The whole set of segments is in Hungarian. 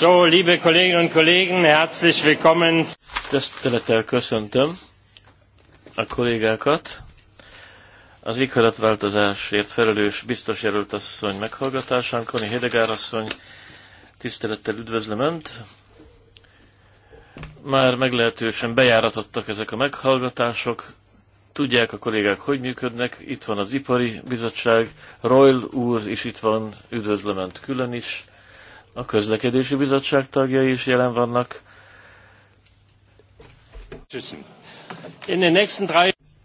So, liebe Kolleginnen und Kollegen, herzlich willkommen. Tisztelettel köszöntöm a kollégákat. Az éghajlatváltozásért felelős biztos jelölt asszony meghallgatásán, Koni Hedegár asszony, tisztelettel üdvözlöm Önt. Már meglehetősen bejáratottak ezek a meghallgatások, tudják a kollégák, hogy működnek. Itt van az Ipari Bizottság, Royal úr is itt van, üdvözlöm Önt külön is a közlekedési bizottság tagjai is jelen vannak.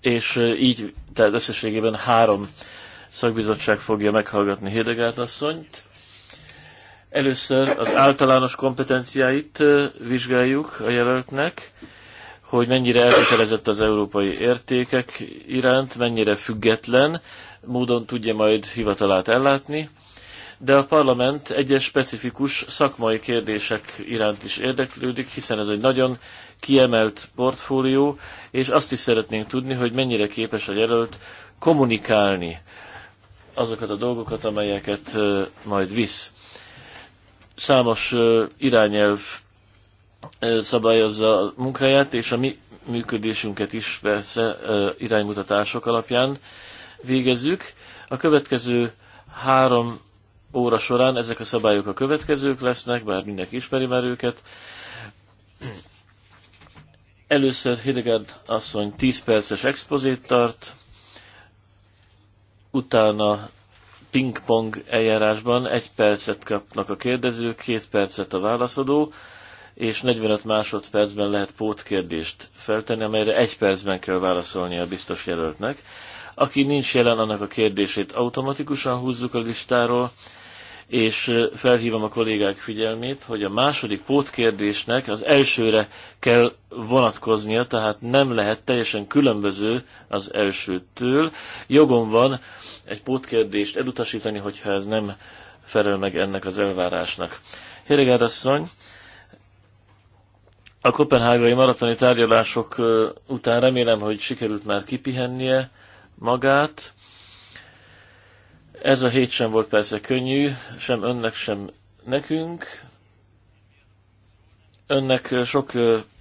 És így, tehát összességében három szakbizottság fogja meghallgatni Hidegát asszonyt. Először az általános kompetenciáit vizsgáljuk a jelöltnek, hogy mennyire elkötelezett az európai értékek iránt, mennyire független módon tudja majd hivatalát ellátni de a parlament egyes specifikus szakmai kérdések iránt is érdeklődik, hiszen ez egy nagyon kiemelt portfólió, és azt is szeretnénk tudni, hogy mennyire képes a jelölt kommunikálni azokat a dolgokat, amelyeket majd visz. Számos irányelv szabályozza a munkáját, és a mi működésünket is persze iránymutatások alapján végezzük. A következő három óra során ezek a szabályok a következők lesznek, bár mindenki ismeri már őket. Először Hidegard asszony 10 perces expozét tart, utána pingpong eljárásban egy percet kapnak a kérdezők, két percet a válaszadó, és 45 másodpercben lehet pótkérdést feltenni, amelyre egy percben kell válaszolni a biztos jelöltnek. Aki nincs jelen, annak a kérdését automatikusan húzzuk a listáról, és felhívom a kollégák figyelmét, hogy a második pótkérdésnek az elsőre kell vonatkoznia, tehát nem lehet teljesen különböző az elsőtől. Jogom van egy pótkérdést elutasítani, hogyha ez nem felel meg ennek az elvárásnak. Héregár asszony, a kopenhágai maratoni tárgyalások után remélem, hogy sikerült már kipihennie magát, ez a hét sem volt persze könnyű, sem önnek, sem nekünk. Önnek sok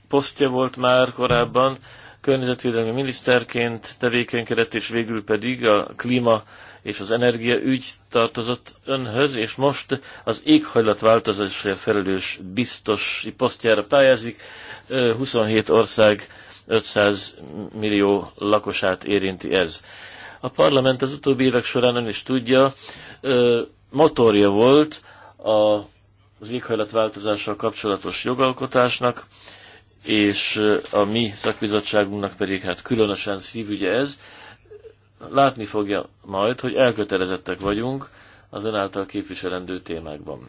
posztja volt már korábban, környezetvédelmi miniszterként tevékenykedett, és végül pedig a klíma és az energia ügy tartozott önhöz, és most az éghajlatváltozásra felelős biztosi posztjára pályázik. 27 ország 500 millió lakosát érinti ez. A parlament az utóbbi évek során ön is tudja, motorja volt a, az éghajlatváltozással kapcsolatos jogalkotásnak, és a mi szakbizottságunknak pedig hát különösen szívügye ez. Látni fogja majd, hogy elkötelezettek vagyunk az ön által képviselendő témákban.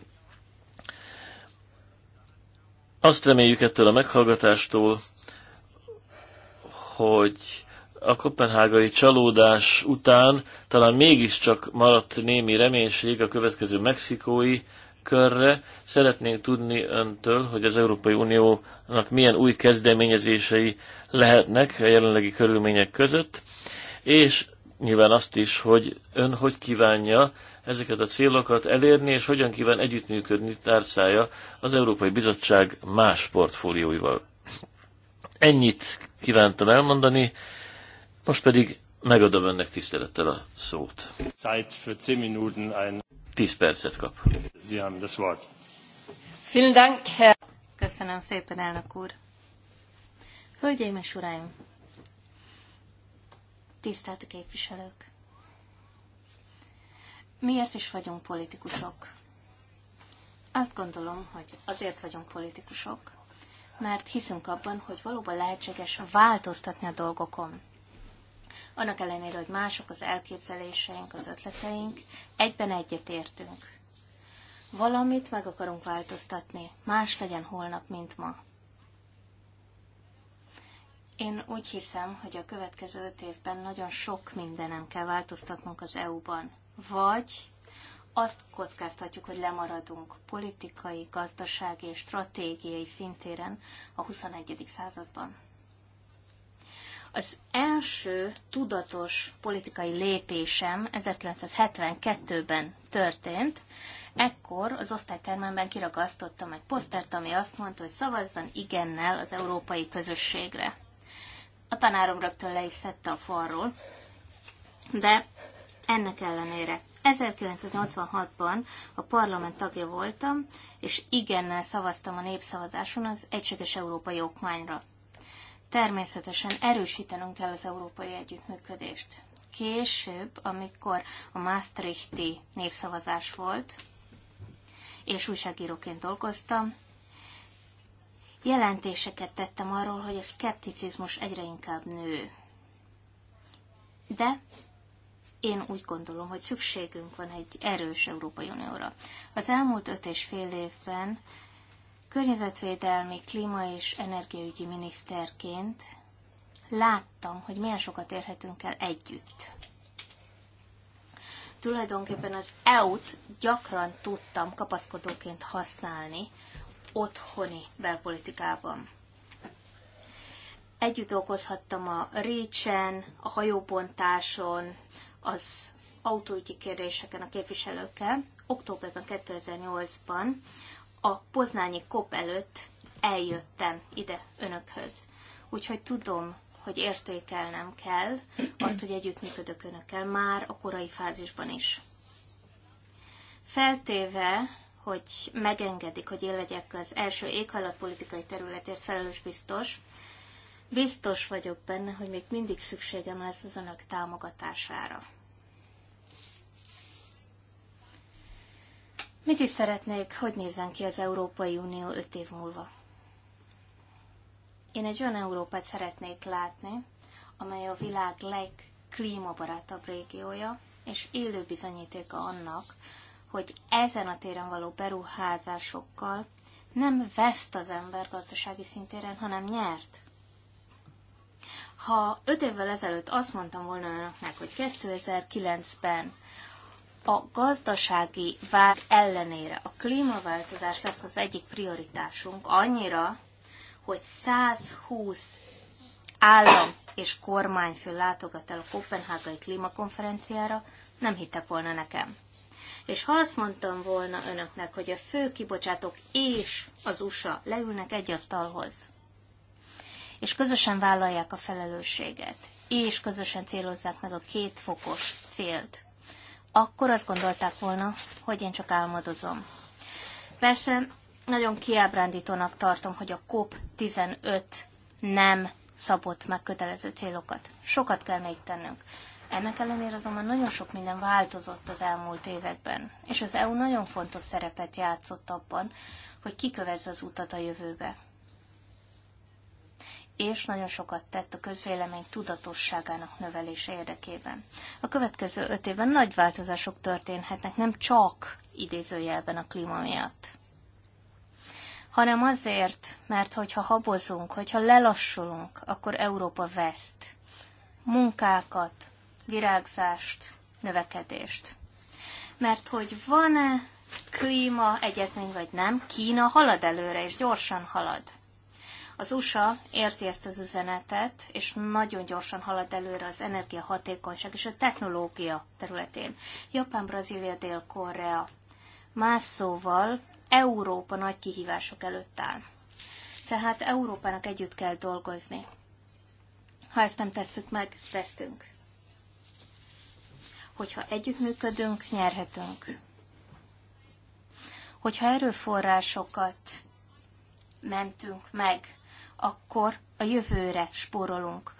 Azt reméljük ettől a meghallgatástól, hogy a kopenhágai csalódás után talán mégiscsak maradt némi reménység a következő mexikói körre. Szeretnénk tudni öntől, hogy az Európai Uniónak milyen új kezdeményezései lehetnek a jelenlegi körülmények között, és nyilván azt is, hogy ön hogy kívánja ezeket a célokat elérni, és hogyan kíván együttműködni tárcája az Európai Bizottság más portfólióival. Ennyit kívántam elmondani, most pedig megadom önnek tisztelettel a szót. Zeit für 10 Minuten ein... 10 percet kap. Sie haben das Wort. Vielen Dank, Herr. Köszönöm szépen, elnök úr. Hölgyeim és uraim, tisztelt képviselők, miért is vagyunk politikusok? Azt gondolom, hogy azért vagyunk politikusok, mert hiszünk abban, hogy valóban lehetséges változtatni a dolgokon. Annak ellenére, hogy mások az elképzeléseink, az ötleteink, egyben egyetértünk. Valamit meg akarunk változtatni. Más legyen holnap, mint ma. Én úgy hiszem, hogy a következő öt évben nagyon sok mindenem kell változtatnunk az EU-ban. Vagy azt kockáztatjuk, hogy lemaradunk politikai, gazdasági és stratégiai szintéren a 21. században. Az első tudatos politikai lépésem 1972-ben történt. Ekkor az osztálytermemben kiragasztottam egy posztert, ami azt mondta, hogy szavazzon igennel az európai közösségre. A tanárom rögtön le is szedte a falról, de ennek ellenére 1986-ban a parlament tagja voltam, és igennel szavaztam a népszavazáson az egységes európai okmányra. Természetesen erősítenünk kell az európai együttműködést. Később, amikor a Maastrichti népszavazás volt, és újságíróként dolgoztam, jelentéseket tettem arról, hogy a szkepticizmus egyre inkább nő. De én úgy gondolom, hogy szükségünk van egy erős Európai Unióra. Az elmúlt öt és fél évben Környezetvédelmi, klíma és energiaügyi miniszterként láttam, hogy milyen sokat érhetünk el együtt. Tulajdonképpen az EU-t gyakran tudtam kapaszkodóként használni otthoni belpolitikában. Együtt dolgozhattam a récsen, a hajóbontáson, az autóügyi kérdéseken a képviselőkkel. Októberben 2008-ban a poznányi kop előtt eljöttem ide önökhöz. Úgyhogy tudom, hogy értékelnem kell azt, hogy együttműködök önökkel már a korai fázisban is. Feltéve, hogy megengedik, hogy én legyek az első éghajlatpolitikai területért felelős biztos, biztos vagyok benne, hogy még mindig szükségem lesz az önök támogatására. Mit is szeretnék, hogy nézzen ki az Európai Unió öt év múlva? Én egy olyan Európát szeretnék látni, amely a világ legklímabarátabb régiója, és élő bizonyítéka annak, hogy ezen a téren való beruházásokkal nem veszt az ember gazdasági szintéren, hanem nyert. Ha öt évvel ezelőtt azt mondtam volna önöknek, hogy 2009-ben a gazdasági vág ellenére a klímaváltozás lesz az egyik prioritásunk annyira, hogy 120 állam és kormányfő látogat el a Kopenhágai klímakonferenciára, nem hittek volna nekem. És ha azt mondtam volna önöknek, hogy a fő kibocsátók és az USA leülnek egy asztalhoz, és közösen vállalják a felelősséget, és közösen célozzák meg a két fokos célt, akkor azt gondolták volna, hogy én csak álmodozom. Persze nagyon kiábrándítónak tartom, hogy a COP15 nem szabott meg kötelező célokat. Sokat kell még tennünk. Ennek ellenére azonban nagyon sok minden változott az elmúlt években, és az EU nagyon fontos szerepet játszott abban, hogy kikövezze az utat a jövőbe és nagyon sokat tett a közvélemény tudatosságának növelése érdekében. A következő öt évben nagy változások történhetnek, nem csak idézőjelben a klíma miatt, hanem azért, mert hogyha habozunk, hogyha lelassulunk, akkor Európa veszt munkákat, virágzást, növekedést. Mert hogy van-e egyezmény vagy nem, Kína halad előre, és gyorsan halad. Az USA érti ezt az üzenetet, és nagyon gyorsan halad előre az energiahatékonyság és a technológia területén. Japán, Brazília, Dél-Korea. Más szóval Európa nagy kihívások előtt áll. Tehát Európának együtt kell dolgozni. Ha ezt nem tesszük meg, vesztünk. Hogyha együttműködünk, nyerhetünk. Hogyha erőforrásokat mentünk meg, akkor a jövőre spórolunk.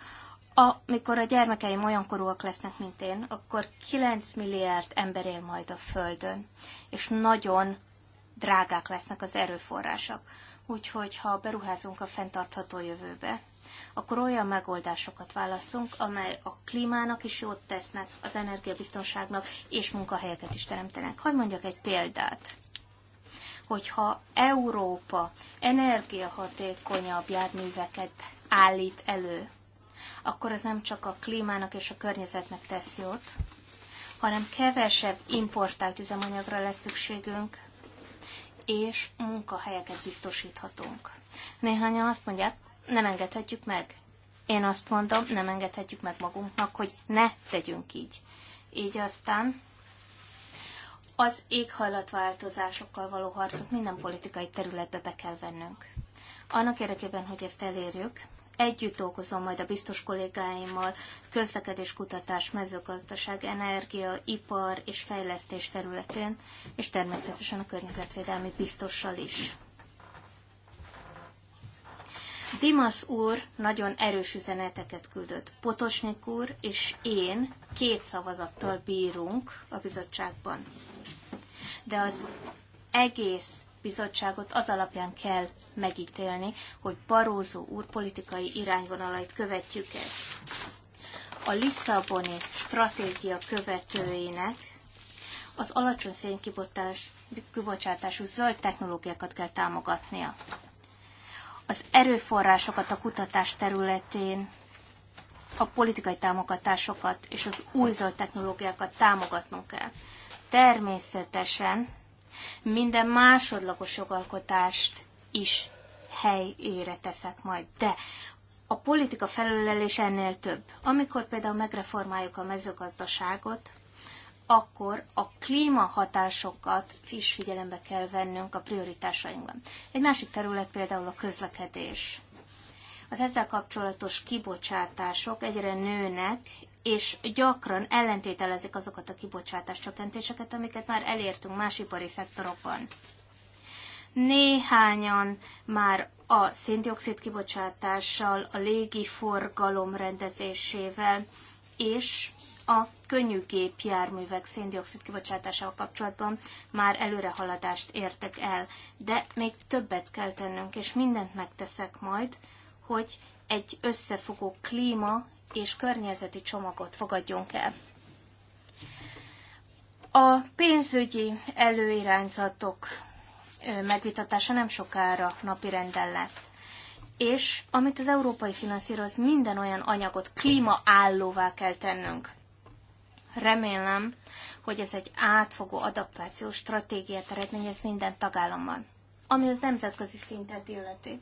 Amikor a gyermekeim olyan korúak lesznek, mint én, akkor 9 milliárd ember él majd a Földön, és nagyon drágák lesznek az erőforrások. Úgyhogy, ha beruházunk a fenntartható jövőbe, akkor olyan megoldásokat válaszunk, amely a klímának is jót tesznek, az energiabiztonságnak, és munkahelyeket is teremtenek. Hogy mondjak egy példát? hogyha Európa energiahatékonyabb járműveket állít elő, akkor ez nem csak a klímának és a környezetnek tesz jót, hanem kevesebb importált üzemanyagra lesz szükségünk, és munkahelyeket biztosíthatunk. Néhányan azt mondják, nem engedhetjük meg. Én azt mondom, nem engedhetjük meg magunknak, hogy ne tegyünk így. Így aztán az éghajlatváltozásokkal való harcot minden politikai területbe be kell vennünk. Annak érdekében, hogy ezt elérjük, együtt dolgozom majd a biztos kollégáimmal közlekedés, kutatás, mezőgazdaság, energia, ipar és fejlesztés területén, és természetesen a környezetvédelmi biztossal is. Dimas úr nagyon erős üzeneteket küldött. Potosnik úr és én két szavazattal bírunk a bizottságban de az egész bizottságot az alapján kell megítélni, hogy Barózó úr politikai irányvonalait követjük el. A Lisszaboni stratégia követőinek az alacsony kibocsátású zöld technológiákat kell támogatnia. Az erőforrásokat a kutatás területén, a politikai támogatásokat és az új zöld technológiákat támogatnunk kell természetesen minden másodlagos jogalkotást is helyére teszek majd. De a politika felülelés ennél több. Amikor például megreformáljuk a mezőgazdaságot, akkor a klímahatásokat is figyelembe kell vennünk a prioritásainkban. Egy másik terület például a közlekedés. Az ezzel kapcsolatos kibocsátások egyre nőnek, és gyakran ellentételezik azokat a kibocsátás csökkentéseket, amiket már elértünk más ipari szektorokban. Néhányan már a széndiokszid kibocsátással, a légi forgalom rendezésével és a könnyű gépjárművek széndiokszid kibocsátásával kapcsolatban már előrehaladást értek el, de még többet kell tennünk, és mindent megteszek majd, hogy egy összefogó klíma és környezeti csomagot fogadjunk el. A pénzügyi előirányzatok megvitatása nem sokára napirenden lesz. És amit az európai finanszíroz, minden olyan anyagot klímaállóvá kell tennünk. Remélem, hogy ez egy átfogó adaptációs stratégiát eredményez minden tagállamban, ami az nemzetközi szintet illeti.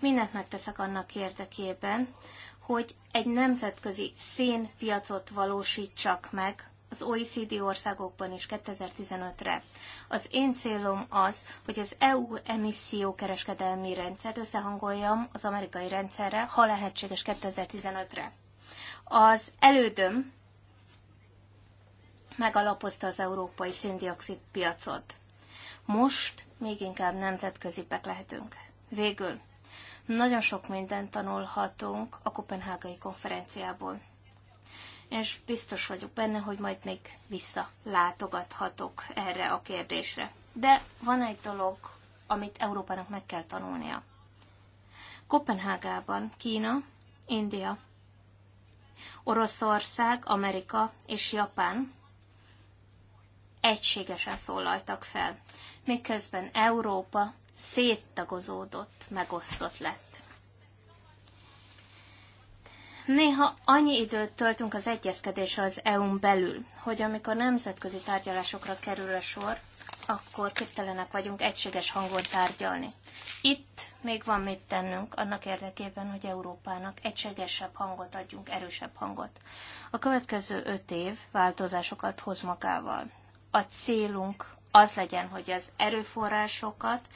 Mindent megteszek annak érdekében, hogy egy nemzetközi szénpiacot valósítsak meg az OECD országokban is 2015-re. Az én célom az, hogy az EU emisszió kereskedelmi rendszert összehangoljam az amerikai rendszerre, ha lehetséges 2015-re. Az elődöm megalapozta az európai széndiokszid piacot. Most még inkább nemzetközipek lehetünk. Végül nagyon sok mindent tanulhatunk a Kopenhágai konferenciából. És biztos vagyok benne, hogy majd még visszalátogathatok erre a kérdésre. De van egy dolog, amit Európának meg kell tanulnia. Kopenhágában Kína, India, Oroszország, Amerika és Japán egységesen szólaltak fel, miközben Európa széttagozódott, megosztott lett. Néha annyi időt töltünk az egyezkedésre az EU-n belül, hogy amikor nemzetközi tárgyalásokra kerül a sor, akkor képtelenek vagyunk egységes hangon tárgyalni. Itt még van mit tennünk annak érdekében, hogy Európának egységesebb hangot adjunk, erősebb hangot. A következő öt év változásokat hoz magával. A célunk az legyen, hogy az erőforrásokat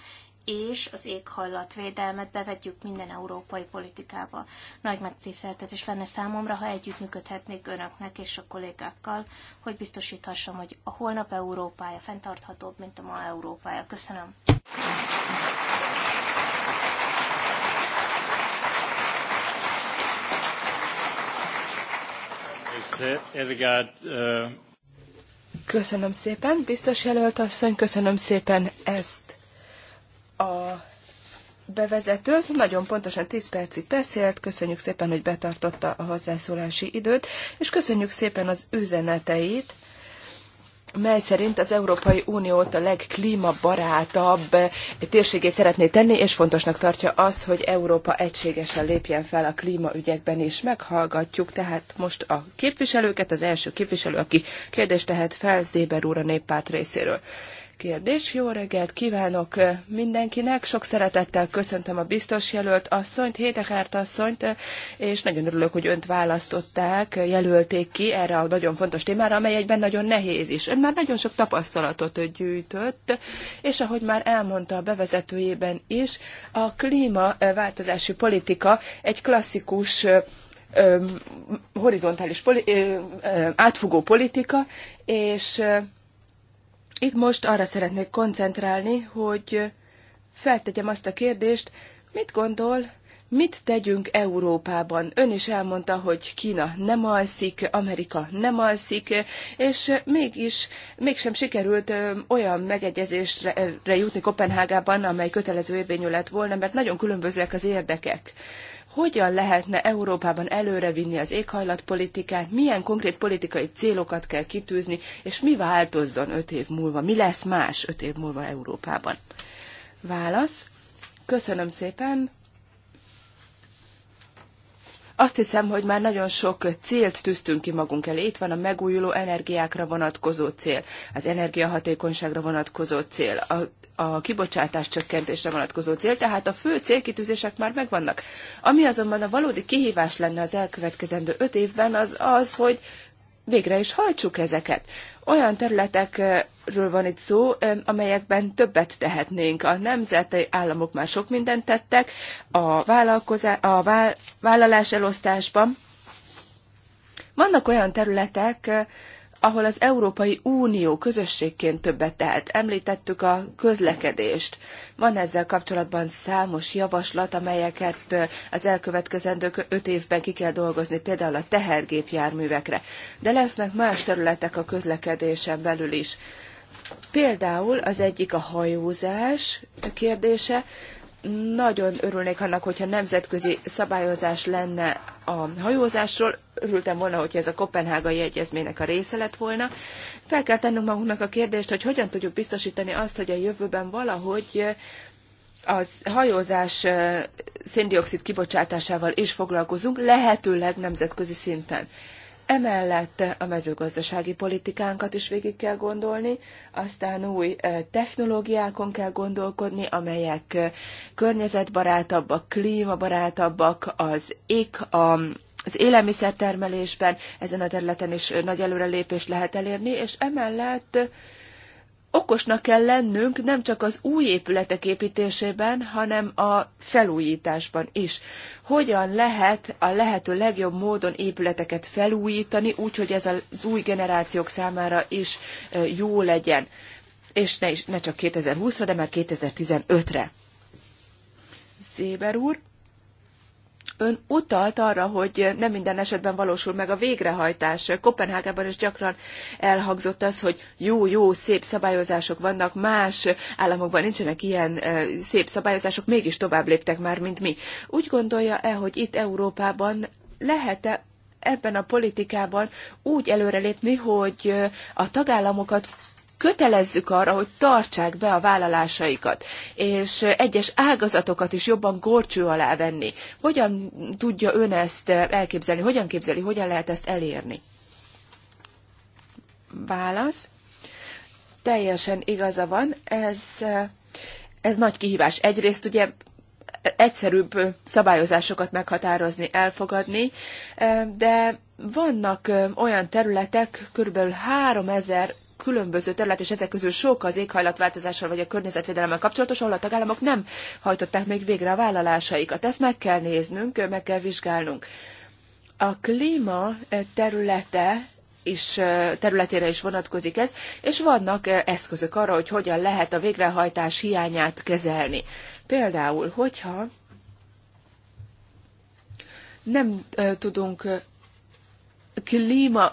és az éghajlatvédelmet bevetjük minden európai politikába. Nagy megtiszteltetés lenne számomra, ha együttműködhetnék önöknek és a kollégákkal, hogy biztosíthassam, hogy a holnap Európája fenntarthatóbb, mint a ma Európája. Köszönöm. Köszönöm szépen, biztos jelölt asszony, köszönöm szépen ezt a bevezetőt, nagyon pontosan 10 percig beszélt, köszönjük szépen, hogy betartotta a hozzászólási időt, és köszönjük szépen az üzeneteit, mely szerint az Európai Uniót a legklímabarátabb térségé szeretné tenni, és fontosnak tartja azt, hogy Európa egységesen lépjen fel a klímaügyekben, és meghallgatjuk tehát most a képviselőket, az első képviselő, aki kérdést tehet fel, Zéber úr a néppárt részéről kérdés. Jó reggelt kívánok mindenkinek, sok szeretettel köszöntöm a biztos jelölt asszonyt, Hétekárt asszonyt, és nagyon örülök, hogy önt választották, jelölték ki erre a nagyon fontos témára, amely egyben nagyon nehéz is. Ön már nagyon sok tapasztalatot gyűjtött, és ahogy már elmondta a bevezetőjében is, a klímaváltozási politika egy klasszikus horizontális poli- átfogó politika, és itt most arra szeretnék koncentrálni, hogy feltegyem azt a kérdést, mit gondol, mit tegyünk Európában? Ön is elmondta, hogy Kína nem alszik, Amerika nem alszik, és mégis, mégsem sikerült olyan megegyezésre jutni Kopenhágában, amely kötelező érvényű lett volna, mert nagyon különbözőek az érdekek hogyan lehetne Európában előrevinni az éghajlatpolitikát, milyen konkrét politikai célokat kell kitűzni, és mi változzon öt év múlva, mi lesz más öt év múlva Európában. Válasz. Köszönöm szépen. Azt hiszem, hogy már nagyon sok célt tűztünk ki magunk elé. Itt van a megújuló energiákra vonatkozó cél, az energiahatékonyságra vonatkozó cél, a, a kibocsátás csökkentésre vonatkozó cél, tehát a fő célkitűzések már megvannak. Ami azonban a valódi kihívás lenne az elkövetkezendő öt évben, az az, hogy végre is hajtsuk ezeket. Olyan területekről van itt szó, amelyekben többet tehetnénk. A nemzeti államok már sok mindent tettek a, vállalkozá- a vállalás elosztásban. Vannak olyan területek, ahol az Európai Unió közösségként többet tehet. Említettük a közlekedést. Van ezzel kapcsolatban számos javaslat, amelyeket az elkövetkezendő öt évben ki kell dolgozni, például a tehergépjárművekre. De lesznek más területek a közlekedésen belül is. Például az egyik a hajózás kérdése, nagyon örülnék annak, hogyha nemzetközi szabályozás lenne a hajózásról. Örültem volna, hogyha ez a Kopenhágai Egyezménynek a része lett volna. Fel kell tennünk magunknak a kérdést, hogy hogyan tudjuk biztosítani azt, hogy a jövőben valahogy az hajózás széndiokszid kibocsátásával is foglalkozunk, lehetőleg nemzetközi szinten. Emellett a mezőgazdasági politikánkat is végig kell gondolni, aztán új eh, technológiákon kell gondolkodni, amelyek eh, környezetbarátabbak, klímabarátabbak, az ég, a, az élelmiszertermelésben ezen a területen is eh, nagy előrelépést lehet elérni, és emellett okosnak kell lennünk nem csak az új épületek építésében, hanem a felújításban is. Hogyan lehet a lehető legjobb módon épületeket felújítani, úgy, hogy ez az új generációk számára is jó legyen, és ne, is, ne csak 2020-ra, de már 2015-re. Széber úr, Ön utalt arra, hogy nem minden esetben valósul meg a végrehajtás. Kopenhágában is gyakran elhangzott az, hogy jó, jó, szép szabályozások vannak, más államokban nincsenek ilyen e, szép szabályozások, mégis tovább léptek már, mint mi. Úgy gondolja-e, hogy itt Európában lehet-e ebben a politikában úgy előrelépni, hogy a tagállamokat kötelezzük arra, hogy tartsák be a vállalásaikat, és egyes ágazatokat is jobban gorcső alá venni. Hogyan tudja ön ezt elképzelni, hogyan képzeli, hogyan lehet ezt elérni? Válasz. Teljesen igaza van, ez, ez nagy kihívás. Egyrészt ugye egyszerűbb szabályozásokat meghatározni, elfogadni, de vannak olyan területek, körülbelül 3000 különböző terület, és ezek közül sok az éghajlatváltozással vagy a környezetvédelemmel kapcsolatos, ahol a tagállamok nem hajtották még végre a vállalásaikat. Ezt meg kell néznünk, meg kell vizsgálnunk. A klíma eh, területe is, eh, területére is vonatkozik ez, és vannak eh, eszközök arra, hogy hogyan lehet a végrehajtás hiányát kezelni. Például, hogyha nem tudunk klíma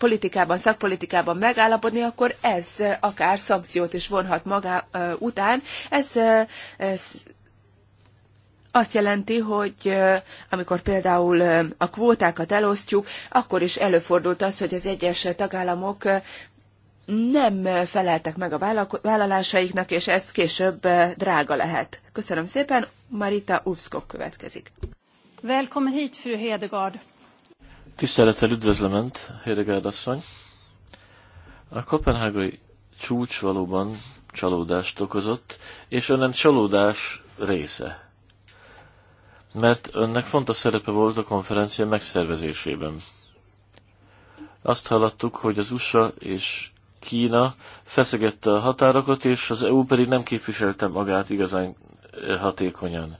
politikában, szakpolitikában megállapodni, akkor ez akár szankciót is vonhat maga után. Ez, ez azt jelenti, hogy amikor például a kvótákat elosztjuk, akkor is előfordult az, hogy az egyes tagállamok nem feleltek meg a vállalásaiknak, és ez később drága lehet. Köszönöm szépen, Marita Ufskok következik. Välkommen hit, fru Hedegard. Tisztelettel üdvözlöm Önt, Hédegárd asszony. A kopenhágai csúcs valóban csalódást okozott, és önnek csalódás része. Mert önnek fontos szerepe volt a konferencia megszervezésében. Azt hallottuk, hogy az USA és Kína feszegette a határokat, és az EU pedig nem képviselte magát igazán eh, hatékonyan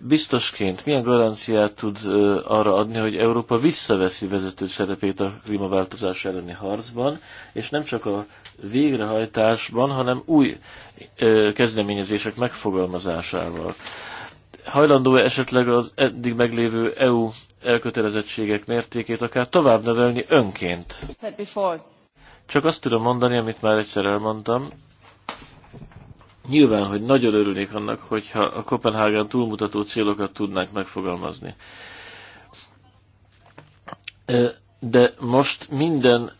biztosként milyen garanciát tud arra adni, hogy Európa visszaveszi vezető szerepét a klímaváltozás elleni harcban, és nem csak a végrehajtásban, hanem új kezdeményezések megfogalmazásával. Hajlandó -e esetleg az eddig meglévő EU elkötelezettségek mértékét akár tovább növelni önként? Csak azt tudom mondani, amit már egyszer elmondtam, Nyilván, hogy nagyon örülnék annak, hogyha a Kopenhágán túlmutató célokat tudnánk megfogalmazni. De most minden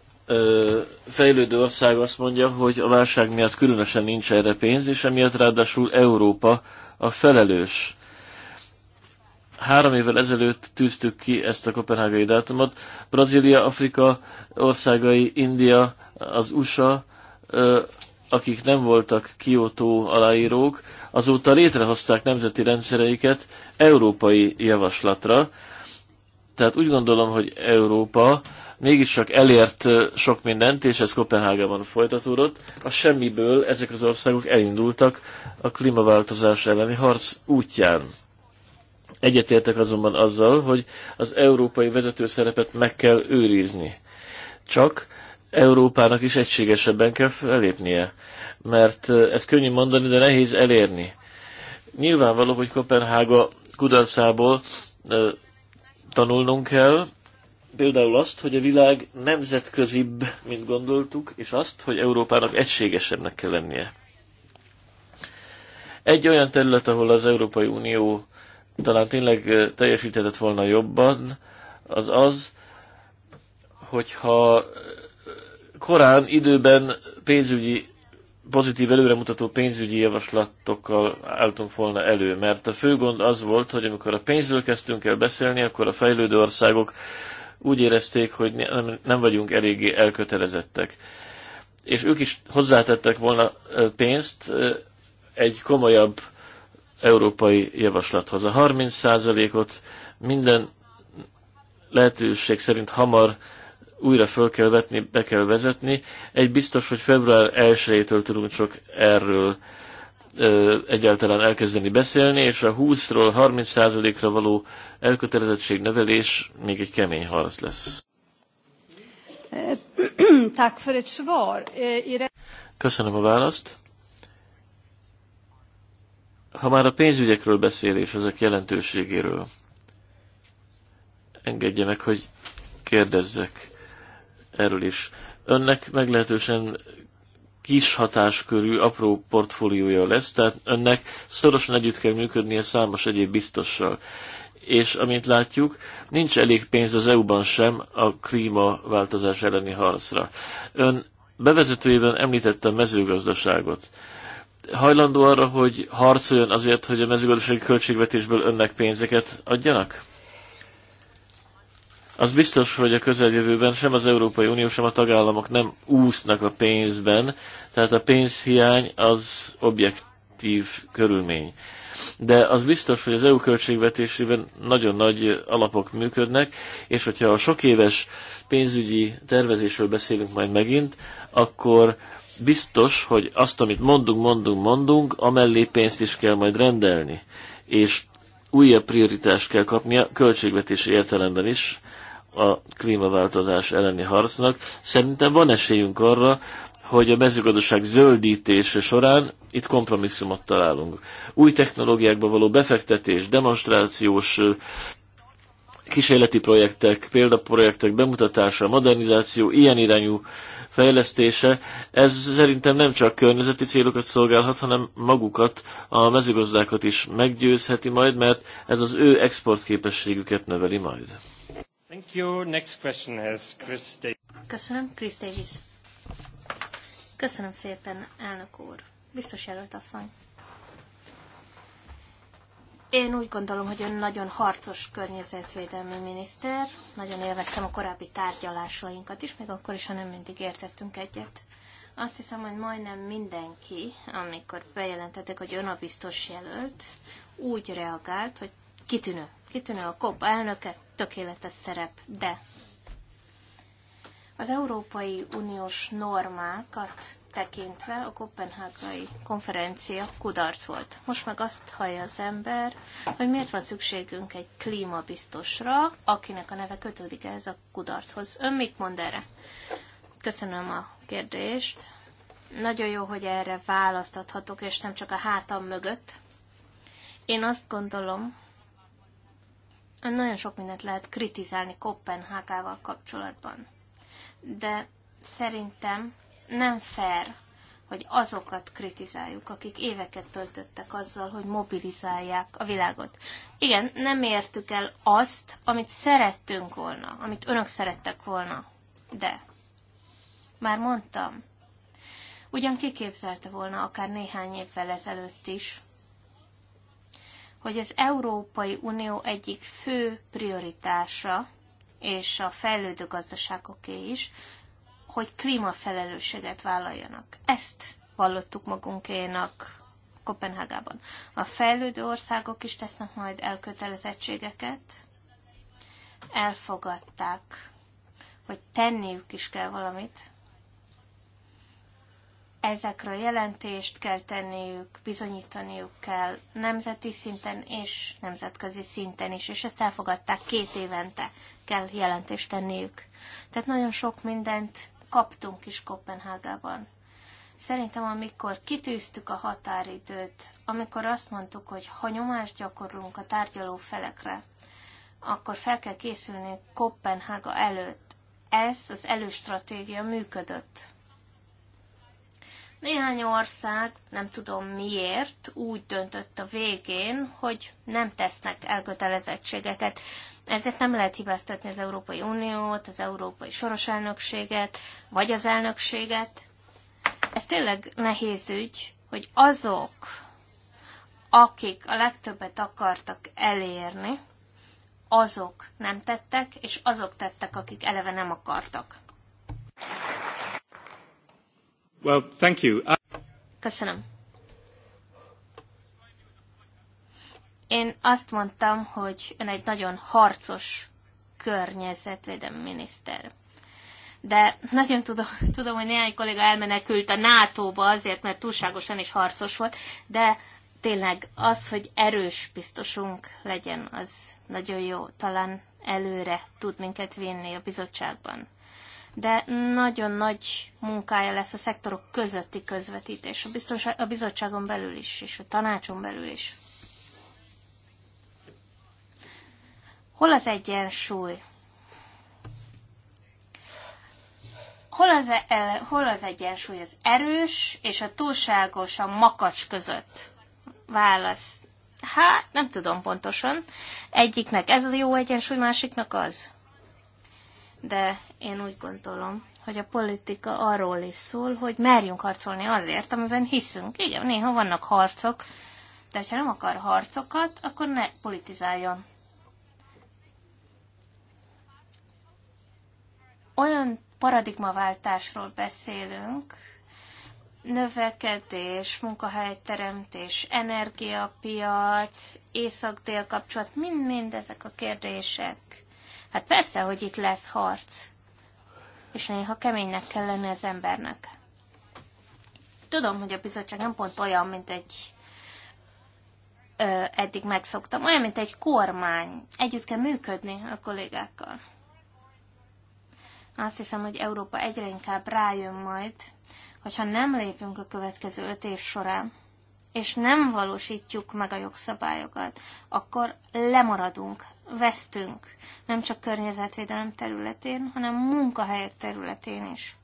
fejlődő ország azt mondja, hogy a válság miatt különösen nincs erre pénz, és emiatt ráadásul Európa a felelős. Három évvel ezelőtt tűztük ki ezt a kopenhágai dátumot. Brazília, Afrika országai, India, az USA akik nem voltak Kyoto aláírók, azóta létrehozták nemzeti rendszereiket európai javaslatra. Tehát úgy gondolom, hogy Európa mégiscsak elért sok mindent, és ez Kopenhágában folytatódott. A semmiből ezek az országok elindultak a klímaváltozás elleni harc útján. Egyetértek azonban azzal, hogy az európai vezető szerepet meg kell őrizni. Csak Európának is egységesebben kell felépnie, mert ez könnyű mondani, de nehéz elérni. Nyilvánvaló, hogy Kopenhága kudarcából tanulnunk kell, például azt, hogy a világ nemzetközibb, mint gondoltuk, és azt, hogy Európának egységesebbnek kell lennie. Egy olyan terület, ahol az Európai Unió talán tényleg teljesíthetett volna jobban, az az, hogyha korán időben pénzügyi, pozitív előremutató pénzügyi javaslatokkal álltunk volna elő, mert a fő gond az volt, hogy amikor a pénzről kezdtünk el beszélni, akkor a fejlődő országok úgy érezték, hogy nem, nem vagyunk eléggé elkötelezettek. És ők is hozzátettek volna pénzt egy komolyabb európai javaslathoz. A 30%-ot minden lehetőség szerint hamar újra föl kell vetni, be kell vezetni. Egy biztos, hogy február 1-től tudunk csak erről ö, egyáltalán elkezdeni beszélni, és a 20-ról 30%-ra való elkötelezettség növelés még egy kemény harc lesz. Eh, eh, Köszönöm a választ. Ha már a pénzügyekről beszél és ezek jelentőségéről, engedje meg, hogy kérdezzek erről is. Önnek meglehetősen kis hatáskörű, apró portfóliója lesz, tehát önnek szorosan együtt kell működnie számos egyéb biztossal. És amint látjuk, nincs elég pénz az EU-ban sem a klímaváltozás elleni harcra. Ön bevezetőjében említette a mezőgazdaságot. Hajlandó arra, hogy harcoljon azért, hogy a mezőgazdasági költségvetésből önnek pénzeket adjanak? Az biztos, hogy a közeljövőben sem az Európai Unió, sem a tagállamok nem úsznak a pénzben, tehát a pénzhiány az objektív körülmény. De az biztos, hogy az EU költségvetésében nagyon nagy alapok működnek, és hogyha a sok éves pénzügyi tervezésről beszélünk majd megint, akkor biztos, hogy azt, amit mondunk, mondunk, mondunk, amellé pénzt is kell majd rendelni. És újabb prioritást kell kapnia költségvetési értelemben is a klímaváltozás elleni harcnak. Szerintem van esélyünk arra, hogy a mezőgazdaság zöldítése során itt kompromisszumot találunk. Új technológiákba való befektetés, demonstrációs kísérleti projektek, példaprojektek bemutatása, modernizáció, ilyen irányú fejlesztése, ez szerintem nem csak környezeti célokat szolgálhat, hanem magukat, a mezőgazdákat is meggyőzheti majd, mert ez az ő exportképességüket növeli majd. Thank you. Next question has Chris Davis. Köszönöm, Chris Davis. Köszönöm szépen, elnök úr. Biztos jelölt asszony. Én úgy gondolom, hogy ön nagyon harcos környezetvédelmi miniszter. Nagyon élveztem a korábbi tárgyalásainkat is, még akkor is, ha nem mindig értettünk egyet. Azt hiszem, hogy majdnem mindenki, amikor bejelentettek, hogy ön a biztos jelölt, úgy reagált, hogy kitűnő. Kitűnő a COP elnöke, tökéletes szerep, de az Európai Uniós normákat tekintve a kopenhágai konferencia kudarc volt. Most meg azt hallja az ember, hogy miért van szükségünk egy klímabiztosra, akinek a neve kötődik ehhez a kudarchoz. Ön mit mond erre? Köszönöm a kérdést. Nagyon jó, hogy erre választathatok, és nem csak a hátam mögött. Én azt gondolom, nagyon sok mindent lehet kritizálni Kopenhágával kapcsolatban. De szerintem nem fair, hogy azokat kritizáljuk, akik éveket töltöttek azzal, hogy mobilizálják a világot. Igen, nem értük el azt, amit szerettünk volna, amit önök szerettek volna. De, már mondtam, ugyan kiképzelte volna akár néhány évvel ezelőtt is, hogy az Európai Unió egyik fő prioritása, és a fejlődő gazdaságoké is, hogy klímafelelősséget vállaljanak. Ezt vallottuk magunkénak Kopenhágában. A fejlődő országok is tesznek majd elkötelezettségeket. Elfogadták, hogy tenniük is kell valamit a jelentést kell tenniük, bizonyítaniuk kell nemzeti szinten és nemzetközi szinten is, és ezt elfogadták két évente kell jelentést tenniük. Tehát nagyon sok mindent kaptunk is Kopenhágában. Szerintem, amikor kitűztük a határidőt, amikor azt mondtuk, hogy ha nyomást gyakorlunk a tárgyaló felekre, akkor fel kell készülni Kopenhága előtt. Ez az előstratégia működött. Néhány ország, nem tudom miért, úgy döntött a végén, hogy nem tesznek elkötelezettségeket. Ezért nem lehet hibáztatni az Európai Uniót, az Európai Soros Elnökséget, vagy az elnökséget. Ez tényleg nehéz ügy, hogy azok, akik a legtöbbet akartak elérni, azok nem tettek, és azok tettek, akik eleve nem akartak. Well, thank you. Uh, Köszönöm. Én azt mondtam, hogy ön egy nagyon harcos környezetvédelmi miniszter. De nagyon tudom, tudom, hogy néhány kolléga elmenekült a NATO-ba azért, mert túlságosan is harcos volt, de tényleg az, hogy erős biztosunk legyen, az nagyon jó. Talán előre tud minket vinni a bizottságban de nagyon nagy munkája lesz a szektorok közötti közvetítés, a, a bizottságon belül is, és a tanácson belül is. Hol az egyensúly? Hol az, el, hol az egyensúly az erős és a túlságosan makacs között? Válasz. Hát, nem tudom pontosan. Egyiknek ez a jó egyensúly, másiknak az de én úgy gondolom, hogy a politika arról is szól, hogy merjünk harcolni azért, amiben hiszünk. Igen, néha vannak harcok, de ha nem akar harcokat, akkor ne politizáljon. Olyan paradigmaváltásról beszélünk, növekedés, munkahelyteremtés, energiapiac, észak-dél kapcsolat, mind-mind ezek a kérdések Hát persze, hogy itt lesz harc. És néha keménynek kell lenni az embernek. Tudom, hogy a bizottság nem pont olyan, mint egy ö, eddig megszoktam, olyan, mint egy kormány. Együtt kell működni a kollégákkal. Azt hiszem, hogy Európa egyre inkább rájön majd, hogyha nem lépünk a következő öt év során, és nem valósítjuk meg a jogszabályokat, akkor lemaradunk vesztünk, nem csak környezetvédelem területén, hanem munkahelyek területén is.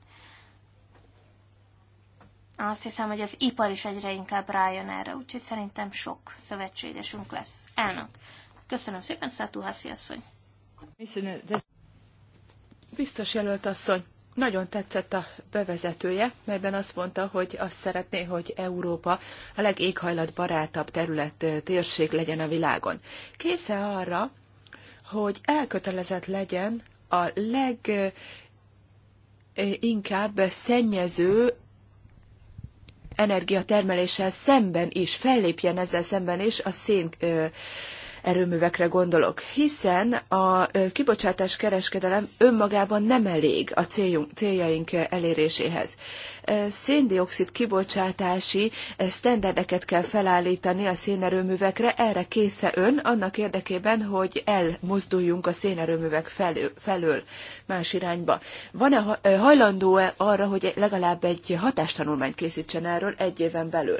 Azt hiszem, hogy az ipar is egyre inkább rájön erre, úgyhogy szerintem sok szövetségesünk lesz. Elnök. Köszönöm szépen, Szátú Haszi asszony. Biztos jelölt asszony, nagyon tetszett a bevezetője, melyben azt mondta, hogy azt szeretné, hogy Európa a legéghajlatbarátabb terület, térség legyen a világon. Késze arra, hogy elkötelezett legyen a leginkább szennyező energiatermeléssel szemben is, fellépjen ezzel szemben is a szén erőművekre gondolok, hiszen a kibocsátás kereskedelem önmagában nem elég a céljunk, céljaink eléréséhez. Széndiokszid kibocsátási sztenderdeket kell felállítani a szénerőművekre, erre késze ön annak érdekében, hogy elmozduljunk a szénerőművek felül, felől más irányba. Van-e hajlandó-e arra, hogy legalább egy hatástanulmányt készítsen erről egy éven belül?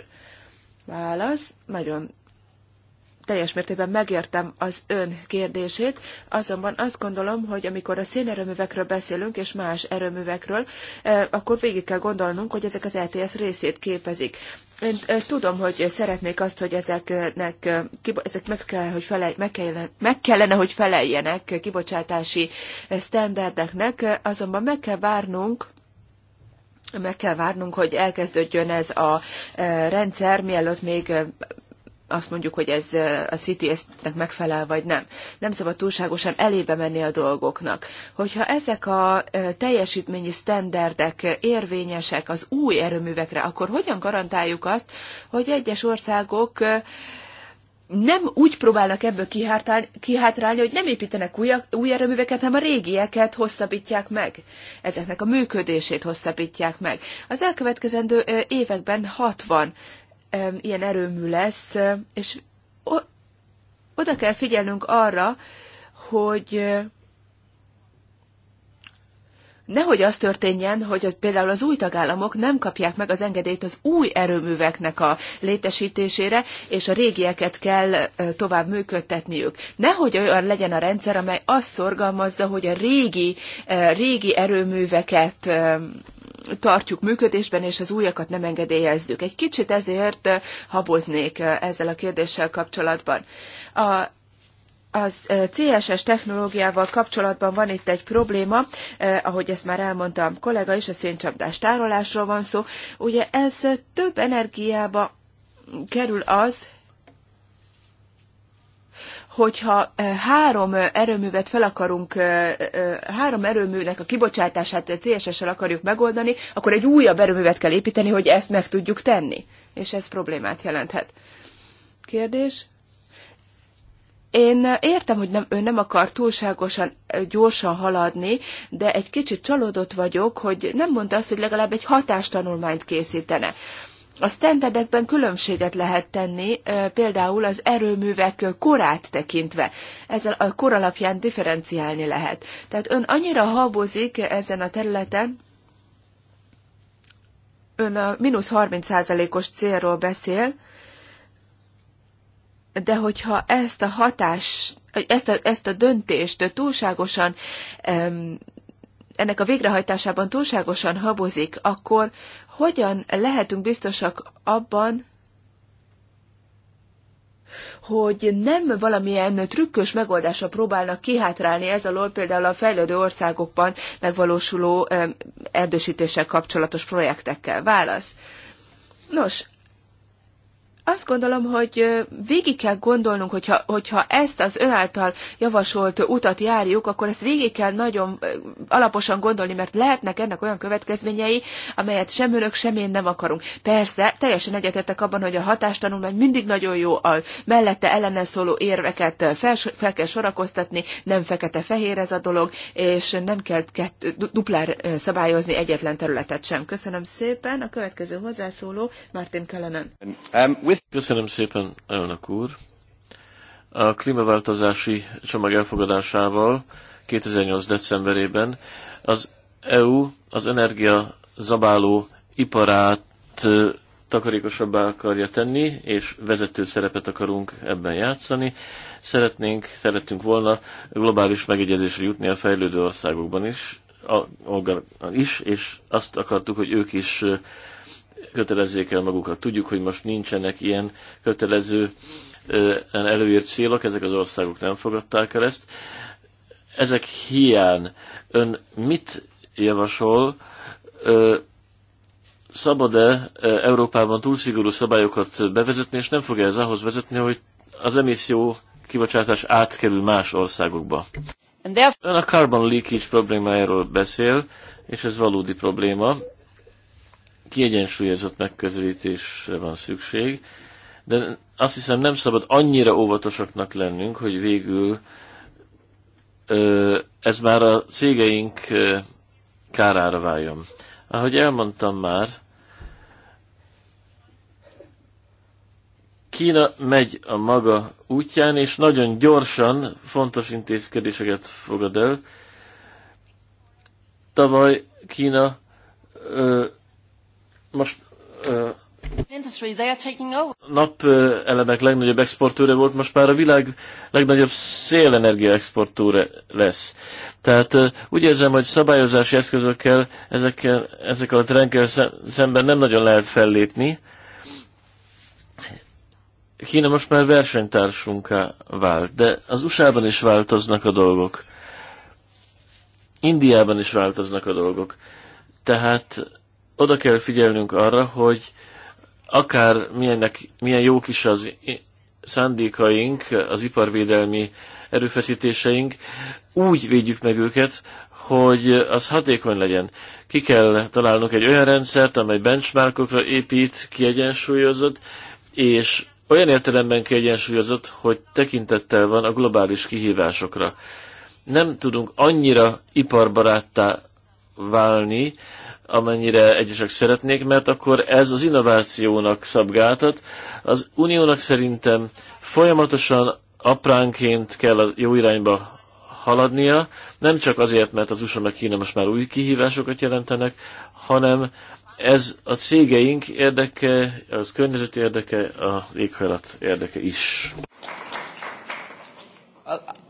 Válasz, nagyon teljes mértékben megértem az ön kérdését, azonban azt gondolom, hogy amikor a szénerőművekről beszélünk, és más erőművekről, e, akkor végig kell gondolnunk, hogy ezek az ETS részét képezik. Én e, tudom, hogy szeretnék azt, hogy ezeknek, e, ezek meg, kell, hogy felej meg, kellene, meg kellene, hogy feleljenek kibocsátási sztenderdeknek, azonban meg kell várnunk, meg kell várnunk, hogy elkezdődjön ez a rendszer, mielőtt még azt mondjuk, hogy ez a CTS-nek megfelel, vagy nem. Nem szabad túlságosan elébe menni a dolgoknak. Hogyha ezek a teljesítményi sztenderdek érvényesek az új erőművekre, akkor hogyan garantáljuk azt, hogy egyes országok nem úgy próbálnak ebből kihátrálni, hogy nem építenek új, új erőműveket, hanem a régieket hosszabbítják meg. Ezeknek a működését hosszabbítják meg. Az elkövetkezendő években 60 ilyen erőmű lesz, és oda kell figyelnünk arra, hogy nehogy az történjen, hogy az például az új tagállamok nem kapják meg az engedélyt az új erőműveknek a létesítésére, és a régieket kell tovább működtetniük. Nehogy olyan legyen a rendszer, amely azt szorgalmazza, hogy a régi, régi erőműveket tartjuk működésben, és az újakat nem engedélyezzük. Egy kicsit ezért eh, haboznék eh, ezzel a kérdéssel kapcsolatban. A az eh, CSS technológiával kapcsolatban van itt egy probléma, eh, ahogy ezt már elmondtam kollega is, a széncsapdás tárolásról van szó. Ugye ez több energiába kerül az, hogyha három erőművet fel akarunk, három erőműnek a kibocsátását CSS-sel akarjuk megoldani, akkor egy újabb erőművet kell építeni, hogy ezt meg tudjuk tenni. És ez problémát jelenthet. Kérdés? Én értem, hogy nem, ő nem akar túlságosan gyorsan haladni, de egy kicsit csalódott vagyok, hogy nem mondta azt, hogy legalább egy hatástanulmányt készítene. A standardekben különbséget lehet tenni, például az erőművek korát tekintve. Ezzel a kor alapján differenciálni lehet. Tehát ön annyira habozik ezen a területen, ön a mínusz 30%-os célról beszél, de hogyha ezt a hatás, ezt a, ezt a döntést túlságosan ennek a végrehajtásában túlságosan habozik, akkor hogyan lehetünk biztosak abban, hogy nem valamilyen trükkös megoldásra próbálnak kihátrálni ez alól például a fejlődő országokban megvalósuló erdősítéssel kapcsolatos projektekkel. Válasz. Nos, azt gondolom, hogy végig kell gondolnunk, hogyha, hogyha ezt az ön által javasolt utat járjuk, akkor ezt végig kell nagyon alaposan gondolni, mert lehetnek ennek olyan következményei, amelyet sem önök, sem én nem akarunk. Persze, teljesen egyetettek abban, hogy a hatástanulmány mindig nagyon jó, a mellette ellene szóló érveket fel, fel kell sorakoztatni, nem fekete-fehér ez a dolog, és nem kell kett, duplár szabályozni egyetlen területet sem. Köszönöm szépen. A következő hozzászóló Martin Kellenen. Um, Köszönöm szépen, elnök úr. A klímaváltozási csomag elfogadásával 2008. decemberében az EU az energia zabáló iparát takarékosabbá akarja tenni, és vezető szerepet akarunk ebben játszani. Szeretnénk, szerettünk volna globális megegyezésre jutni a fejlődő országokban is, a, a, is, és azt akartuk, hogy ők is kötelezzék el magukat. Tudjuk, hogy most nincsenek ilyen kötelező előírt célok, ezek az országok nem fogadták el ezt. Ezek hiány. Ön mit javasol, szabad-e Európában túl szigorú szabályokat bevezetni, és nem fogja ez ahhoz vezetni, hogy az emisszió kibocsátás átkerül más országokba. Ön a carbon leakage problémájáról beszél, és ez valódi probléma kiegyensúlyozott megközelítésre van szükség, de azt hiszem nem szabad annyira óvatosaknak lennünk, hogy végül ez már a cégeink kárára váljon. Ahogy elmondtam már, Kína megy a maga útján, és nagyon gyorsan fontos intézkedéseket fogad el. Tavaly Kína ö, most elemek legnagyobb exportőre volt, most már a világ legnagyobb szélenergia exportőre lesz. Tehát úgy érzem, hogy szabályozási eszközökkel ezekkel, ezekkel a trendkel szemben nem nagyon lehet fellépni. Kína most már versenytársunká vált, de az USA-ban is változnak a dolgok. Indiában is változnak a dolgok. Tehát oda kell figyelnünk arra, hogy akár milyennek, milyen jók is az szándékaink, az iparvédelmi erőfeszítéseink, úgy védjük meg őket, hogy az hatékony legyen. Ki kell találnunk egy olyan rendszert, amely benchmarkokra épít, kiegyensúlyozott, és olyan értelemben kiegyensúlyozott, hogy tekintettel van a globális kihívásokra. Nem tudunk annyira iparbaráttá válni, amennyire egyesek szeretnék, mert akkor ez az innovációnak szabgáltat. Az uniónak szerintem folyamatosan apránként kell a jó irányba haladnia, nem csak azért, mert az USA meg Kína most már új kihívásokat jelentenek, hanem ez a cégeink érdeke, az környezet érdeke, a éghajlat érdeke is.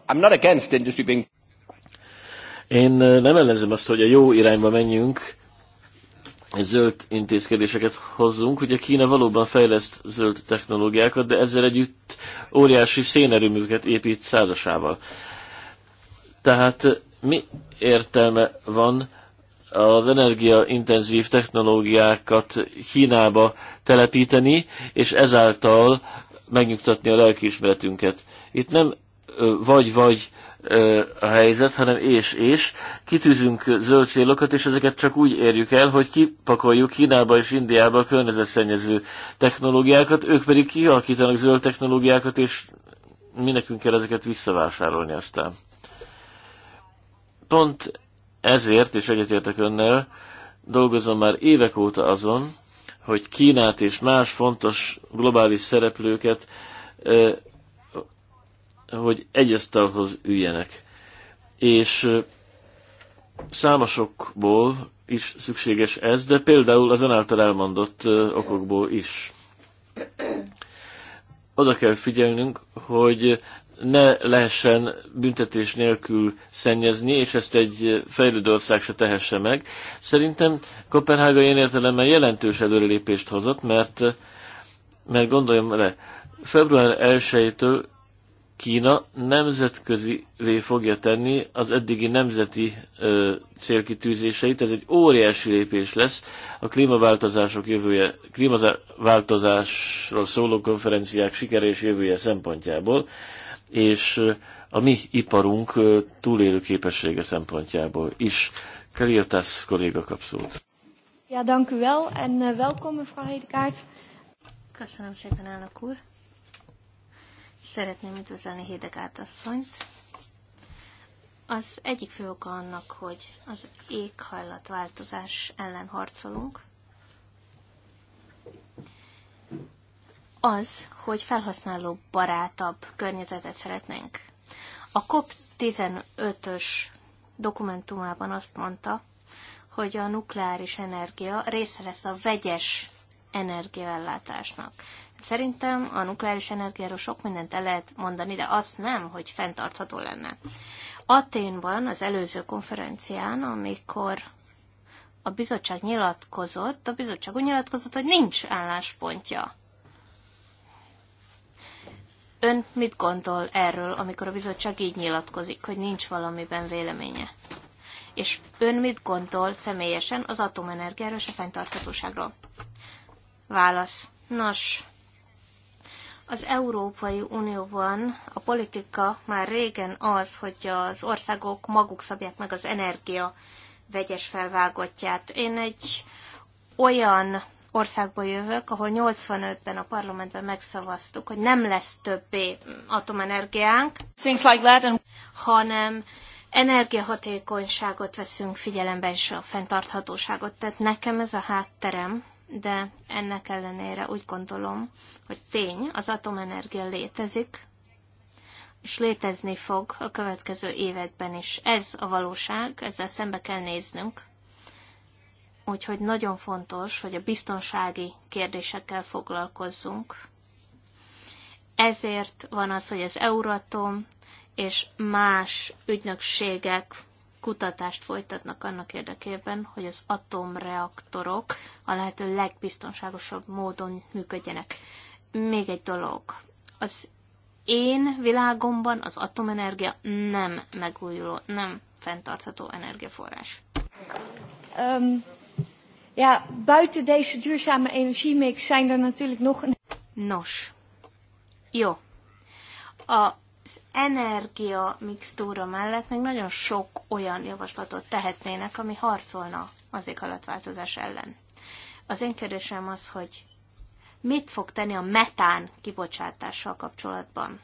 I'm not against industry being... Én eh, nem ellenzem azt, hogy a jó irányba menjünk, zöld intézkedéseket hozzunk. Ugye Kína valóban fejleszt zöld technológiákat, de ezzel együtt óriási szénerőműket épít százasával. Tehát eh, mi értelme van az energiaintenzív technológiákat Kínába telepíteni, és ezáltal megnyugtatni a lelkiismeretünket. Itt nem eh, vagy-vagy a helyzet, hanem és és. Kitűzünk zöld célokat, és ezeket csak úgy érjük el, hogy kipakoljuk Kínába és Indiába a környezetszennyező technológiákat, ők pedig kialakítanak zöld technológiákat, és mi nekünk kell ezeket visszavásárolni aztán. Pont ezért, és egyetértek önnel, dolgozom már évek óta azon, hogy Kínát és más fontos globális szereplőket hogy egy asztalhoz üljenek. És számosokból is szükséges ez, de például az önáltal elmondott okokból is. Oda kell figyelnünk, hogy ne lehessen büntetés nélkül szennyezni, és ezt egy fejlődő ország se tehesse meg. Szerintem Kopenhága ilyen értelemben jelentős előrelépést hozott, mert, mert gondoljam le, február 1-től Kína nemzetközivé fogja tenni az eddigi nemzeti ö, célkitűzéseit. Ez egy óriási lépés lesz a klímaváltozások jövője, klímaváltozásról szóló konferenciák sikere és jövője szempontjából, és a mi iparunk túlélő képessége szempontjából is. Kariatász kolléga kap szót. Ja, dank u wel, en eh, welkom, mevrouw Hedekaart. Köszönöm szépen, elnök úr. Szeretném üdvözölni Hidegát asszonyt. Az egyik fő oka annak, hogy az éghajlatváltozás ellen harcolunk, az, hogy felhasználó barátabb környezetet szeretnénk. A COP15-ös dokumentumában azt mondta, hogy a nukleáris energia része lesz a vegyes energiaellátásnak. Szerintem a nukleáris energiáról sok mindent el lehet mondani, de azt nem, hogy fenntartható lenne. Aténban az előző konferencián, amikor a bizottság nyilatkozott, a bizottság úgy nyilatkozott, hogy nincs álláspontja. Ön mit gondol erről, amikor a bizottság így nyilatkozik, hogy nincs valamiben véleménye? És ön mit gondol személyesen az atomenergiáról és a fenntarthatóságról? Válasz. Nos, az Európai Unióban a politika már régen az, hogy az országok maguk szabják meg az energia vegyes felvágottját. Én egy olyan országból jövök, ahol 85-ben a parlamentben megszavaztuk, hogy nem lesz többé atomenergiánk, Things like that and... hanem energiahatékonyságot veszünk figyelembe, és a fenntarthatóságot. Tehát nekem ez a hátterem, de ennek ellenére úgy gondolom, hogy tény, az atomenergia létezik, és létezni fog a következő években is. Ez a valóság, ezzel szembe kell néznünk. Úgyhogy nagyon fontos, hogy a biztonsági kérdésekkel foglalkozzunk. Ezért van az, hogy az Euratom és más ügynökségek kutatást folytatnak annak érdekében, hogy az atomreaktorok a lehető legbiztonságosabb módon működjenek. Még egy dolog. Az én világomban az atomenergia nem megújuló, nem fenntartható energiaforrás. Um, ja, buiten deze duurzame energiemix zijn er natuurlijk nog... Nos, jó. A az energia mixtúra mellett még nagyon sok olyan javaslatot tehetnének, ami harcolna az éghajlatváltozás ellen. Az én kérdésem az, hogy mit fog tenni a metán kibocsátással kapcsolatban?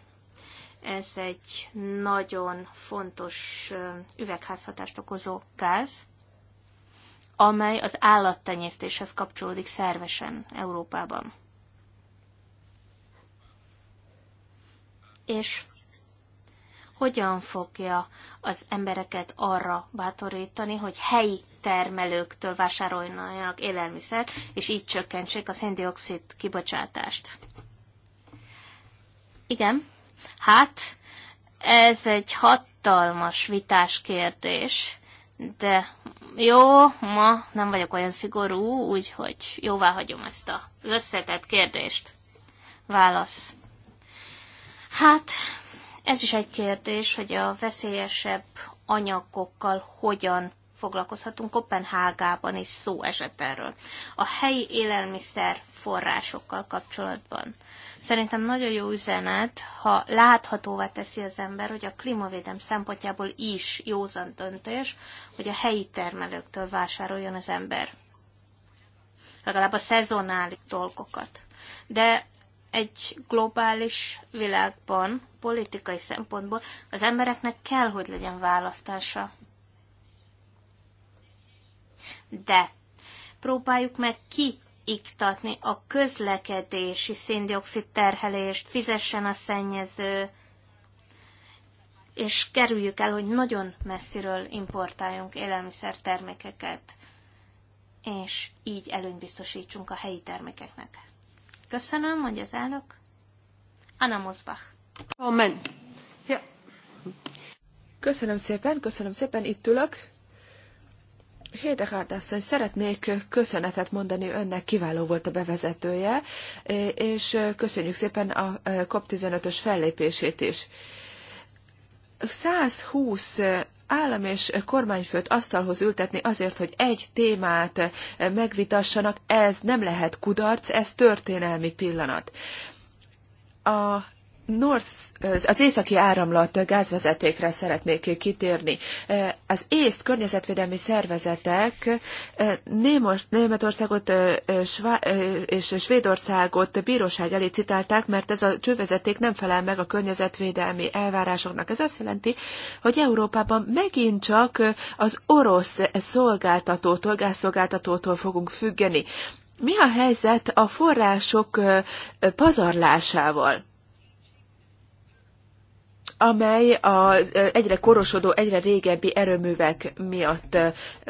Ez egy nagyon fontos üvegházhatást okozó gáz, amely az állattenyésztéshez kapcsolódik szervesen Európában. És hogyan fogja az embereket arra bátorítani, hogy helyi termelőktől vásároljanak élelmiszert, és így csökkentsék a széndiokszid kibocsátást. Igen, hát ez egy hatalmas vitás kérdés, de jó, ma nem vagyok olyan szigorú, úgyhogy jóvá hagyom ezt az összetett kérdést. Válasz. Hát, ez is egy kérdés, hogy a veszélyesebb anyagokkal hogyan foglalkozhatunk. Kopenhágában is szó esett erről. A helyi élelmiszer forrásokkal kapcsolatban. Szerintem nagyon jó üzenet, ha láthatóvá teszi az ember, hogy a klímavédelem szempontjából is józan döntés, hogy a helyi termelőktől vásároljon az ember. Legalább a szezonális dolgokat. De egy globális világban, politikai szempontból az embereknek kell, hogy legyen választása. De próbáljuk meg kiiktatni a közlekedési széndiokszid terhelést, fizessen a szennyező, és kerüljük el, hogy nagyon messziről importáljunk élelmiszertermékeket, és így előnybiztosítsunk a helyi termékeknek. Köszönöm, mondja az elnök. Anna Mosbach. Amen. Ja. Köszönöm szépen, köszönöm szépen, itt ülök. Hédegárd asszony, szeretnék köszönetet mondani önnek, kiváló volt a bevezetője, és köszönjük szépen a e, COP15-ös fellépését is. 120 állam és kormányfőt asztalhoz ültetni azért, hogy egy témát megvitassanak, ez nem lehet kudarc, ez történelmi pillanat. A North, az északi áramlat gázvezetékre szeretnék kitérni. Az észt környezetvédelmi szervezetek eh, Németországot eh, eh, és Svédországot bíróság elé citálták, mert ez a csővezeték nem felel meg a környezetvédelmi elvárásoknak. Ez azt jelenti, hogy Európában megint csak az orosz szolgáltatótól, gázszolgáltatótól fogunk függeni. Mi a helyzet a források pazarlásával? amely az egyre korosodó, egyre régebbi erőművek miatt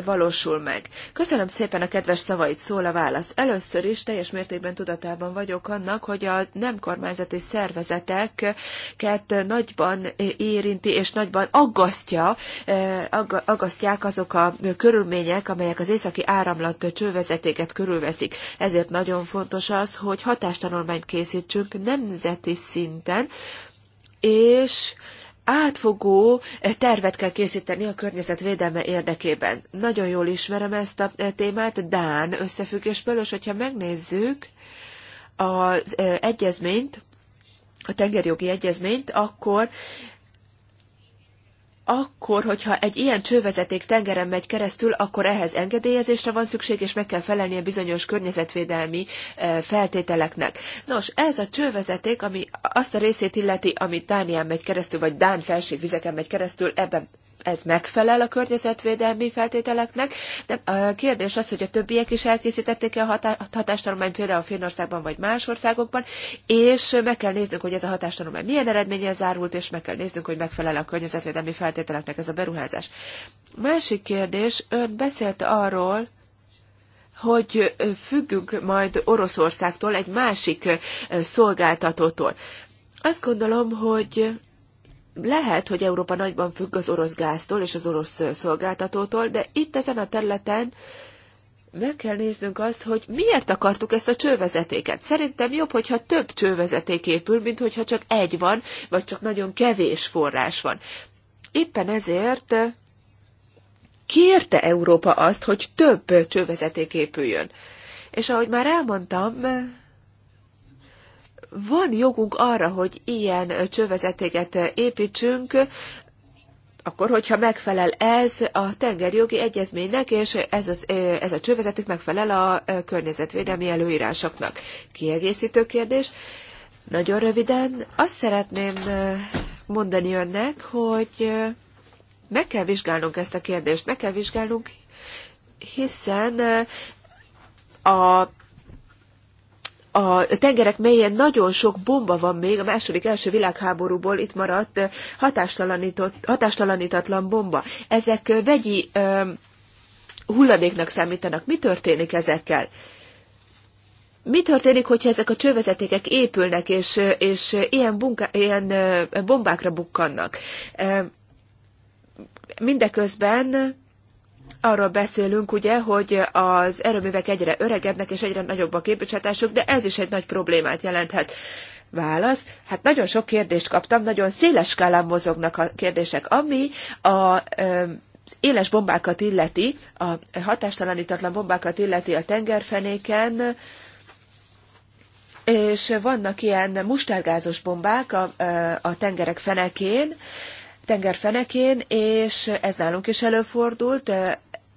valósul meg. Köszönöm szépen a kedves szavait, szól a válasz. Először is teljes mértékben tudatában vagyok annak, hogy a nem kormányzati szervezeteket nagyban érinti és nagyban aggasztja, aggasztják azok a körülmények, amelyek az északi áramlat csővezetéket körülveszik. Ezért nagyon fontos az, hogy hatástanulmányt készítsünk nemzeti szinten, és átfogó eh, tervet kell készíteni a környezetvédelme érdekében. Nagyon jól ismerem ezt a eh, témát, Dán összefüggésből, és hogyha megnézzük az eh, egyezményt, a tengerjogi egyezményt, akkor akkor, hogyha egy ilyen csővezeték tengeren megy keresztül, akkor ehhez engedélyezésre van szükség, és meg kell felelnie bizonyos környezetvédelmi e, feltételeknek. Nos, ez a csővezeték, ami azt a részét illeti, amit Dánián megy keresztül, vagy Dán felségvizeken megy keresztül, ebben ez megfelel a környezetvédelmi feltételeknek, de a kérdés az, hogy a többiek is elkészítették-e a hatástanulmányt, például a Finnországban vagy más országokban, és meg kell néznünk, hogy ez a hatástanulmány milyen eredménye zárult, és meg kell néznünk, hogy megfelel a környezetvédelmi feltételeknek ez a beruházás. Másik kérdés, ön beszélt arról, hogy függünk majd Oroszországtól, egy másik szolgáltatótól. Azt gondolom, hogy lehet, hogy Európa nagyban függ az orosz gáztól és az orosz szolgáltatótól, de itt ezen a területen meg kell néznünk azt, hogy miért akartuk ezt a csővezetéket. Szerintem jobb, hogyha több csővezeték épül, mint hogyha csak egy van, vagy csak nagyon kevés forrás van. Éppen ezért kérte Európa azt, hogy több csővezeték épüljön. És ahogy már elmondtam, van jogunk arra, hogy ilyen csövezetéket építsünk, akkor, hogyha megfelel ez a tengerjogi egyezménynek, és ez, az, eh, ez a csővezeték megfelel a eh, környezetvédelmi előírásoknak. Kiegészítő kérdés. Nagyon röviden azt szeretném eh, mondani önnek, hogy meg kell vizsgálnunk ezt a kérdést, meg kell vizsgálnunk, hiszen a a tengerek mélyén nagyon sok bomba van még, a második első világháborúból itt maradt hatástalanítatlan bomba. Ezek vegyi hulladéknak számítanak. Mi történik ezekkel? Mi történik, hogyha ezek a csővezetékek épülnek, és, és ilyen, bunka, ilyen bombákra bukkannak? Mindeközben arról beszélünk, ugye, hogy az erőművek egyre öregednek és egyre nagyobb a képviseltásuk, de ez is egy nagy problémát jelenthet. Válasz. Hát nagyon sok kérdést kaptam, nagyon széles skálán mozognak a kérdések, ami a ö, éles bombákat illeti, a hatástalanítatlan bombákat illeti a tengerfenéken, és vannak ilyen mustárgázos bombák a, a tengerek fenekén, tengerfenekén, és ez nálunk is előfordult,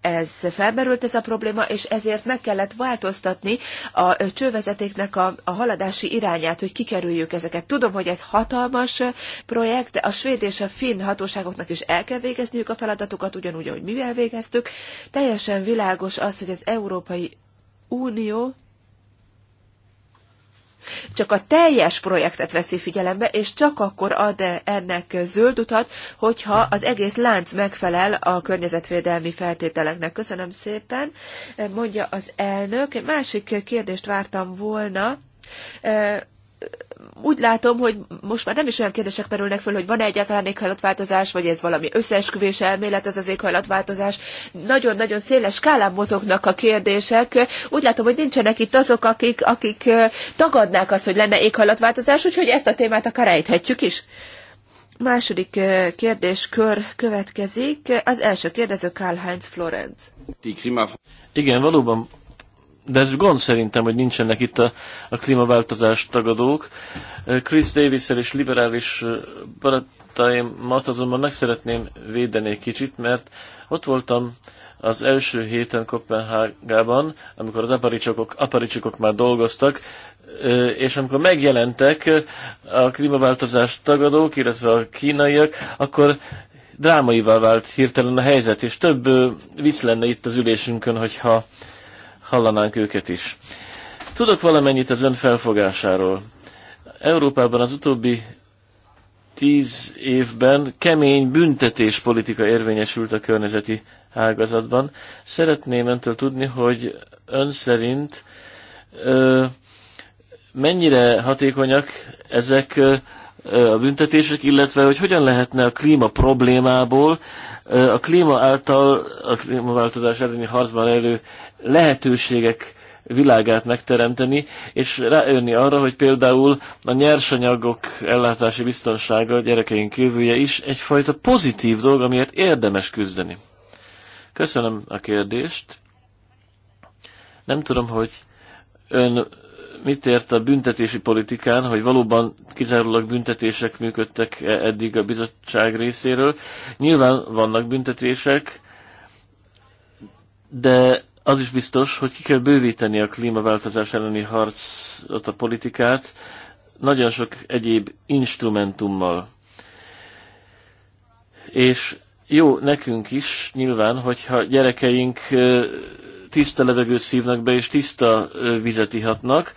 ez felmerült ez a probléma, és ezért meg kellett változtatni a csővezetéknek a, a haladási irányát, hogy kikerüljük ezeket. Tudom, hogy ez hatalmas projekt, de a svéd és a finn hatóságoknak is el kell végezniük a feladatokat, ugyanúgy, ahogy mi elvégeztük. Teljesen világos az, hogy az Európai Unió csak a teljes projektet veszi figyelembe, és csak akkor ad -e ennek zöld utat, hogyha az egész lánc megfelel a környezetvédelmi feltételeknek. Köszönöm szépen, mondja az elnök. Egy másik kérdést vártam volna úgy látom, hogy most már nem is olyan kérdések merülnek föl, hogy van-e egyáltalán éghajlatváltozás, vagy ez valami összeesküvés elmélet, ez az éghajlatváltozás. Nagyon-nagyon széles skálán mozognak a kérdések. Úgy látom, hogy nincsenek itt azok, akik, akik tagadnák azt, hogy lenne éghajlatváltozás, úgyhogy ezt a témát akár ejthetjük is. Második kérdéskör következik. Az első kérdező Karl Heinz Florent. Igen, valóban de ez gond szerintem, hogy nincsenek itt a, a klímaváltozás tagadók. Chris davis és liberális barátaimat azonban meg szeretném védeni egy kicsit, mert ott voltam az első héten Kopenhágában, amikor az aparicsokok, aparicsokok már dolgoztak, és amikor megjelentek a klímaváltozás tagadók, illetve a kínaiak, akkor drámaival vált hirtelen a helyzet, és több visz lenne itt az ülésünkön, hogyha hallanánk őket is. Tudok valamennyit az ön felfogásáról. Európában az utóbbi tíz évben kemény büntetés politika érvényesült a környezeti ágazatban. Szeretném öntől tudni, hogy ön szerint ö, mennyire hatékonyak ezek ö, a büntetések, illetve hogy hogyan lehetne a klíma problémából ö, a klíma által, a klímaváltozás elleni harcban elő lehetőségek világát megteremteni, és rájönni arra, hogy például a nyersanyagok ellátási biztonsága a gyerekeink jövője is egyfajta pozitív dolog, amiért érdemes küzdeni. Köszönöm a kérdést. Nem tudom, hogy ön mit ért a büntetési politikán, hogy valóban kizárólag büntetések működtek -e eddig a bizottság részéről. Nyilván vannak büntetések, de az is biztos, hogy ki kell bővíteni a klímaváltozás elleni harcot, a politikát, nagyon sok egyéb instrumentummal. És jó nekünk is nyilván, hogyha gyerekeink tiszta levegőt szívnak be, és tiszta vizet ihatnak,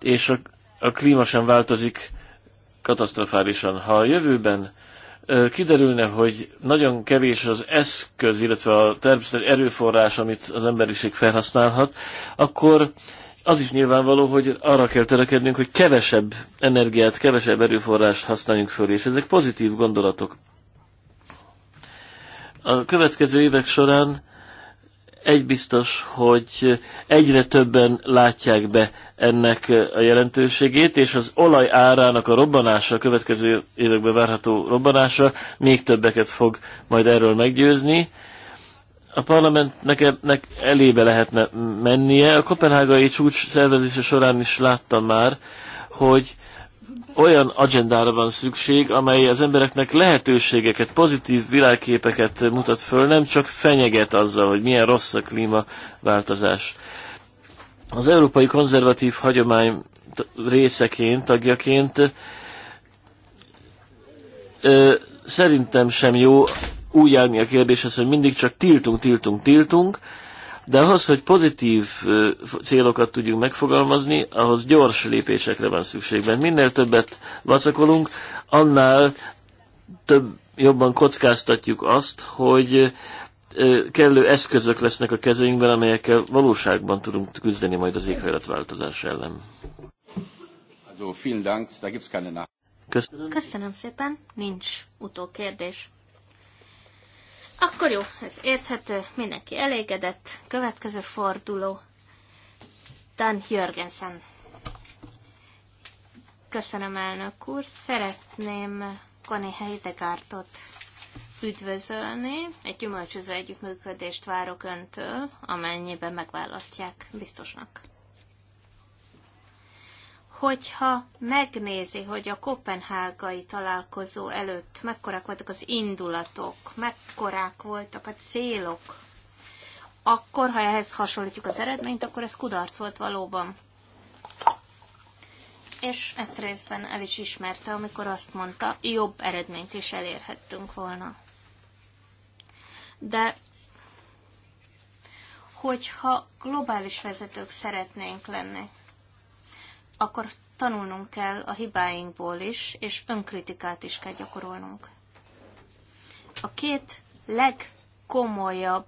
és a, a klíma sem változik katasztrofálisan. Ha a jövőben kiderülne, hogy nagyon kevés az eszköz, illetve a természet erőforrás, amit az emberiség felhasználhat, akkor az is nyilvánvaló, hogy arra kell törekednünk, hogy kevesebb energiát, kevesebb erőforrást használjunk föl, és ezek pozitív gondolatok. A következő évek során egy biztos, hogy egyre többen látják be ennek a jelentőségét, és az olaj árának a robbanása, a következő években várható robbanása még többeket fog majd erről meggyőzni. A parlamentnek ennek elébe lehetne mennie. A kopenhágai csúcs szervezése során is láttam már, hogy olyan agendára van szükség, amely az embereknek lehetőségeket, pozitív világképeket mutat föl, nem csak fenyeget azzal, hogy milyen rossz a klímaváltozás. Az európai konzervatív hagyomány részeként, tagjaként ö, szerintem sem jó úgy állni a kérdéshez, hogy mindig csak tiltunk, tiltunk, tiltunk, de ahhoz, hogy pozitív célokat tudjunk megfogalmazni, ahhoz gyors lépésekre van szükség, mert minél többet vacakolunk, annál több, jobban kockáztatjuk azt, hogy kellő eszközök lesznek a kezünkben, amelyekkel valóságban tudunk küzdeni majd az éghajlatváltozás ellen. Köszönöm. Köszönöm szépen, nincs utókérdés. Akkor jó, ez érthető, mindenki elégedett. Következő forduló. Dan Jörgensen. Köszönöm, elnök úr. Szeretném Koni Heidegártot üdvözölni. Egy gyümölcsöző együttműködést várok öntől, amennyiben megválasztják biztosnak hogyha megnézi, hogy a kopenhágai találkozó előtt mekkorák voltak az indulatok, mekkorák voltak a célok, akkor, ha ehhez hasonlítjuk az eredményt, akkor ez kudarc volt valóban. És ezt részben el is ismerte, amikor azt mondta, jobb eredményt is elérhettünk volna. De hogyha globális vezetők szeretnénk lenni, akkor tanulnunk kell a hibáinkból is, és önkritikát is kell gyakorolnunk. A két legkomolyabb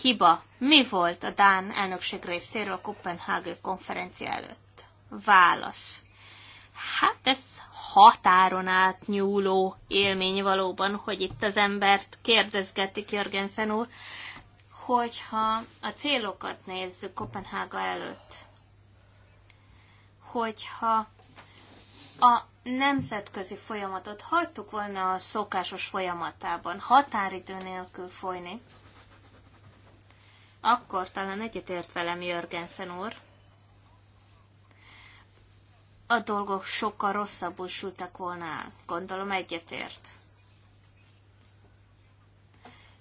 hiba mi volt a Dán elnökség részéről a Kopenhágai konferencia előtt? Válasz. Hát ez határon átnyúló élmény valóban, hogy itt az embert kérdezgetik Jörgensen úr, hogyha a célokat nézzük Kopenhága előtt, hogyha a nemzetközi folyamatot hagytuk volna a szokásos folyamatában határidő nélkül folyni, akkor talán egyetért velem Jörgensen úr, a dolgok sokkal rosszabbul sültek volna el. Gondolom egyetért.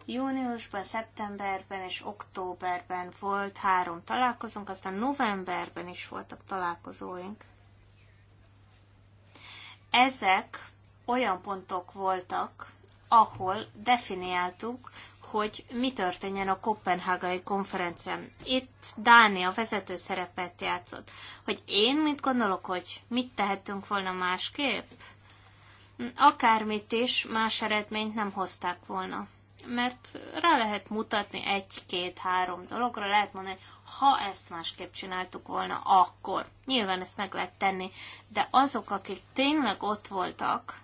Júniusban, szeptemberben és októberben volt három találkozónk, aztán novemberben is voltak találkozóink. Ezek olyan pontok voltak, ahol definiáltuk, hogy mi történjen a Kopenhágai konferencián. Itt Dánia vezető szerepet játszott. Hogy én mit gondolok, hogy mit tehetünk volna másképp? Akármit is, más eredményt nem hozták volna mert rá lehet mutatni egy-két-három dologra, lehet mondani, ha ezt másképp csináltuk volna, akkor. Nyilván ezt meg lehet tenni, de azok, akik tényleg ott voltak,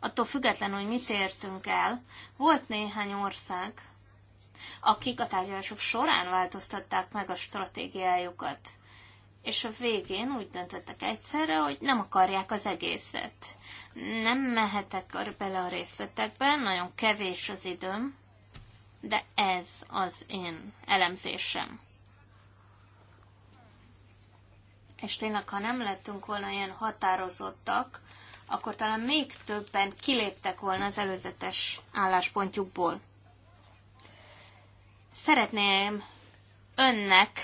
attól függetlenül, hogy mit értünk el, volt néhány ország, akik a tárgyalások során változtatták meg a stratégiájukat. És a végén úgy döntöttek egyszerre, hogy nem akarják az egészet. Nem mehetek bele a részletekbe, nagyon kevés az időm, de ez az én elemzésem. És tényleg, ha nem lettünk volna ilyen határozottak, akkor talán még többen kiléptek volna az előzetes álláspontjukból. Szeretném önnek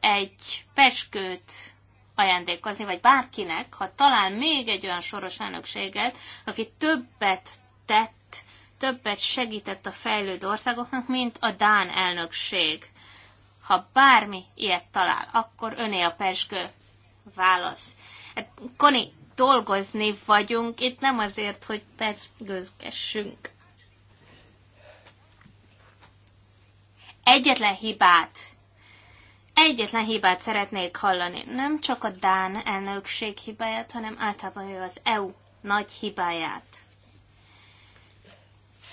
egy peskőt ajándékozni, vagy bárkinek, ha talál még egy olyan soros elnökséget, aki többet tett, többet segített a fejlődő országoknak, mint a Dán elnökség. Ha bármi ilyet talál, akkor öné a pesgő. Válasz. Hát, Koni, dolgozni vagyunk, itt nem azért, hogy pesgőzgessünk. Egyetlen hibát egyetlen hibát szeretnék hallani. Nem csak a Dán elnökség hibáját, hanem általában az EU nagy hibáját.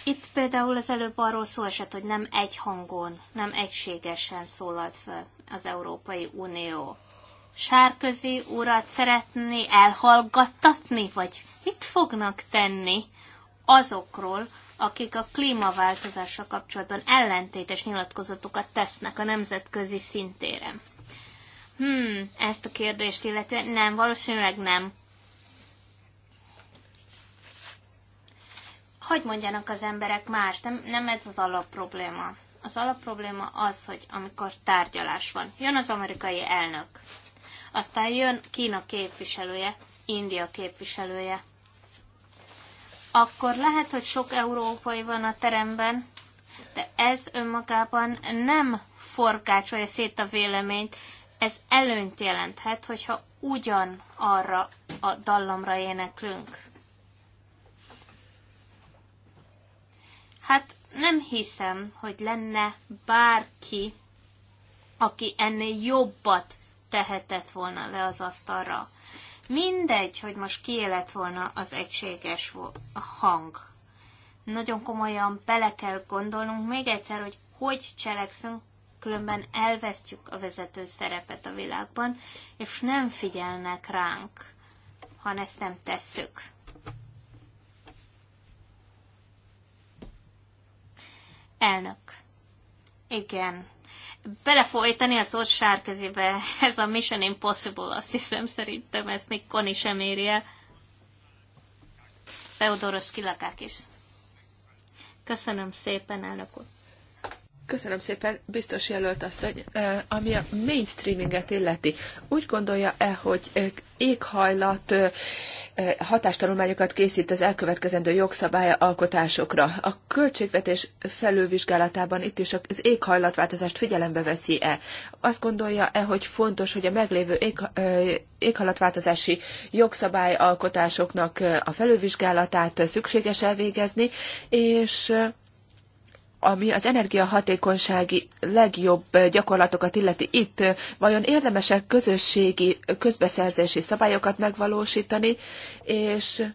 Itt például az előbb arról szó esett, hogy nem egy hangon, nem egységesen szólalt fel az Európai Unió. Sárközi urat szeretné elhallgattatni, vagy mit fognak tenni azokról, akik a klímaváltozással kapcsolatban ellentétes nyilatkozatokat tesznek a nemzetközi szintéren. Hmm, ezt a kérdést illetően nem, valószínűleg nem. Hogy mondjanak az emberek más? Nem, nem ez az alapprobléma. Az alapprobléma az, hogy amikor tárgyalás van, jön az amerikai elnök, aztán jön Kína képviselője, India képviselője, akkor lehet, hogy sok európai van a teremben, de ez önmagában nem forgácsolja szét a véleményt, ez előnyt jelenthet, hogyha ugyan arra a dallamra éneklünk. Hát nem hiszem, hogy lenne bárki, aki ennél jobbat tehetett volna le az asztalra. Mindegy, hogy most kié lett volna az egységes hang. Nagyon komolyan bele kell gondolnunk még egyszer, hogy hogy cselekszünk, különben elvesztjük a vezető szerepet a világban, és nem figyelnek ránk, ha ezt nem tesszük. Elnök. Igen, belefolytani az ott sárkezébe. Ez a Mission Impossible, azt hiszem, szerintem ezt még Koni sem éri el. Teodoros Kilakákis. Köszönöm szépen, elnök úr. Köszönöm szépen, biztos jelölt asszony, ami a mainstreaminget illeti. Úgy gondolja-e, hogy éghajlat hatástanulmányokat készít az elkövetkezendő jogszabálya alkotásokra. A költségvetés felülvizsgálatában itt is az éghajlatváltozást figyelembe veszi-e? Azt gondolja-e, hogy fontos, hogy a meglévő ég, éghajlatváltozási jogszabályalkotásoknak a felülvizsgálatát szükséges elvégezni, és ami az energiahatékonysági legjobb gyakorlatokat illeti itt, vajon érdemesek közösségi közbeszerzési szabályokat megvalósítani, és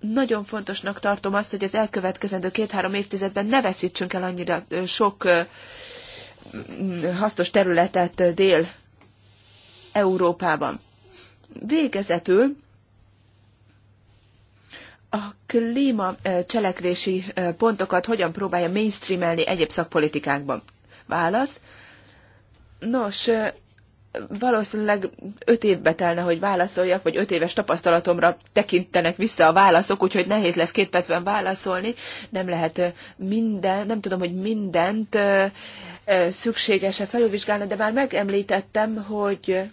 nagyon fontosnak tartom azt, hogy az elkövetkezendő két-három évtizedben ne veszítsünk el annyira sok mm, hasznos területet Dél-Európában. Végezetül a klíma cselekvési pontokat hogyan próbálja mainstreamelni egyéb szakpolitikákban? Válasz. Nos, valószínűleg öt évbe telne, hogy válaszoljak, vagy öt éves tapasztalatomra tekintenek vissza a válaszok, úgyhogy nehéz lesz két percben válaszolni. Nem lehet minden, nem tudom, hogy mindent szükséges-e felülvizsgálni, de már megemlítettem, hogy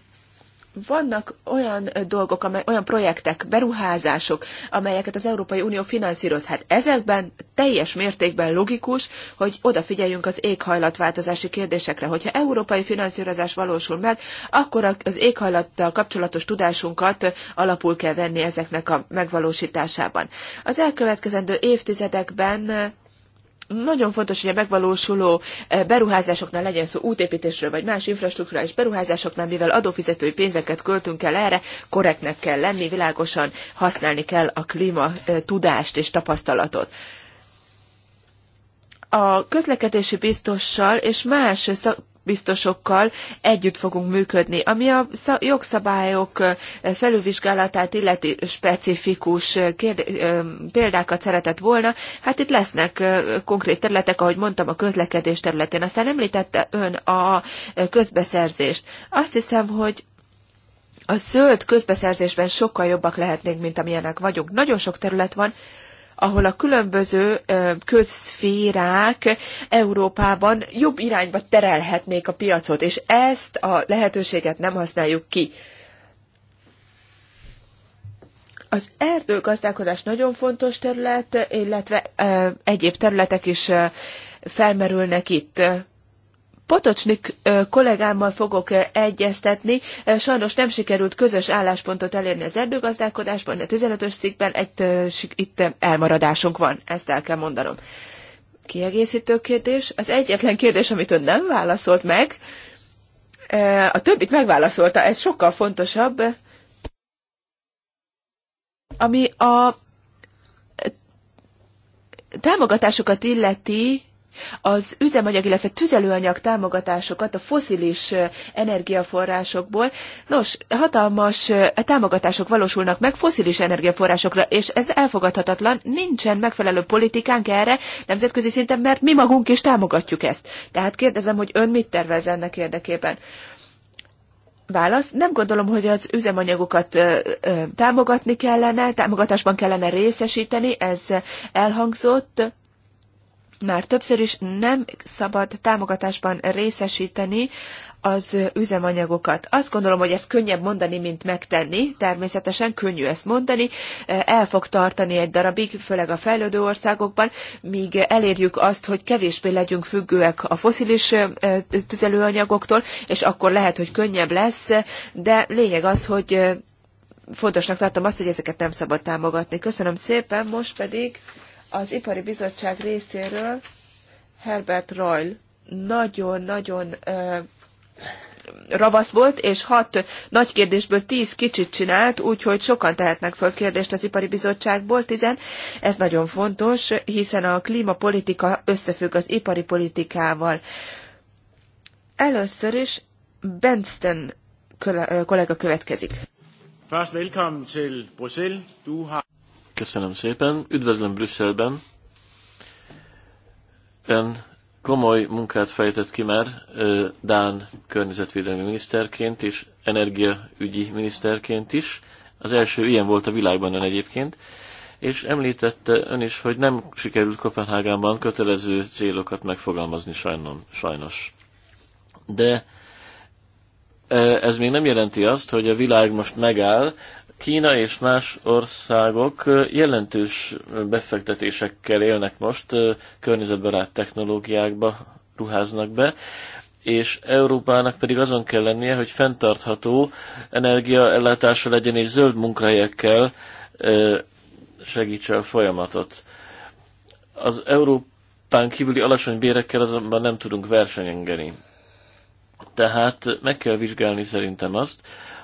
vannak olyan dolgok, amely, olyan projektek, beruházások, amelyeket az Európai Unió finanszíroz. Hát ezekben teljes mértékben logikus, hogy odafigyeljünk az éghajlatváltozási kérdésekre. Hogyha európai finanszírozás valósul meg, akkor az éghajlattal kapcsolatos tudásunkat alapul kell venni ezeknek a megvalósításában. Az elkövetkezendő évtizedekben nagyon fontos, hogy a megvalósuló eh, beruházásoknál legyen szó útépítésről, vagy más infrastruktúrális beruházásoknál, mivel adófizetői pénzeket költünk el erre, korrektnek kell lenni, világosan használni kell a klíma eh, tudást és tapasztalatot a közlekedési biztossal és más szak, biztosokkal együtt fogunk működni. Ami a jogszabályok felülvizsgálatát illeti specifikus példákat szeretett volna, hát itt lesznek konkrét területek, ahogy mondtam, a közlekedés területén. Aztán említette ön a közbeszerzést. Azt hiszem, hogy a zöld közbeszerzésben sokkal jobbak lehetnénk, mint amilyenek vagyunk. Nagyon sok terület van, ahol a különböző közszférák Európában jobb irányba terelhetnék a piacot, és ezt a lehetőséget nem használjuk ki. Az erdőgazdálkodás nagyon fontos terület, illetve egyéb területek is felmerülnek itt. Potocsnik kollégámmal fogok egyeztetni. Sajnos nem sikerült közös álláspontot elérni az erdőgazdálkodásban, de 15-ös cikkben egy, itt elmaradásunk van, ezt el kell mondanom. Kiegészítő kérdés. Az egyetlen kérdés, amit ön nem válaszolt meg, a többit megválaszolta, ez sokkal fontosabb, ami a támogatásokat illeti, az üzemanyag, illetve tüzelőanyag támogatásokat a foszilis energiaforrásokból. Nos, hatalmas támogatások valósulnak meg foszilis energiaforrásokra, és ez elfogadhatatlan, nincsen megfelelő politikánk erre nemzetközi szinten, mert mi magunk is támogatjuk ezt. Tehát kérdezem, hogy ön mit tervez ennek érdekében? Válasz. Nem gondolom, hogy az üzemanyagokat ö, ö, támogatni kellene, támogatásban kellene részesíteni, ez elhangzott már többször is nem szabad támogatásban részesíteni az üzemanyagokat. Azt gondolom, hogy ez könnyebb mondani, mint megtenni. Természetesen könnyű ezt mondani. El fog tartani egy darabig, főleg a fejlődő országokban, míg elérjük azt, hogy kevésbé legyünk függőek a foszilis tüzelőanyagoktól, és akkor lehet, hogy könnyebb lesz, de lényeg az, hogy fontosnak tartom azt, hogy ezeket nem szabad támogatni. Köszönöm szépen, most pedig az Ipari Bizottság részéről Herbert Royl nagyon-nagyon ravasz volt, és hat nagy kérdésből tíz kicsit csinált, úgyhogy sokan tehetnek föl kérdést az Ipari Bizottságból, tizen. Ez nagyon fontos, hiszen a klímapolitika összefügg az ipari politikával. Először is Benston kollega következik. Først welcome to Brussels. Du har... Köszönöm szépen. Üdvözlöm Brüsszelben. Ön komoly munkát fejtett ki már Dán környezetvédelmi miniszterként és energiaügyi miniszterként is. Az első ilyen volt a világban ön egyébként. És említette ön is, hogy nem sikerült Kopenhágában kötelező célokat megfogalmazni sajnom, sajnos. De ez még nem jelenti azt, hogy a világ most megáll, Kína és más országok jelentős befektetésekkel élnek most, környezetbarát technológiákba ruháznak be, és Európának pedig azon kell lennie, hogy fenntartható energiaellátása legyen és zöld munkahelyekkel segítse a folyamatot. Az Európán kívüli alacsony bérekkel azonban nem tudunk versenyengeni. Tehát meg kell vizsgálni szerintem azt,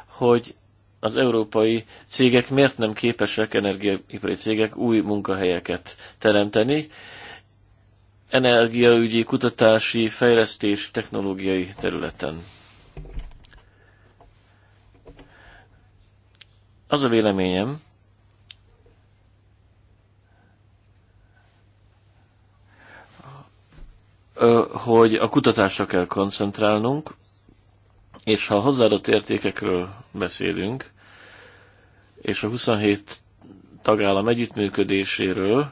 hogy az európai cégek miért nem képesek, energiaipari cégek új munkahelyeket teremteni, energiaügyi, kutatási, fejlesztés, technológiai területen. Az a véleményem, hogy a kutatásra kell koncentrálnunk, és ha hozzáadott értékekről beszélünk, és a 27 tagállam együttműködéséről,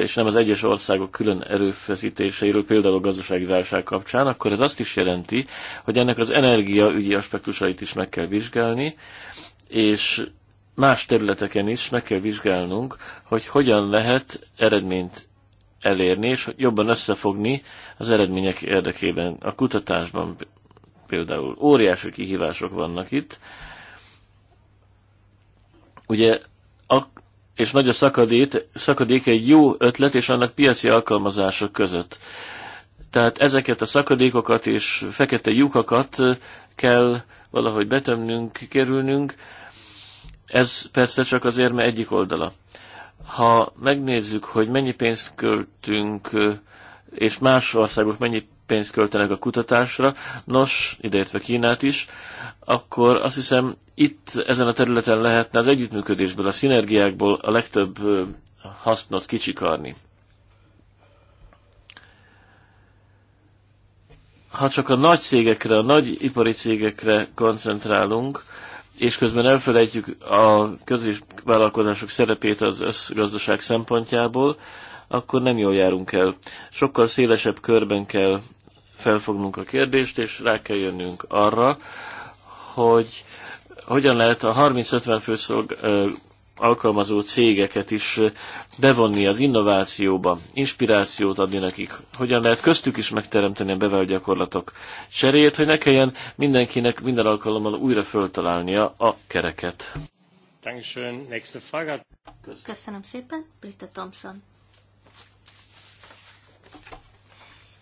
és nem az egyes országok külön erőfeszítéseiről, például a gazdasági válság kapcsán, akkor ez azt is jelenti, hogy ennek az energiaügyi aspektusait is meg kell vizsgálni, és más területeken is meg kell vizsgálnunk, hogy hogyan lehet eredményt elérni, és jobban összefogni az eredmények érdekében, a kutatásban például. Óriási kihívások vannak itt. Ugye, a, és nagy a szakadék, szakadék egy jó ötlet és annak piaci alkalmazások között. Tehát ezeket a szakadékokat és fekete lyukakat kell valahogy betömnünk, kerülnünk. Ez persze csak az érme egyik oldala. Ha megnézzük, hogy mennyi pénzt költünk, és más országok mennyi pénzt költenek a kutatásra, nos, ideértve Kínát is, akkor azt hiszem itt ezen a területen lehetne az együttműködésből, a szinergiákból a legtöbb hasznot kicsikarni. Ha csak a nagy cégekre, a nagy ipari cégekre koncentrálunk, és közben elfelejtjük a közös vállalkozások szerepét az összgazdaság szempontjából, akkor nem jól járunk el. Sokkal szélesebb körben kell felfognunk a kérdést, és rá kell jönnünk arra, hogy hogyan lehet a 30-50 főszolg alkalmazó cégeket is bevonni az innovációba, inspirációt adni nekik, hogyan lehet köztük is megteremteni a bevel gyakorlatok cseréjét, hogy ne kelljen mindenkinek minden alkalommal újra föltalálnia a kereket. Köszönöm szépen, Britta Thompson.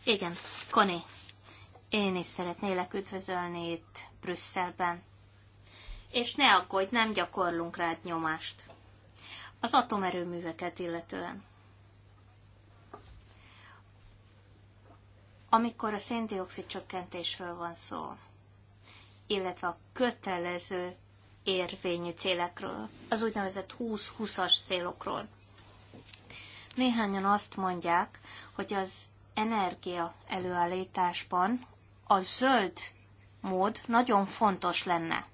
Igen, Koni, én is szeretnélek üdvözölni itt Brüsszelben. És ne aggódj, nem gyakorlunk rád nyomást. Az atomerőműveket illetően. Amikor a széndiokszid csökkentésről van szó, illetve a kötelező érvényű célekről, az úgynevezett 20-20-as célokról. Néhányan azt mondják, hogy az energia előállításban a zöld mód nagyon fontos lenne.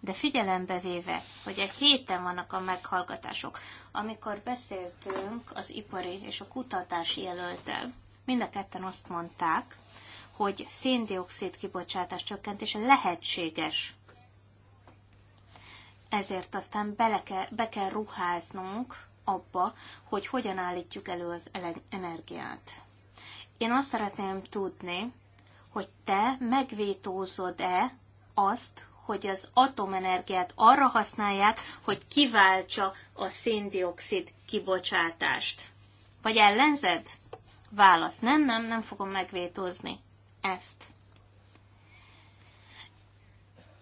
De figyelembe véve, hogy egy héten vannak a meghallgatások, amikor beszéltünk az ipari és a kutatási jelöltel, mind a ketten azt mondták, hogy széndiokszid kibocsátás csökkentése lehetséges. Ezért aztán bele kell, be kell ruháznunk abba, hogy hogyan állítjuk elő az energiát. Én azt szeretném tudni, hogy te megvétózod-e azt, hogy az atomenergiát arra használják, hogy kiváltsa a széndiokszid kibocsátást. Vagy ellenzed? Válasz. Nem, nem, nem fogom megvétózni ezt.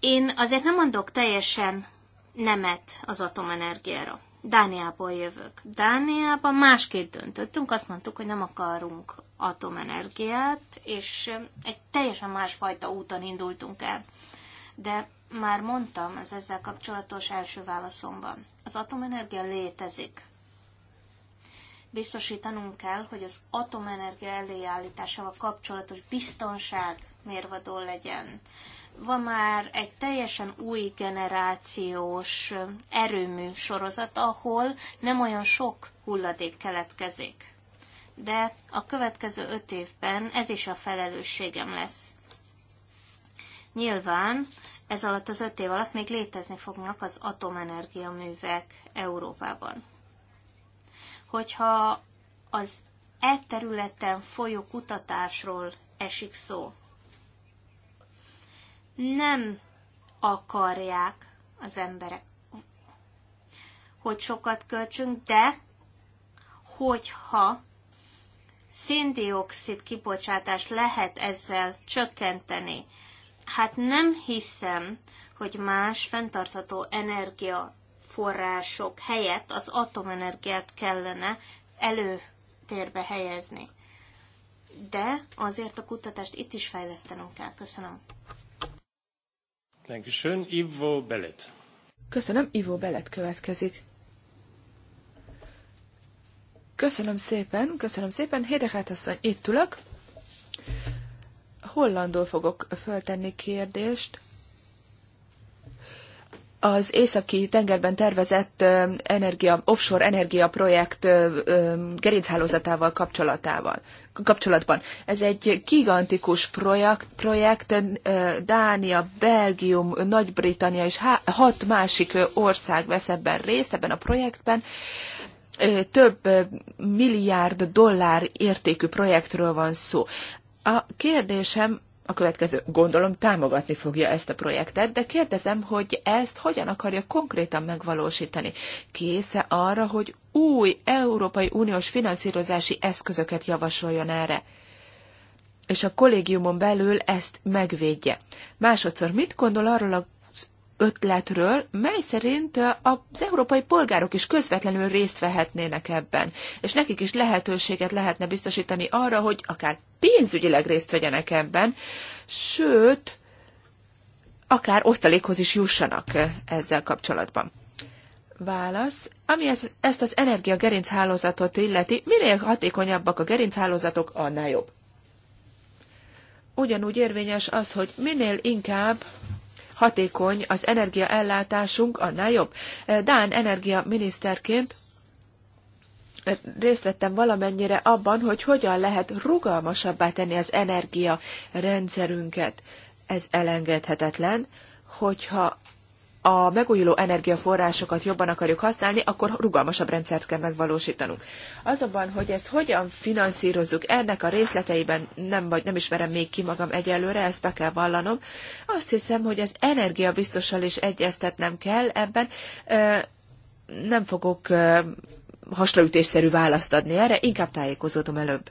Én azért nem mondok teljesen nemet az atomenergiára. Dániából jövök. Dániában másképp döntöttünk, azt mondtuk, hogy nem akarunk atomenergiát, és um, egy teljesen másfajta úton indultunk el. De már mondtam az ezzel kapcsolatos első válaszomban. Az atomenergia létezik. Biztosítanunk kell, hogy az atomenergia előállításával kapcsolatos biztonság mérvadó legyen. Van már egy teljesen új generációs um, erőmű sorozat, ahol nem olyan sok hulladék keletkezik de a következő öt évben ez is a felelősségem lesz. Nyilván ez alatt az öt év alatt még létezni fognak az atomenergia művek Európában. Hogyha az e területen folyó kutatásról esik szó, nem akarják az emberek, hogy sokat költsünk, de hogyha széndiokszid kibocsátást lehet ezzel csökkenteni. Hát nem hiszem, hogy más fenntartható energiaforrások helyett az atomenergiát kellene előtérbe helyezni. De azért a kutatást itt is fejlesztenünk kell. Köszönöm. Köszönöm, Ivo Belet következik. Köszönöm szépen, köszönöm szépen. Hédekát asszony, itt ülök. Hollandól fogok föltenni kérdést. Az északi tengerben tervezett energia, offshore energia projekt gerinchálózatával kapcsolatával, kapcsolatban. Ez egy gigantikus projekt, projekt Dánia, Belgium, Nagy-Britannia és hat másik ország vesz ebben részt, ebben a projektben több milliárd dollár értékű projektről van szó. A kérdésem a következő, gondolom támogatni fogja ezt a projektet, de kérdezem, hogy ezt hogyan akarja konkrétan megvalósítani. Késze arra, hogy új Európai Uniós finanszírozási eszközöket javasoljon erre? és a kollégiumon belül ezt megvédje. Másodszor mit gondol arról a ötletről, mely szerint az európai polgárok is közvetlenül részt vehetnének ebben, és nekik is lehetőséget lehetne biztosítani arra, hogy akár pénzügyileg részt vegyenek ebben, sőt, akár osztalékhoz is jussanak ezzel kapcsolatban. Válasz. Ami ez, ezt az energia gerinchálózatot illeti, minél hatékonyabbak a gerinchálózatok, annál jobb. Ugyanúgy érvényes az, hogy minél inkább hatékony az energiaellátásunk, annál jobb. Eh, Dán energiaminiszterként eh, részt vettem valamennyire abban, hogy hogyan lehet rugalmasabbá tenni az energiarendszerünket. Ez elengedhetetlen, hogyha a megújuló energiaforrásokat jobban akarjuk használni, akkor rugalmasabb rendszert kell megvalósítanunk. Azonban, hogy ezt hogyan finanszírozzuk, ennek a részleteiben nem, vagy nem ismerem még ki magam egyelőre, ezt be kell vallanom. Azt hiszem, hogy az energiabiztossal is egyeztetnem kell ebben. Nem fogok hasraütésszerű választ adni erre, inkább tájékozódom előbb.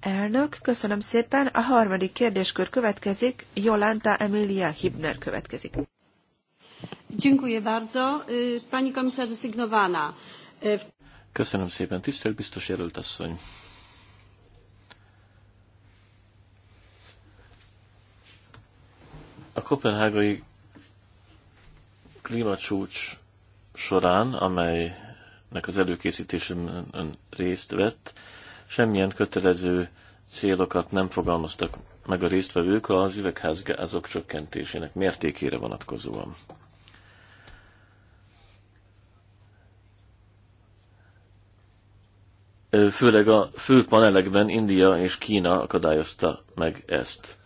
Elnök, köszönöm szépen. A harmadik kérdéskör következik. Jolanta Emilia Hibner következik. Köszönöm szépen, tisztelt biztos jelölt asszony. A kopenhágai klímacsúcs során, amelynek az előkészítésében ön részt vett, semmilyen kötelező célokat nem fogalmaztak meg a résztvevők az üvegházgázok csökkentésének mértékére vonatkozóan. főleg a fő panelekben India és Kína akadályozta meg ezt.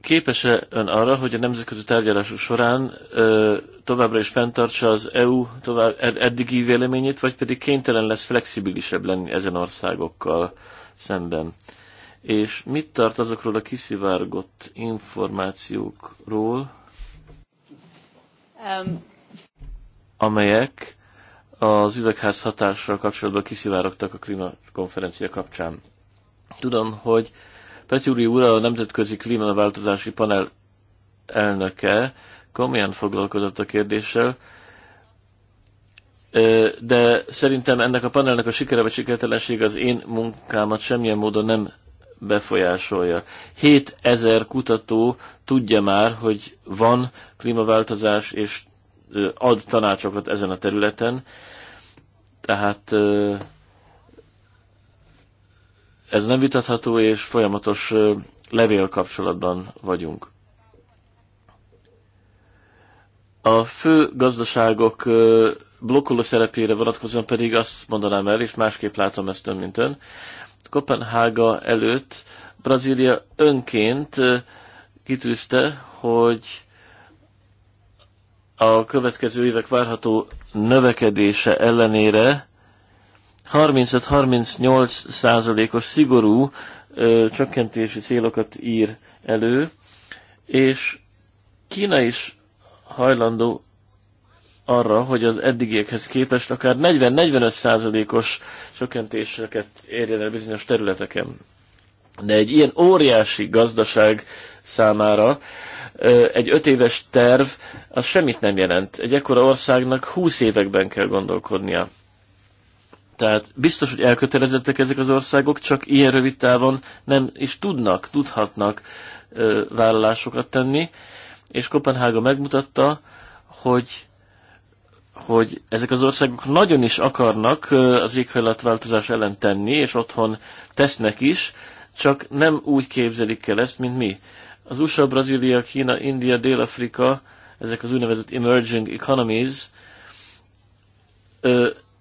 Képes-e ön arra, hogy a nemzetközi tárgyalások során ö, továbbra is fenntartsa az EU tovább ed- eddigi véleményét, vagy pedig kénytelen lesz flexibilisebb lenni ezen országokkal szemben? És mit tart azokról a kiszivárgott információkról, um, amelyek az üvegház hatással kapcsolatban kiszivárogtak a klímakonferencia kapcsán. Tudom, hogy Petyúri úr, a Nemzetközi Klímaváltozási Panel elnöke komolyan foglalkozott a kérdéssel, de szerintem ennek a panelnek a sikere vagy sikertelenség az én munkámat semmilyen módon nem befolyásolja. 7000 kutató tudja már, hogy van klímaváltozás, és ad tanácsokat ezen a területen. Tehát ez nem vitatható, és folyamatos levél kapcsolatban vagyunk. A fő gazdaságok blokkoló szerepére vonatkozóan pedig azt mondanám el, és másképp látom ezt ön, mint ön. Kopenhága előtt Brazília önként kitűzte, hogy a következő évek várható növekedése ellenére 35-38 százalékos szigorú ö, csökkentési célokat ír elő, és Kína is hajlandó arra, hogy az eddigiekhez képest akár 40-45 százalékos csökkentéseket érjen el bizonyos területeken. De egy ilyen óriási gazdaság számára egy öt éves terv az semmit nem jelent. Egy ekkora országnak húsz években kell gondolkodnia. Tehát biztos, hogy elkötelezettek ezek az országok, csak ilyen rövid távon nem is tudnak, tudhatnak ö, vállalásokat tenni, és Kopenhága megmutatta, hogy hogy ezek az országok nagyon is akarnak az éghajlatváltozás ellen tenni, és otthon tesznek is, csak nem úgy képzelik el ezt, mint mi. Az USA, Brazília, Kína, India, Dél-Afrika, ezek az úgynevezett emerging economies,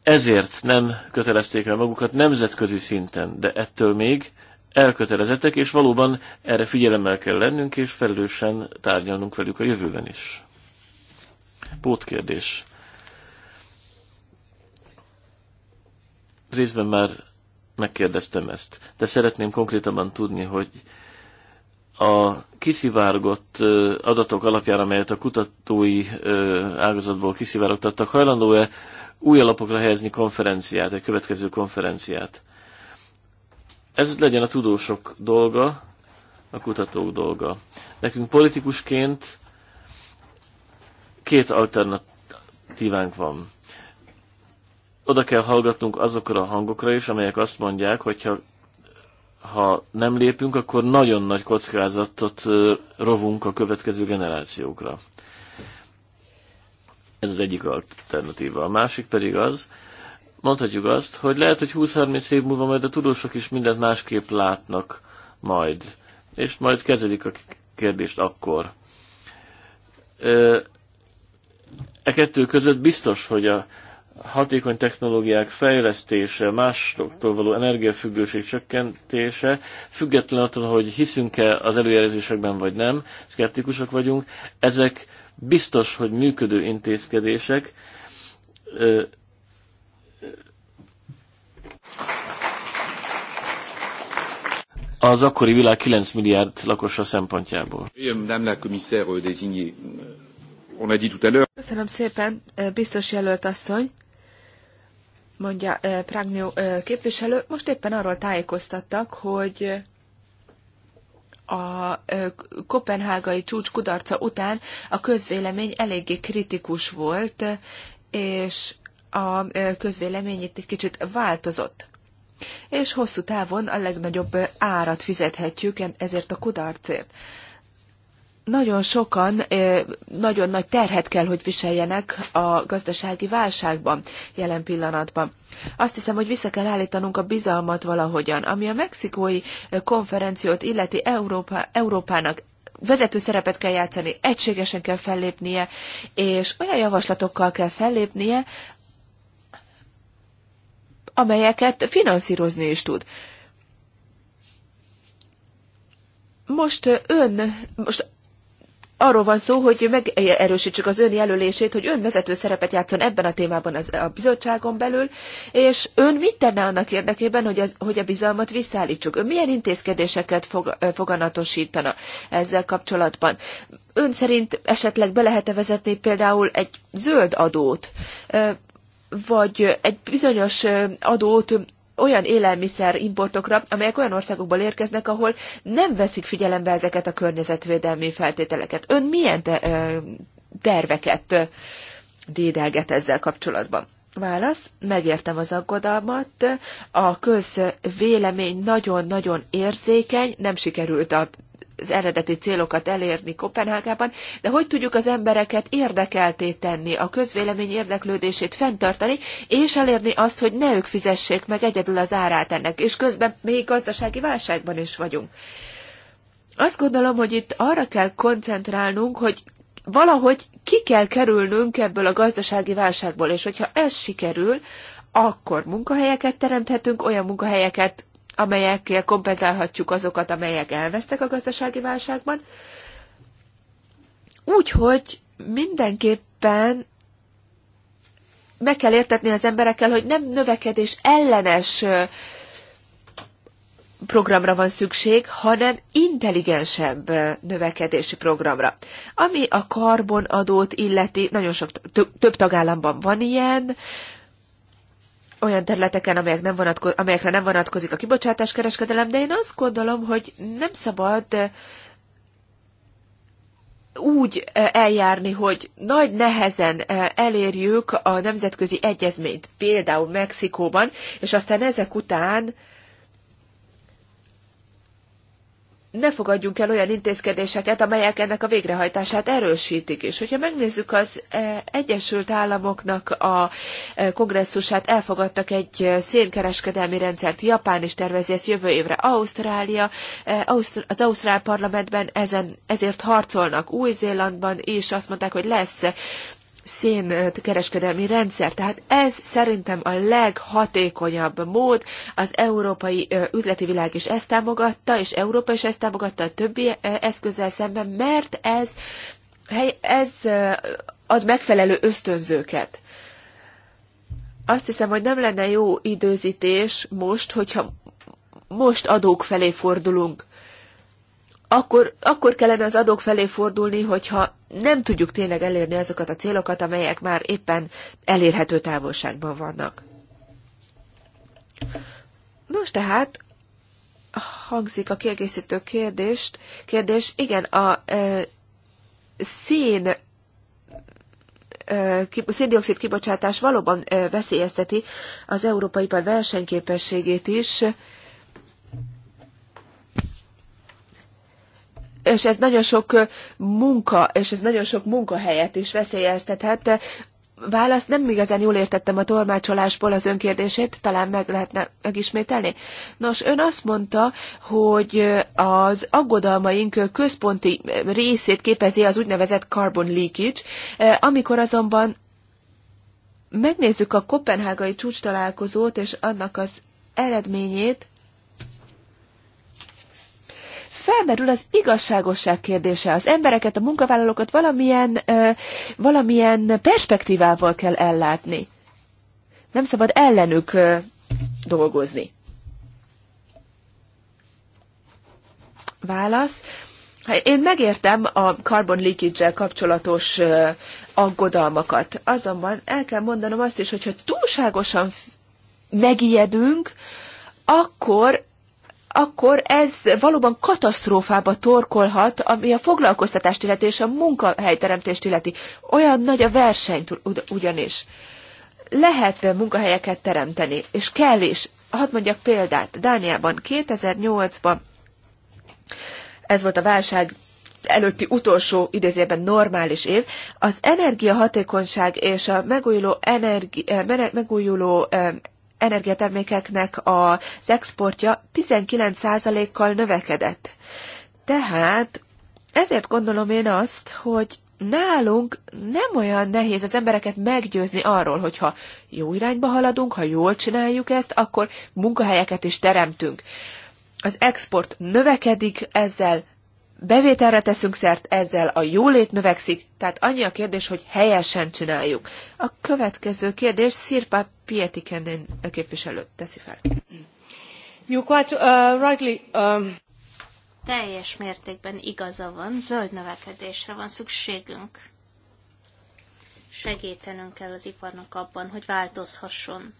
ezért nem kötelezték el magukat nemzetközi szinten, de ettől még elkötelezettek, és valóban erre figyelemmel kell lennünk, és felelősen tárgyalnunk velük a jövőben is. Pótkérdés. Részben már megkérdeztem ezt, de szeretném konkrétabban tudni, hogy a kiszivárgott adatok alapján, amelyet a kutatói ágazatból kiszivárogtattak, hajlandó-e új alapokra helyezni konferenciát, egy következő konferenciát? Ez legyen a tudósok dolga, a kutatók dolga. Nekünk politikusként két alternatívánk van. Oda kell hallgatnunk azokra a hangokra is, amelyek azt mondják, hogyha ha nem lépünk, akkor nagyon nagy kockázatot rovunk a következő generációkra. Ez az egyik alternatíva. A másik pedig az, mondhatjuk azt, hogy lehet, hogy 20-30 év múlva majd a tudósok is mindent másképp látnak majd, és majd kezelik a kérdést akkor. E kettő között biztos, hogy a hatékony technológiák fejlesztése, másoktól való energiafüggőség csökkentése, független attól, hogy hiszünk-e az előjelzésekben vagy nem, szkeptikusok vagyunk, ezek biztos, hogy működő intézkedések. Az akkori világ 9 milliárd lakosa szempontjából. on a tout à l'heure. Köszönöm szépen, biztos jelölt asszony mondja Pragnyó képviselő. Most éppen arról tájékoztattak, hogy a kopenhágai csúcs kudarca után a közvélemény eléggé kritikus volt, és a közvélemény itt egy kicsit változott. És hosszú távon a legnagyobb árat fizethetjük ezért a kudarcért nagyon sokan nagyon nagy terhet kell, hogy viseljenek a gazdasági válságban jelen pillanatban. Azt hiszem, hogy vissza kell állítanunk a bizalmat valahogyan. Ami a mexikói konferenciót illeti Európa, Európának vezető szerepet kell játszani, egységesen kell fellépnie, és olyan javaslatokkal kell fellépnie, amelyeket finanszírozni is tud. Most ön, most arról van szó, hogy megerősítsük az ön jelölését, hogy ön vezető szerepet játszon ebben a témában az, a bizottságon belül, és ön mit tenne annak érdekében, hogy, az, hogy a bizalmat visszaállítsuk? Ön milyen intézkedéseket fog, foganatosítana ezzel kapcsolatban? Ön szerint esetleg be lehet-e vezetni például egy zöld adót, vagy egy bizonyos adót olyan élelmiszer importokra, amelyek olyan országokból érkeznek, ahol nem veszik figyelembe ezeket a környezetvédelmi feltételeket. Ön milyen terveket dédelget ezzel kapcsolatban? Válasz, megértem az aggodalmat, a közvélemény nagyon-nagyon érzékeny, nem sikerült a az eredeti célokat elérni Kopenhágában, de hogy tudjuk az embereket érdekelté tenni, a közvélemény érdeklődését fenntartani, és elérni azt, hogy ne ők fizessék meg egyedül az árát ennek, és közben még gazdasági válságban is vagyunk. Azt gondolom, hogy itt arra kell koncentrálnunk, hogy valahogy ki kell kerülnünk ebből a gazdasági válságból, és hogyha ez sikerül, akkor munkahelyeket teremthetünk, olyan munkahelyeket, amelyekkel kompenzálhatjuk azokat, amelyek elvesztek a gazdasági válságban. Úgyhogy mindenképpen meg kell értetni az emberekkel, hogy nem növekedés ellenes programra van szükség, hanem intelligensebb növekedési programra. Ami a karbonadót illeti, nagyon sok több tagállamban van ilyen, olyan területeken, amelyek nem vonatko- amelyekre nem vonatkozik a kereskedelem, de én azt gondolom, hogy nem szabad eh, úgy eh, eljárni, hogy nagy nehezen eh, elérjük a nemzetközi egyezményt, például Mexikóban, és aztán ezek után ne fogadjunk el olyan intézkedéseket, amelyek ennek a végrehajtását erősítik. És hogyha megnézzük az e, Egyesült Államoknak a e, kongresszusát, elfogadtak egy e, szénkereskedelmi rendszert, Japán is tervezi ezt jövő évre, Ausztrália, az Ausztrál parlamentben ezen, ezért harcolnak, Új-Zélandban is azt mondták, hogy lesz szénkereskedelmi rendszer. Tehát ez szerintem a leghatékonyabb mód. Az európai üzleti világ is ezt támogatta, és Európa is ezt támogatta a többi eszközzel szemben, mert ez, ez ad megfelelő ösztönzőket. Azt hiszem, hogy nem lenne jó időzítés most, hogyha most adók felé fordulunk akkor, akkor kellene az adók felé fordulni, hogyha nem tudjuk tényleg elérni azokat a célokat, amelyek már éppen elérhető távolságban vannak. Nos, tehát hangzik a kiegészítő kérdést. Kérdés, igen, a e, szén széndiokszid kibocsátás valóban veszélyezteti az európai ipar versenyképességét is, és ez nagyon sok munka, és ez nagyon sok munkahelyet is veszélyeztethet. Választ nem igazán jól értettem a tolmácsolásból az önkérdését, talán meg lehetne megismételni. Nos, ön azt mondta, hogy az aggodalmaink központi részét képezi az úgynevezett carbon leakage, amikor azonban megnézzük a kopenhágai csúcs találkozót és annak az eredményét, felmerül az igazságosság kérdése. Az embereket, a munkavállalókat valamilyen, valamilyen perspektívával kell ellátni. Nem szabad ellenük dolgozni. Válasz. Én megértem a carbon leakage kapcsolatos aggodalmakat, azonban el kell mondanom azt is, hogyha túlságosan megijedünk, akkor akkor ez valóban katasztrófába torkolhat, ami a foglalkoztatást illeti és a munkahelyteremtést illeti. Olyan nagy a verseny ugyanis. Lehet munkahelyeket teremteni, és kell is. Hadd mondjak példát. Dániában 2008-ban ez volt a válság előtti utolsó idézőben normális év, az energiahatékonyság és a megújuló, energi, eh, megújuló eh, energiatermékeknek az exportja 19%-kal növekedett. Tehát ezért gondolom én azt, hogy nálunk nem olyan nehéz az embereket meggyőzni arról, hogyha jó irányba haladunk, ha jól csináljuk ezt, akkor munkahelyeket is teremtünk. Az export növekedik, ezzel bevételre teszünk szert, ezzel a jólét növekszik, tehát annyi a kérdés, hogy helyesen csináljuk. A következő kérdés Szirpa Pietikenen képviselő teszi fel. You quite, uh, rightly, um... Teljes mértékben igaza van, zöld növekedésre van szükségünk. Segítenünk kell az iparnak abban, hogy változhasson,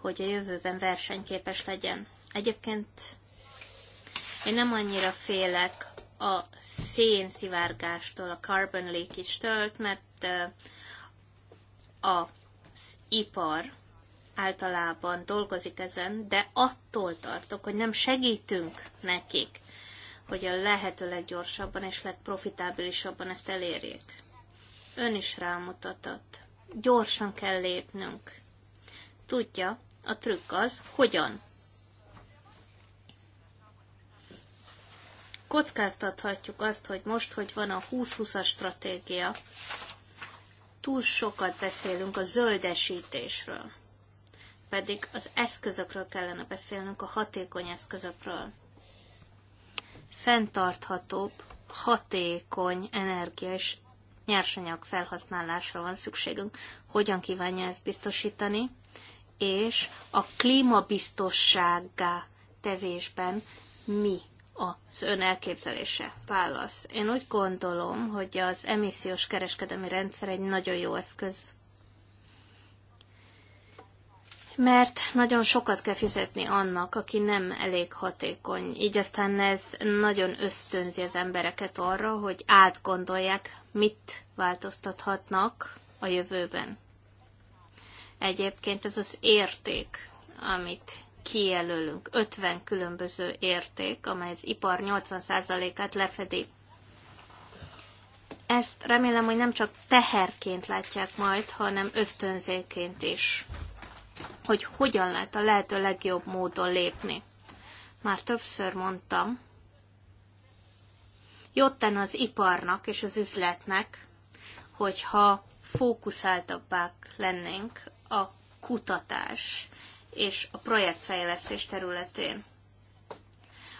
hogy a jövőben versenyképes legyen. Egyébként én nem annyira félek a szén szivárgástól, a carbon leakage-től, mert az ipar általában dolgozik ezen, de attól tartok, hogy nem segítünk nekik, hogy a lehető leggyorsabban és legprofitábilisabban ezt elérjék. Ön is rámutatott. Gyorsan kell lépnünk. Tudja, a trükk az, hogyan kockáztathatjuk azt, hogy most, hogy van a 20-20-as stratégia, túl sokat beszélünk a zöldesítésről. Pedig az eszközökről kellene beszélnünk, a hatékony eszközökről. Fentarthatóbb, hatékony energia és nyersanyag felhasználásra van szükségünk. Hogyan kívánja ezt biztosítani? És a klímabiztossággá tevésben mi az ön elképzelése? Válasz. Én úgy gondolom, hogy az emissziós kereskedelmi rendszer egy nagyon jó eszköz, mert nagyon sokat kell fizetni annak, aki nem elég hatékony. Így aztán ez nagyon ösztönzi az embereket arra, hogy átgondolják, mit változtathatnak a jövőben. Egyébként ez az érték, amit kijelölünk 50 különböző érték, amely az ipar 80%-át lefedi. Ezt remélem, hogy nem csak teherként látják majd, hanem ösztönzéként is, hogy hogyan lehet a lehető legjobb módon lépni. Már többször mondtam, jótten az iparnak és az üzletnek, hogyha fókuszáltabbák lennénk a kutatás és a projektfejlesztés területén,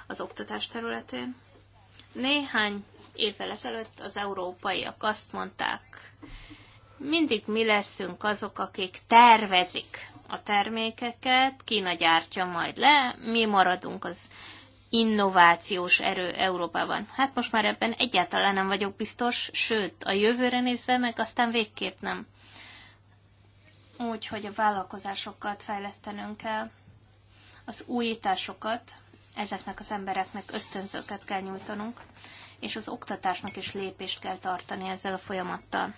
az oktatás területén. Néhány évvel ezelőtt az európaiak azt mondták, mindig mi leszünk azok, akik tervezik a termékeket, Kína gyártja majd le, mi maradunk az innovációs erő Európában. Hát most már ebben egyáltalán nem vagyok biztos, sőt, a jövőre nézve meg aztán végképp nem úgy, hogy a vállalkozásokat fejlesztenünk kell, az újításokat, ezeknek az embereknek ösztönzőket kell nyújtanunk, és az oktatásnak is lépést kell tartani ezzel a folyamattal.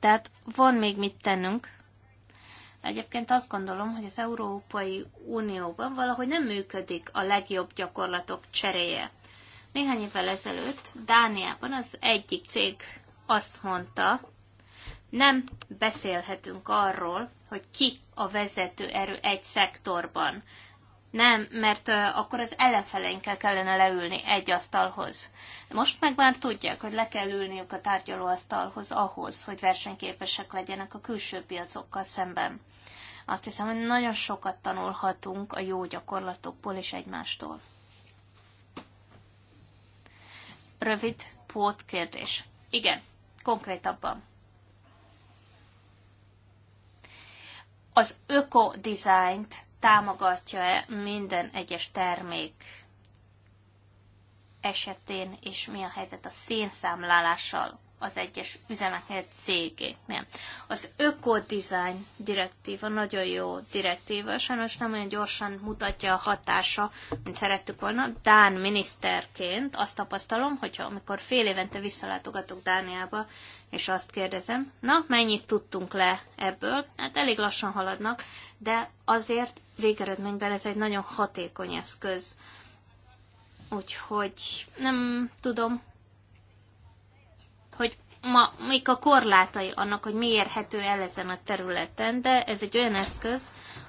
Tehát van még mit tennünk. Egyébként azt gondolom, hogy az Európai Unióban valahogy nem működik a legjobb gyakorlatok cseréje. Néhány évvel ezelőtt Dániában az egyik cég azt mondta, nem beszélhetünk arról, hogy ki a vezető erő egy szektorban. Nem, mert akkor az ellenfeleinkkel kellene leülni egy asztalhoz. Most meg már tudják, hogy le kell ülniük a tárgyalóasztalhoz ahhoz, hogy versenyképesek legyenek a külső piacokkal szemben. Azt hiszem, hogy nagyon sokat tanulhatunk a jó gyakorlatokból és egymástól. Rövid kérdés. Igen, konkrétabban. az ökodizájnt támogatja-e minden egyes termék esetén, és mi a helyzet a szénszámlálással az egyes üzemeknél cégéknél. Az öko-design direktíva nagyon jó direktíva, sajnos nem olyan gyorsan mutatja a hatása, mint szerettük volna. Dán miniszterként azt tapasztalom, hogyha amikor fél évente visszalátogatok Dániába, és azt kérdezem, na, mennyit tudtunk le ebből? Hát elég lassan haladnak, de azért végeredményben ez egy nagyon hatékony eszköz. Úgyhogy nem tudom, hogy ma még a korlátai annak, hogy mi érhető el ezen a területen, de ez egy olyan eszköz,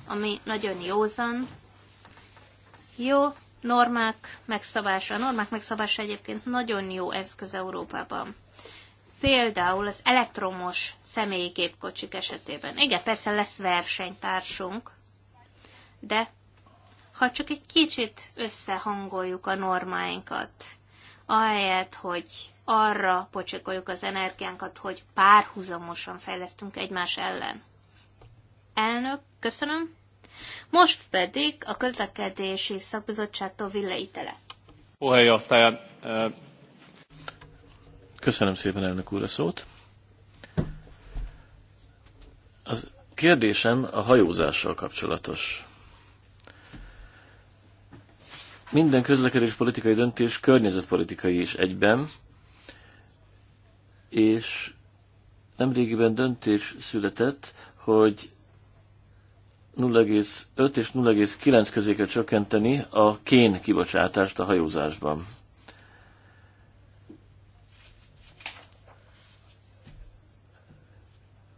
ami nagyon józan, jó normák megszabása. A normák megszabása egyébként nagyon jó eszköz Európában. Például az elektromos személyi gépkocsik esetében. Igen, persze lesz versenytársunk, de ha csak egy kicsit összehangoljuk a normáinkat, ahelyett, hogy arra pocsékoljuk az energiánkat, hogy párhuzamosan fejlesztünk egymás ellen. Elnök, köszönöm. Most pedig a közlekedési szakbizottságtól Ville Itele. Puheenjohtaja, Köszönöm szépen elnök úr a szót. Az kérdésem a hajózással kapcsolatos. Minden közlekedés politikai döntés környezetpolitikai is egyben, és nemrégiben döntés született, hogy 0,5 és 0,9 közé kell csökkenteni a kén kibocsátást a hajózásban.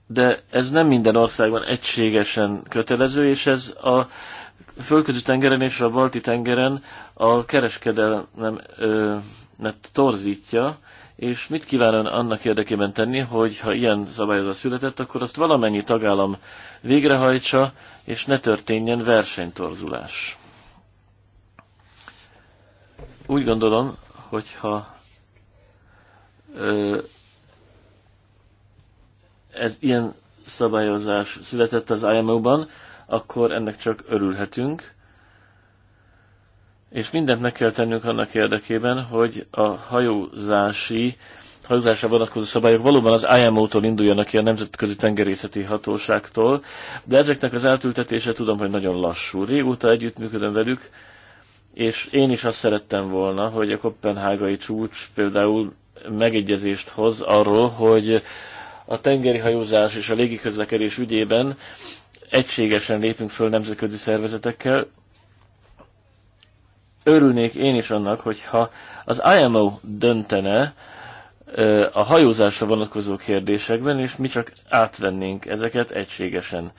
De ez nem minden országban egységesen kötelező, és ez a földközi tengeren és a balti tengeren a kereskedelmet torzítja, és mit kíván ön annak érdekében tenni, hogy ha ilyen szabályozás született, akkor azt valamennyi tagállam végrehajtsa, és ne történjen versenytorzulás? Úgy gondolom, hogyha ö, ez ilyen szabályozás született az IMO-ban, akkor ennek csak örülhetünk, és mindent meg kell tennünk annak érdekében, hogy a hajózási, hajózásra vonatkozó szabályok valóban az IMO-tól induljanak ki a Nemzetközi Tengerészeti Hatóságtól, de ezeknek az eltültetése tudom, hogy nagyon lassú. Régóta együttműködöm velük, és én is azt szerettem volna, hogy a kopenhágai csúcs például megegyezést hoz arról, hogy a tengeri hajózás és a légiközlekedés ügyében egységesen lépünk föl nemzetközi szervezetekkel, örülnék én is annak, hogyha az IMO döntene a hajózásra vonatkozó kérdésekben, és mi csak átvennénk ezeket egységesen.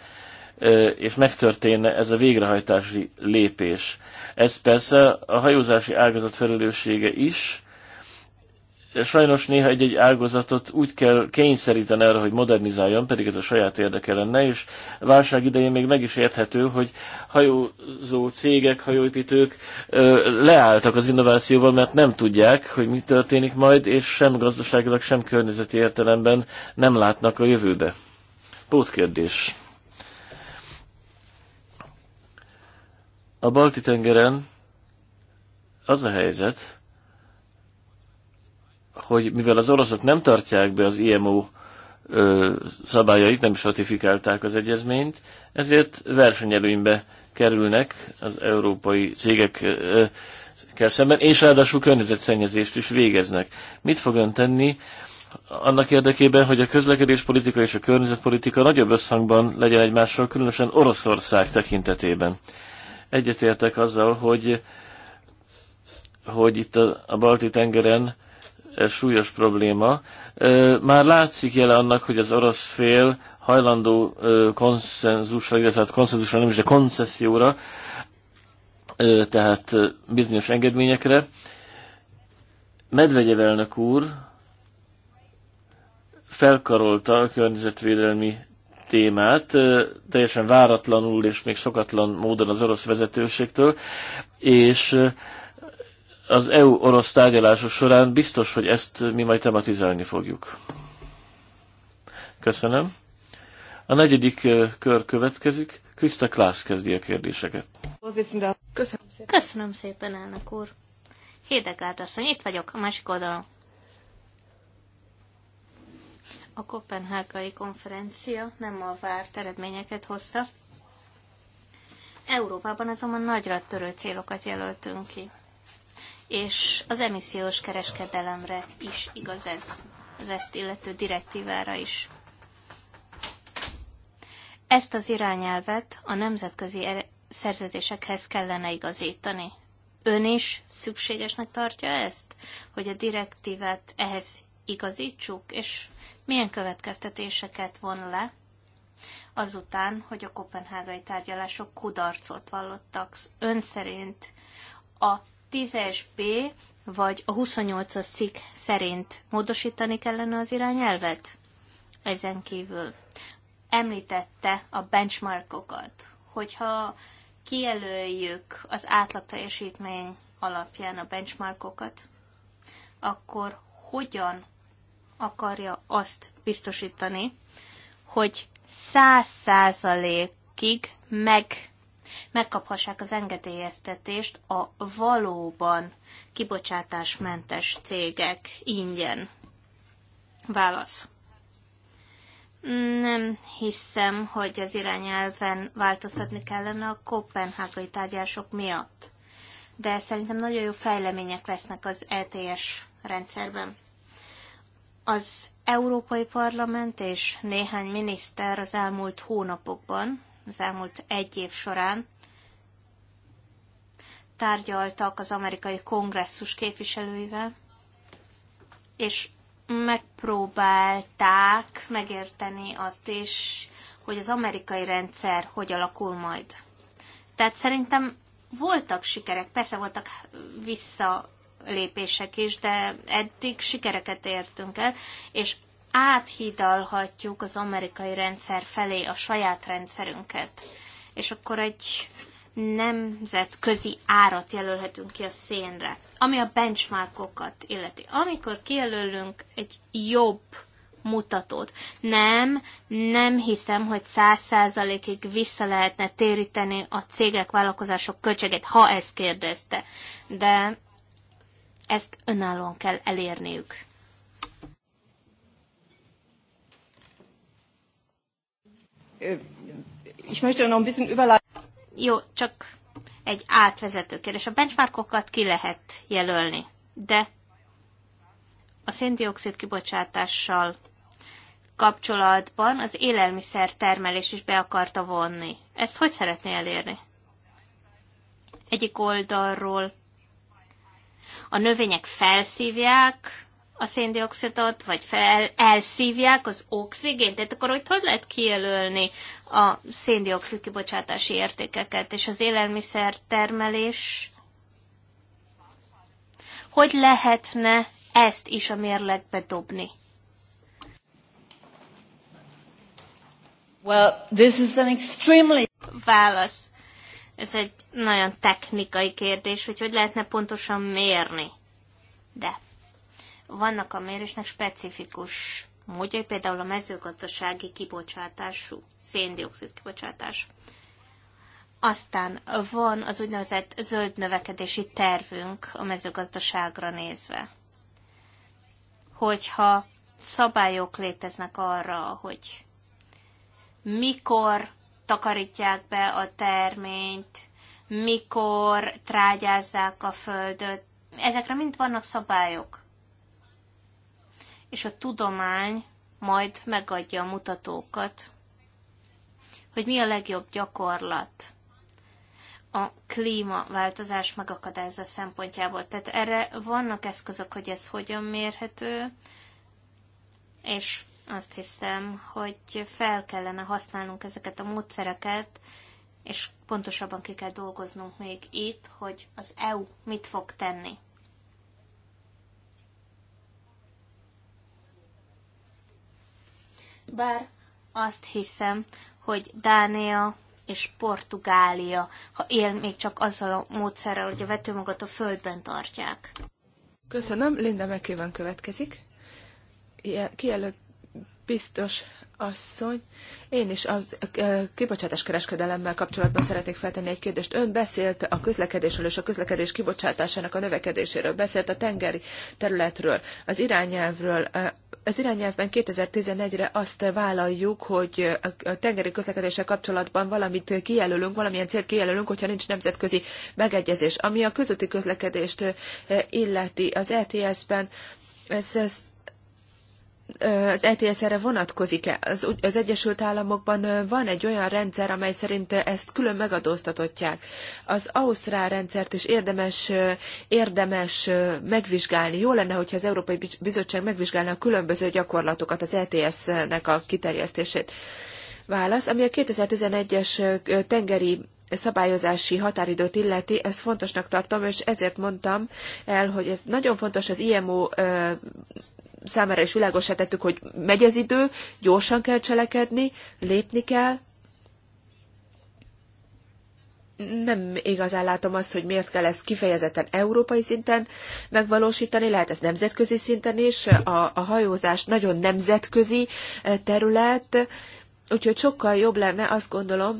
És megtörténne ez a végrehajtási lépés. Ez persze a hajózási ágazat felelőssége is, sajnos néha egy-egy ágazatot úgy kell kényszeríteni arra, hogy modernizáljon, pedig ez a saját érdeke lenne, és válság idején még meg is érthető, hogy hajózó cégek, hajóépítők leálltak az innovációval, mert nem tudják, hogy mi történik majd, és sem gazdaságilag, sem környezeti értelemben nem látnak a jövőbe. Pótkérdés. A Balti-tengeren az a helyzet, hogy mivel az oroszok nem tartják be az IMO ö, szabályait, nem is ratifikálták az egyezményt, ezért versenyelőnybe kerülnek az európai cégekkel szemben, és ráadásul környezetszennyezést is végeznek. Mit fog ön tenni annak érdekében, hogy a közlekedéspolitika és a környezetpolitika nagyobb összhangban legyen egymással, különösen Oroszország tekintetében? Egyetértek azzal, hogy, hogy itt a, a Balti tengeren ez súlyos probléma. Már látszik jele annak, hogy az orosz fél hajlandó konszenzusra, illetve hát konszenzusra nem is, de koncesszióra, tehát bizonyos engedményekre. Medvegyev elnök úr felkarolta a környezetvédelmi témát, teljesen váratlanul és még szokatlan módon az orosz vezetőségtől, és az EU-orosz tárgyalások során biztos, hogy ezt mi majd tematizálni fogjuk. Köszönöm. A negyedik kör következik. Krista Klász kezdi a kérdéseket. Köszönöm szépen. Köszönöm szépen, elnök úr. Hidegárd asszony, itt vagyok, a másik oldalon. A kopenhágai konferencia nem a várt eredményeket hozta. Európában azonban nagyra törő célokat jelöltünk ki és az emissziós kereskedelemre is igaz ez, az ezt illető direktívára is. Ezt az irányelvet a nemzetközi er- szerződésekhez kellene igazítani. Ön is szükségesnek tartja ezt, hogy a direktívát ehhez igazítsuk, és milyen következtetéseket von le azután, hogy a kopenhágai tárgyalások kudarcot vallottak. Ön szerint a 10-es B vagy a 28-as cikk szerint módosítani kellene az irányelvet? Ezen kívül említette a benchmarkokat, hogyha kijelöljük az átlag teljesítmény alapján a benchmarkokat, akkor hogyan akarja azt biztosítani, hogy száz százalékig meg megkaphassák az engedélyeztetést a valóban kibocsátásmentes cégek ingyen. Válasz. Nem hiszem, hogy az irányelven változtatni kellene a kopenhágai tárgyások miatt. De szerintem nagyon jó fejlemények lesznek az ETS rendszerben. Az Európai Parlament és néhány miniszter az elmúlt hónapokban az elmúlt egy év során tárgyaltak az amerikai kongresszus képviselőivel, és megpróbálták megérteni azt is, hogy az amerikai rendszer hogy alakul majd. Tehát szerintem voltak sikerek, persze voltak visszalépések is, de eddig sikereket értünk el, és áthidalhatjuk az amerikai rendszer felé a saját rendszerünket, és akkor egy nemzetközi árat jelölhetünk ki a szénre, ami a benchmarkokat illeti. Amikor kijelölünk egy jobb mutatót. Nem, nem hiszem, hogy száz százalékig vissza lehetne téríteni a cégek, vállalkozások költségét. ha ezt kérdezte. De ezt önállóan kell elérniük. Ich möchte noch ein bisschen überleiten. Jó, csak egy átvezető kérdés. A benchmarkokat ki lehet jelölni, de a széndiokszid kibocsátással kapcsolatban az élelmiszer termelés is be akarta vonni. Ezt hogy szeretné elérni? Egyik oldalról a növények felszívják a széndiokszidot, vagy fel, elszívják az oxigént, tehát akkor hogy, hogy lehet kijelölni a széndiokszid kibocsátási értékeket, és az élelmiszer termelés hogy lehetne ezt is a mérlegbe dobni? Well, this is an extremely... Válasz. Ez egy nagyon technikai kérdés, hogy hogy lehetne pontosan mérni. De vannak a mérésnek specifikus módjai, például a mezőgazdasági kibocsátású széndiokszid kibocsátás. Aztán van az úgynevezett zöld növekedési tervünk a mezőgazdaságra nézve. Hogyha szabályok léteznek arra, hogy mikor takarítják be a terményt, mikor trágyázzák a földöt, ezekre mind vannak szabályok és a tudomány majd megadja a mutatókat, hogy mi a legjobb gyakorlat a klímaváltozás megakadályozza szempontjából. Tehát erre vannak eszközök, hogy ez hogyan mérhető, és azt hiszem, hogy fel kellene használnunk ezeket a módszereket, és pontosabban ki kell dolgoznunk még itt, hogy az EU mit fog tenni. bár azt hiszem, hogy Dánia és Portugália, ha él még csak azzal a módszerrel, hogy a vetőmagot a földben tartják. Köszönöm, Linda McEwen következik. Kijelölt biztos asszony, én is a kibocsátás kereskedelemmel kapcsolatban szeretnék feltenni egy kérdést. Ön beszélt a közlekedésről és a közlekedés kibocsátásának a növekedéséről, beszélt a tengeri területről, az irányelvről. Az irányelvben 2014-re azt vállaljuk, hogy a tengeri közlekedéssel kapcsolatban valamit kijelölünk, valamilyen célt kijelölünk, hogyha nincs nemzetközi megegyezés. Ami a közúti közlekedést illeti az ETS-ben, ez, ez az ETS erre vonatkozik-e? Az, az Egyesült Államokban van egy olyan rendszer, amely szerint ezt külön megadóztatottják. Az Ausztrál rendszert is érdemes, érdemes megvizsgálni. Jó lenne, hogyha az Európai Bizottság megvizsgálna a különböző gyakorlatokat, az ETS-nek a kiterjesztését. Válasz, ami a 2011-es tengeri szabályozási határidőt illeti, ezt fontosnak tartom, és ezért mondtam el, hogy ez nagyon fontos az IMO számára is világosá tettük, hogy megy az idő, gyorsan kell cselekedni, lépni kell. Nem igazán látom azt, hogy miért kell ezt kifejezetten európai szinten megvalósítani, lehet ez nemzetközi szinten is, a, a hajózás nagyon nemzetközi eh, terület, úgyhogy sokkal jobb lenne, azt gondolom,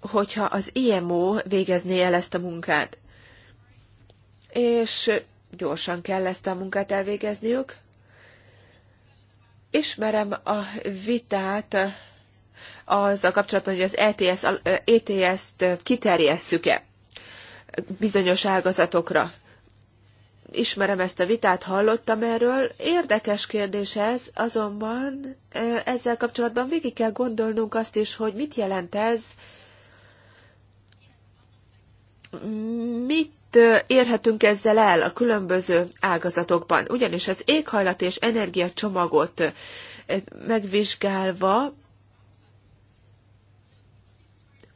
hogyha az IMO végezné el ezt a munkát. És gyorsan kell ezt a munkát elvégezniük. Ismerem a vitát az a kapcsolatban, hogy az ETS, ETS-t kiterjesszük-e bizonyos ágazatokra. Ismerem ezt a vitát, hallottam erről. Érdekes kérdés ez, azonban ezzel kapcsolatban végig kell gondolnunk azt is, hogy mit jelent ez, mit érhetünk ezzel el a különböző ágazatokban. Ugyanis az éghajlat és energiacsomagot megvizsgálva,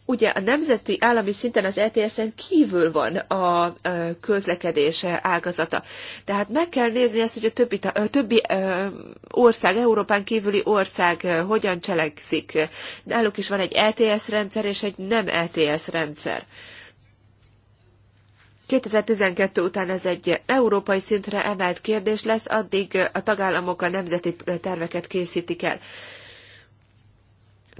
ugye a nemzeti állami szinten az ETS-en kívül van a közlekedés ágazata. Tehát meg kell nézni ezt, hogy a többi, a többi ország, Európán kívüli ország hogyan cselekszik. Náluk is van egy ETS rendszer és egy nem ETS rendszer. 2012 után ez egy európai szintre emelt kérdés lesz, addig a tagállamok a nemzeti terveket készítik el.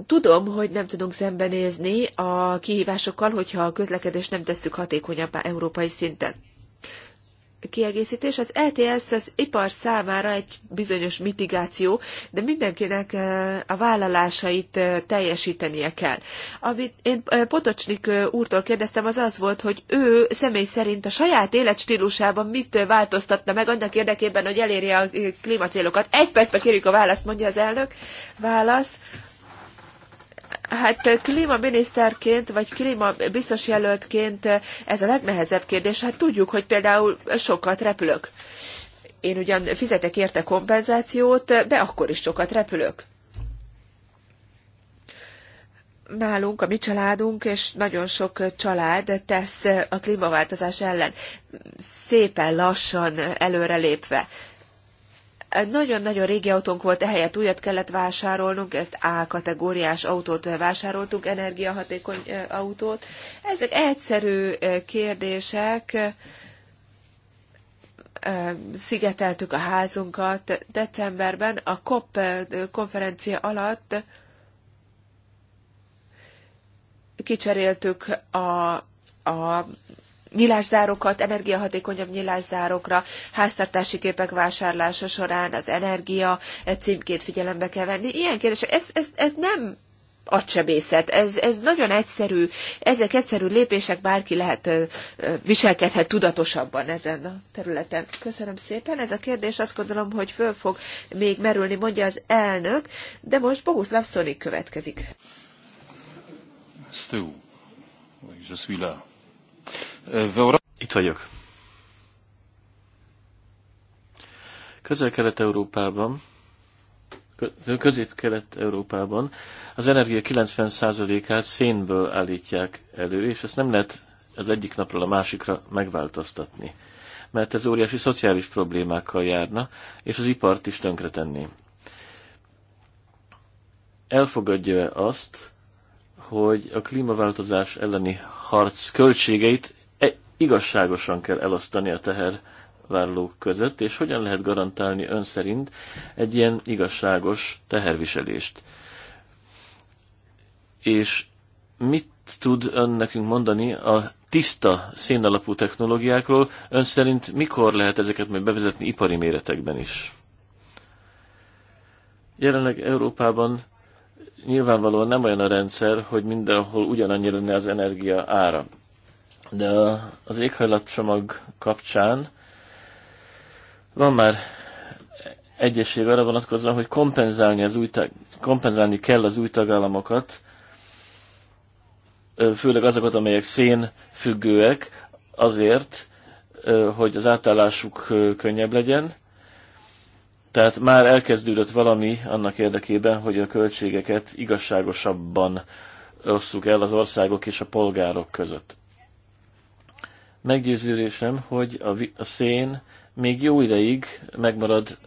Tudom, hogy nem tudunk szembenézni a kihívásokkal, hogyha a közlekedést nem tesszük hatékonyabbá európai szinten kiegészítés. Az ETS az ipar számára egy bizonyos mitigáció, de mindenkinek a vállalásait teljesítenie kell. Amit én Potocsnik úrtól kérdeztem, az az volt, hogy ő személy szerint a saját életstílusában mit változtatna meg annak érdekében, hogy elérje a klímacélokat. Egy percbe kérjük a választ, mondja az elnök. Válasz. Hát eh, klímaminiszterként, vagy klíma biztos jelöltként eh, ez a legnehezebb kérdés. Hát tudjuk, hogy például sokat repülök. Én ugyan fizetek érte kompenzációt, de akkor is sokat repülök. Nálunk, a mi családunk, és nagyon sok család tesz a klímaváltozás ellen, szépen lassan előrelépve. Nagyon-nagyon régi autónk volt, ehelyett újat kellett vásárolnunk, ezt A kategóriás autót vásároltunk, energiahatékony autót. Ezek egyszerű kérdések, szigeteltük a házunkat decemberben, a COP konferencia alatt kicseréltük a, a nyilászárokat, energiahatékonyabb nyilászárokra, háztartási képek vásárlása során az energia címkét figyelembe kell venni. Ilyen kérdések, ez, ez, ez nem agysebészet. Ez, ez nagyon egyszerű, ezek egyszerű lépések, bárki lehet, viselkedhet tudatosabban ezen a területen. Köszönöm szépen. Ez a kérdés azt gondolom, hogy föl fog még merülni, mondja az elnök, de most Boguslav Szonik következik. Stő. Je suis là. Itt vagyok. Közel-Kelet-Európában, Közép-Kelet-Európában az energia 90%-át szénből állítják elő, és ezt nem lehet az egyik napról a másikra megváltoztatni, mert ez óriási szociális problémákkal járna, és az ipart is tönkretenni. Elfogadja -e azt, hogy a klímaváltozás elleni harc költségeit igazságosan kell elosztani a tehervállalók között, és hogyan lehet garantálni ön szerint egy ilyen igazságos teherviselést. És mit tud ön nekünk mondani a tiszta színalapú technológiákról? Ön szerint mikor lehet ezeket majd bevezetni ipari méretekben is? Jelenleg Európában nyilvánvalóan nem olyan a rendszer, hogy mindenhol ugyanannyi lenne az energia ára. De az éghajlatcsomag kapcsán van már egyesség arra vonatkozóan, hogy kompenzálni, az új tag, kompenzálni kell az új tagállamokat, főleg azokat, amelyek szén függőek, azért, hogy az átállásuk könnyebb legyen. Tehát már elkezdődött valami annak érdekében, hogy a költségeket igazságosabban osszuk el az országok és a polgárok között meggyőződésem, hogy a, a szén még jó ideig megmarad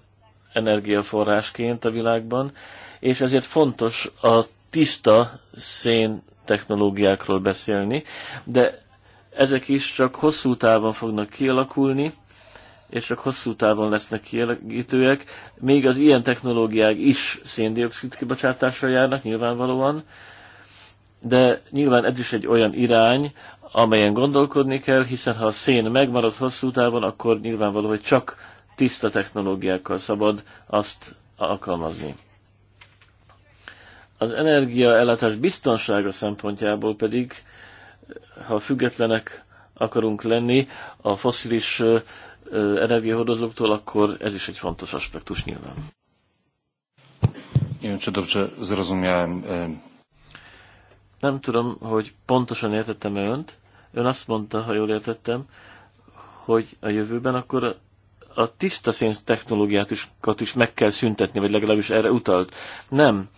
energiaforrásként a világban, és ezért fontos a tiszta szén technológiákról beszélni, de ezek is csak hosszú távon fognak kialakulni, és csak hosszú távon lesznek kielegítőek. Még az ilyen technológiák is széndiokszid kibocsátással járnak nyilvánvalóan, de nyilván ez is egy olyan irány, amelyen gondolkodni kell, hiszen ha a szén megmarad hosszú távon, akkor nyilvánvaló, hogy csak tiszta technológiákkal szabad azt alkalmazni. Az energiaellátás biztonsága szempontjából pedig, ha függetlenek akarunk lenni a foszilis energiahordozóktól, akkor ez is egy fontos aspektus nyilván. Én csak e, Nem tudom, hogy pontosan értettem -e önt, ön azt mondta, ha jól értettem, hogy a jövőben akkor a tiszta szén technológiát is, is meg kell szüntetni, vagy legalábbis erre utalt. Nem.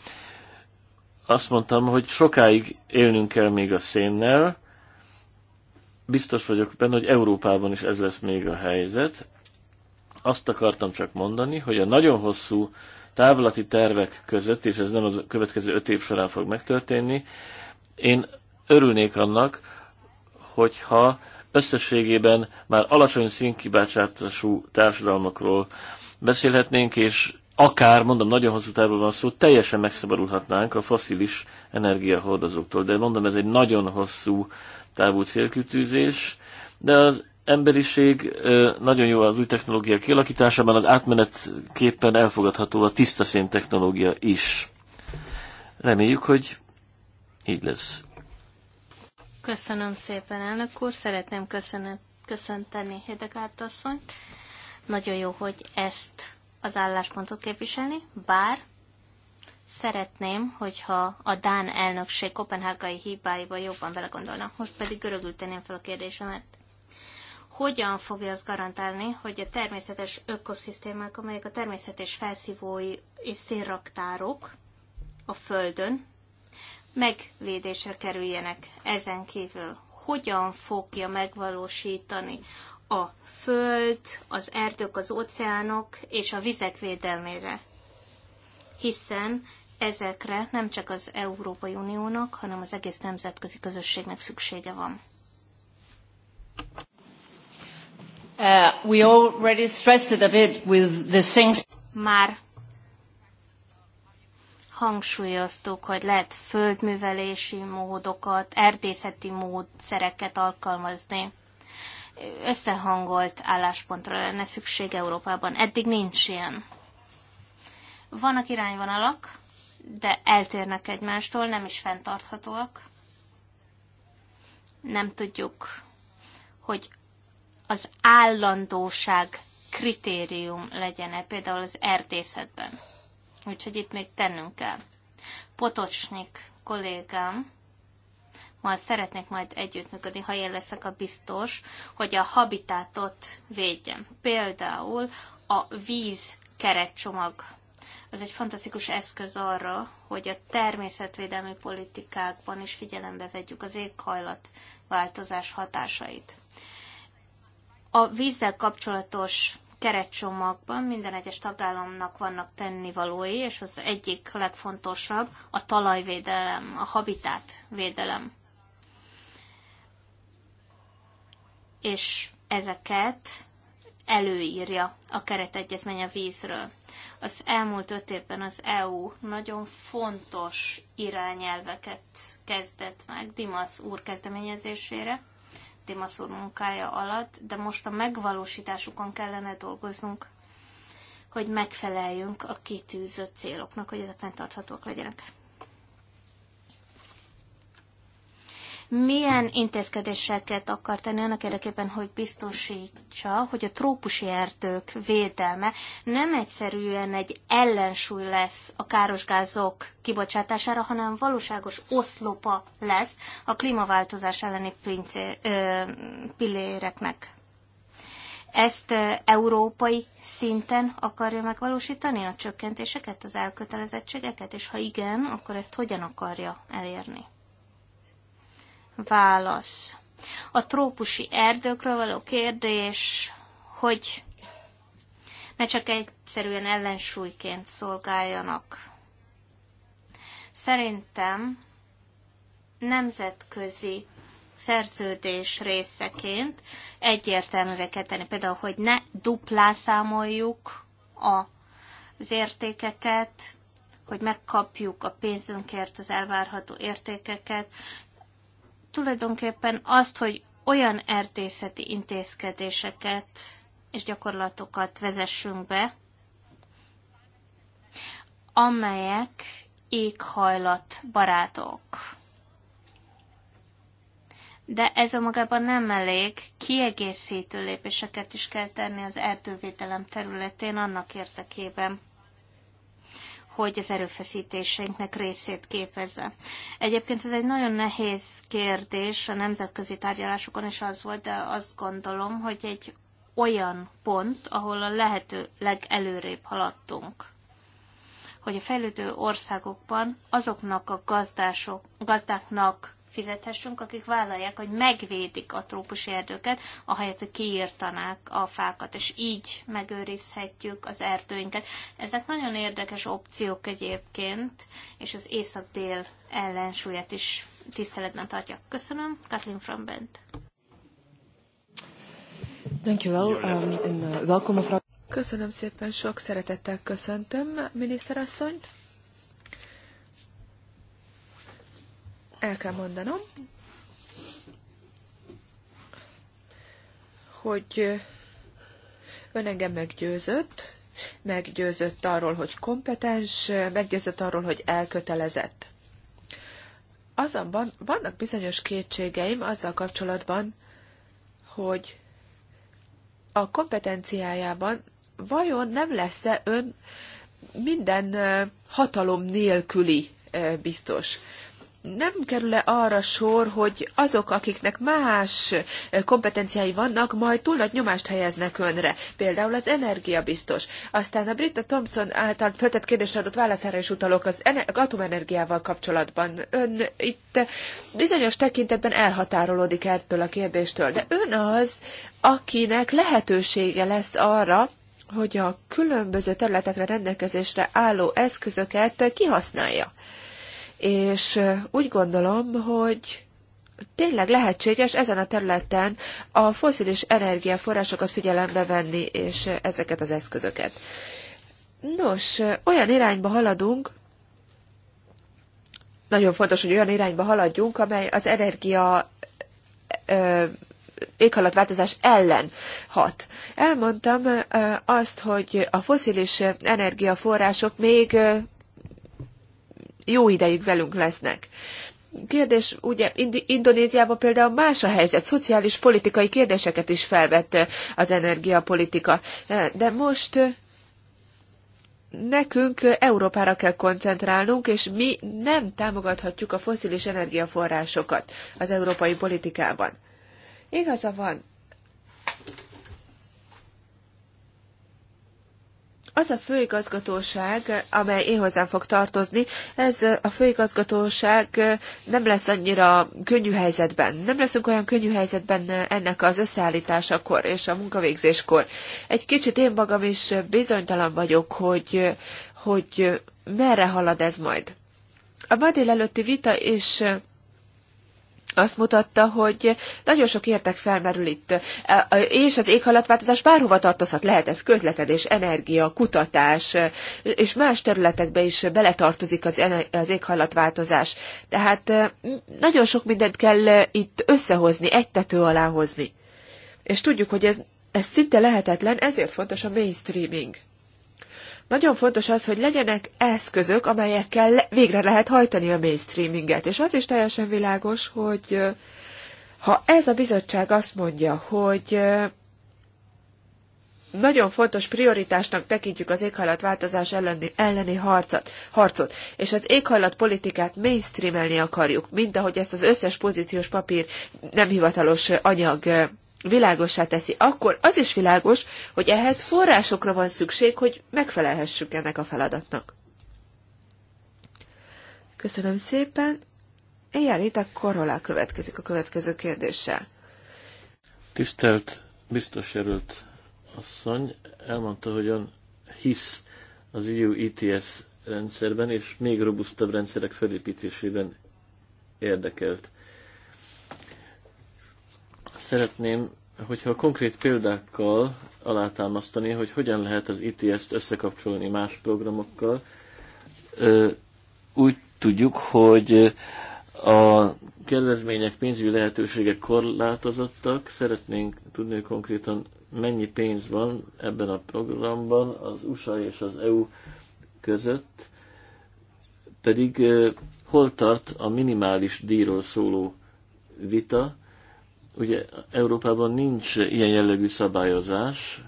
Azt mondtam, hogy sokáig élnünk kell még a szénnel. Biztos vagyok benne, hogy Európában is ez lesz még a helyzet. Azt akartam csak mondani, hogy a nagyon hosszú távlati tervek között, és ez nem a következő öt év során fog megtörténni, én örülnék annak, hogyha összességében már alacsony színkibácsátású társadalmakról beszélhetnénk, és akár, mondom, nagyon hosszú távon van szó, teljesen megszabadulhatnánk a foszilis energiahordozóktól. De mondom, ez egy nagyon hosszú távú célkütűzés, de az emberiség nagyon jó az új technológia kialakításában, az átmenetképpen elfogadható a tiszta szén technológia is. Reméljük, hogy így lesz. Köszönöm szépen, elnök úr. Szeretném köszönet, köszönteni Hedegárt asszonyt. Nagyon jó, hogy ezt az álláspontot képviselni, bár szeretném, hogyha a Dán elnökség kopenhágai hibáiba jobban belegondolna. Most pedig görögül tenném fel a kérdésemet. Hogyan fogja az garantálni, hogy a természetes ökoszisztémák, amelyek a természetes felszívói és szénraktárok a Földön, megvédésre kerüljenek. Ezen kívül hogyan fogja megvalósítani a föld, az erdők, az óceánok és a vizek védelmére. Hiszen ezekre nem csak az Európai Uniónak, hanem az egész nemzetközi közösségnek szüksége van. Uh, we already stressed it a bit with the things. Már hangsúlyoztuk, hogy lehet földművelési módokat, erdészeti módszereket alkalmazni. Összehangolt álláspontra lenne szükség Európában. Eddig nincs ilyen. Vannak irányvonalak, de eltérnek egymástól, nem is fenntarthatóak. Nem tudjuk, hogy az állandóság kritérium legyen-e például az erdészetben Úgyhogy itt még tennünk kell. Potocsnik kollégám, majd szeretnék majd együttműködni, ha én leszek a biztos, hogy a habitátot védjem. Például a víz keretcsomag. Ez egy fantasztikus eszköz arra, hogy a természetvédelmi politikákban is figyelembe vegyük az éghajlat változás hatásait. A vízzel kapcsolatos keretcsomagban minden egyes tagállamnak vannak tennivalói, és az egyik legfontosabb a talajvédelem, a habitát védelem. És ezeket előírja a keretegyezmény a vízről. Az elmúlt öt évben az EU nagyon fontos irányelveket kezdett meg Dimas úr kezdeményezésére, Dimasur munkája alatt, de most a megvalósításukon kellene dolgoznunk, hogy megfeleljünk a kitűzött céloknak, hogy ezek fenntarthatóak legyenek. milyen intézkedéseket akar tenni annak érdekében, hogy biztosítsa, hogy a trópusi erdők védelme nem egyszerűen egy ellensúly lesz a káros gázok kibocsátására, hanem valóságos oszlopa lesz a klímaváltozás elleni pincé, ö, pilléreknek. Ezt európai szinten akarja megvalósítani a csökkentéseket, az elkötelezettségeket, és ha igen, akkor ezt hogyan akarja elérni? válasz. A trópusi erdőkről való kérdés, hogy ne csak egyszerűen ellensúlyként szolgáljanak. Szerintem nemzetközi szerződés részeként egyértelműre kell tenni, például, hogy ne duplászámoljuk az értékeket, hogy megkapjuk a pénzünkért az elvárható értékeket, tulajdonképpen azt, hogy olyan ertészeti intézkedéseket és gyakorlatokat vezessünk be, amelyek éghajlat barátok. De ez a magában nem elég, kiegészítő lépéseket is kell tenni az erdővédelem területén annak érdekében, hogy az erőfeszítéseinknek részét képezze. Egyébként ez egy nagyon nehéz kérdés a nemzetközi tárgyalásokon is az volt, de azt gondolom, hogy egy olyan pont, ahol a lehető legelőrébb haladtunk hogy a fejlődő országokban azoknak a gazdások, gazdáknak fizethessünk, akik vállalják, hogy megvédik a trópusi erdőket, ahelyett, hogy kiírtanák a fákat, és így megőrizhetjük az erdőinket. Ezek nagyon érdekes opciók egyébként, és az észak-dél ellensúlyát is tiszteletben tartja. Köszönöm, Kathleen um, uh, welcome, Köszönöm szépen, sok szeretettel köszöntöm miniszterasszonyt. el kell mondanom, hogy ön engem meggyőzött, meggyőzött arról, hogy kompetens, meggyőzött arról, hogy elkötelezett. Azonban vannak bizonyos kétségeim azzal kapcsolatban, hogy a kompetenciájában vajon nem lesz-e ön minden hatalom nélküli biztos nem kerül-e arra sor, hogy azok, akiknek más kompetenciái vannak, majd túl nagy nyomást helyeznek önre, például az energiabiztos. Aztán a Britta Thompson által feltett kérdésre adott válaszára is utalok az atomenergiával kapcsolatban. Ön itt bizonyos tekintetben elhatárolódik ettől a kérdéstől, de ön az, akinek lehetősége lesz arra, hogy a különböző területekre rendelkezésre álló eszközöket kihasználja és úgy gondolom, hogy tényleg lehetséges ezen a területen a foszilis energiaforrásokat figyelembe venni, és ezeket az eszközöket. Nos, olyan irányba haladunk, nagyon fontos, hogy olyan irányba haladjunk, amely az energia éghajlatváltozás ellen hat. Elmondtam azt, hogy a foszilis energiaforrások még jó ideig velünk lesznek. Kérdés, ugye Indonéziában például más a helyzet, szociális politikai kérdéseket is felvette eh, az energiapolitika. Eh, de most eh, nekünk Európára kell koncentrálnunk, és mi nem támogathatjuk a foszilis energiaforrásokat az európai politikában. Igaza van, Az a főigazgatóság, amely én hozzám fog tartozni, ez a főigazgatóság nem lesz annyira könnyű helyzetben. Nem leszünk olyan könnyű helyzetben ennek az összeállításakor és a munkavégzéskor. Egy kicsit én magam is bizonytalan vagyok, hogy, hogy merre halad ez majd. A ma délelőtti vita is azt mutatta, hogy nagyon sok értek felmerül itt, e, e, és az éghajlatváltozás bárhova tartozhat, lehet ez közlekedés, energia, kutatás, e, és más területekbe is beletartozik az, az éghajlatváltozás. Tehát nagyon sok mindent kell itt összehozni, egy tető alá hozni. És tudjuk, hogy ez, ez szinte lehetetlen, ezért fontos a mainstreaming. Nagyon fontos az, hogy legyenek eszközök, amelyekkel végre lehet hajtani a mainstreaminget. És az is teljesen világos, hogy ha ez a bizottság azt mondja, hogy nagyon fontos prioritásnak tekintjük az éghajlatváltozás elleni, elleni harcot, harcot, és az éghajlatpolitikát mainstreamelni akarjuk, mint ahogy ezt az összes pozíciós papír nem hivatalos anyag világossá teszi, akkor az is világos, hogy ehhez forrásokra van szükség, hogy megfelelhessük ennek a feladatnak. Köszönöm szépen. Éjjelita Korolá következik a következő kérdéssel. Tisztelt biztos erőlt asszony elmondta, hogy ön hisz az EU ETS rendszerben és még robusztabb rendszerek felépítésében érdekelt. Szeretném, hogyha a konkrét példákkal alátámasztani, hogy hogyan lehet az ITS-t összekapcsolni más programokkal. Úgy tudjuk, hogy a kedvezmények, pénzügyi lehetőségek korlátozottak. Szeretnénk tudni konkrétan, mennyi pénz van ebben a programban az USA és az EU között, pedig hol tart a minimális díjról szóló vita, Ugye Európában nincs ilyen jellegű szabályozás.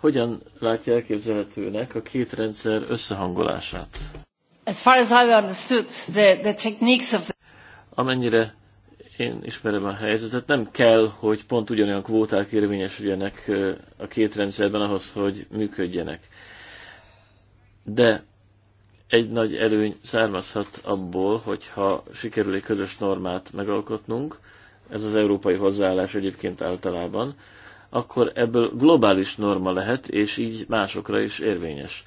Hogyan látja elképzelhetőnek a két rendszer összehangolását? As far as I understood, the, the techniques of the... Amennyire én ismerem a helyzetet, nem kell, hogy pont ugyanolyan kvóták érvényesüljenek a két rendszerben ahhoz, hogy működjenek. De egy nagy előny származhat abból, hogyha sikerül egy közös normát megalkotnunk, ez az európai hozzáállás egyébként általában, akkor ebből globális norma lehet, és így másokra is érvényes.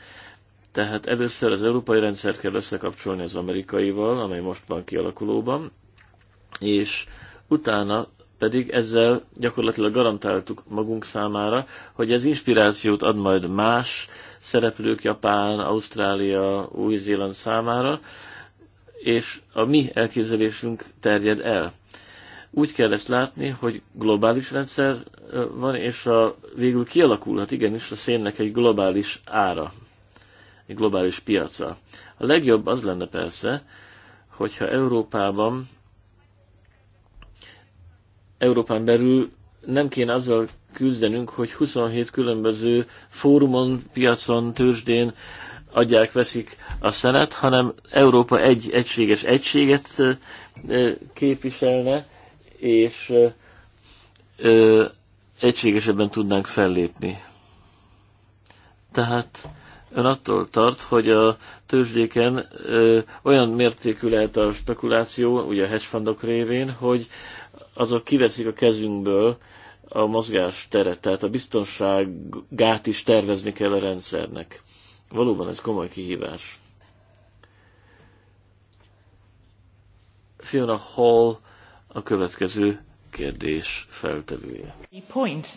Tehát először az európai rendszer kell összekapcsolni az amerikaival, amely most van kialakulóban, és utána pedig ezzel gyakorlatilag garantáltuk magunk számára, hogy ez inspirációt ad majd más szereplők Japán, Ausztrália, Új-Zéland számára, és a mi elképzelésünk terjed el. Úgy kell ezt látni, hogy globális rendszer van, és a, végül kialakulhat igenis a szénnek egy globális ára, egy globális piaca. A legjobb az lenne persze, hogyha Európában Európán belül nem kéne azzal küzdenünk, hogy 27 különböző fórumon, piacon, tőzsdén adják, veszik a szenet, hanem Európa egy egységes egységet képviselne, és egységesebben tudnánk fellépni. Tehát ön attól tart, hogy a tőzsdéken olyan mértékű lehet a spekuláció, ugye a hedge fundok révén, hogy azok kiveszik a kezünkből a mozgás teret, tehát a biztonságát is tervezni kell a rendszernek. Valóban ez komoly kihívás. Fiona Hall a következő kérdés feltevője. Point.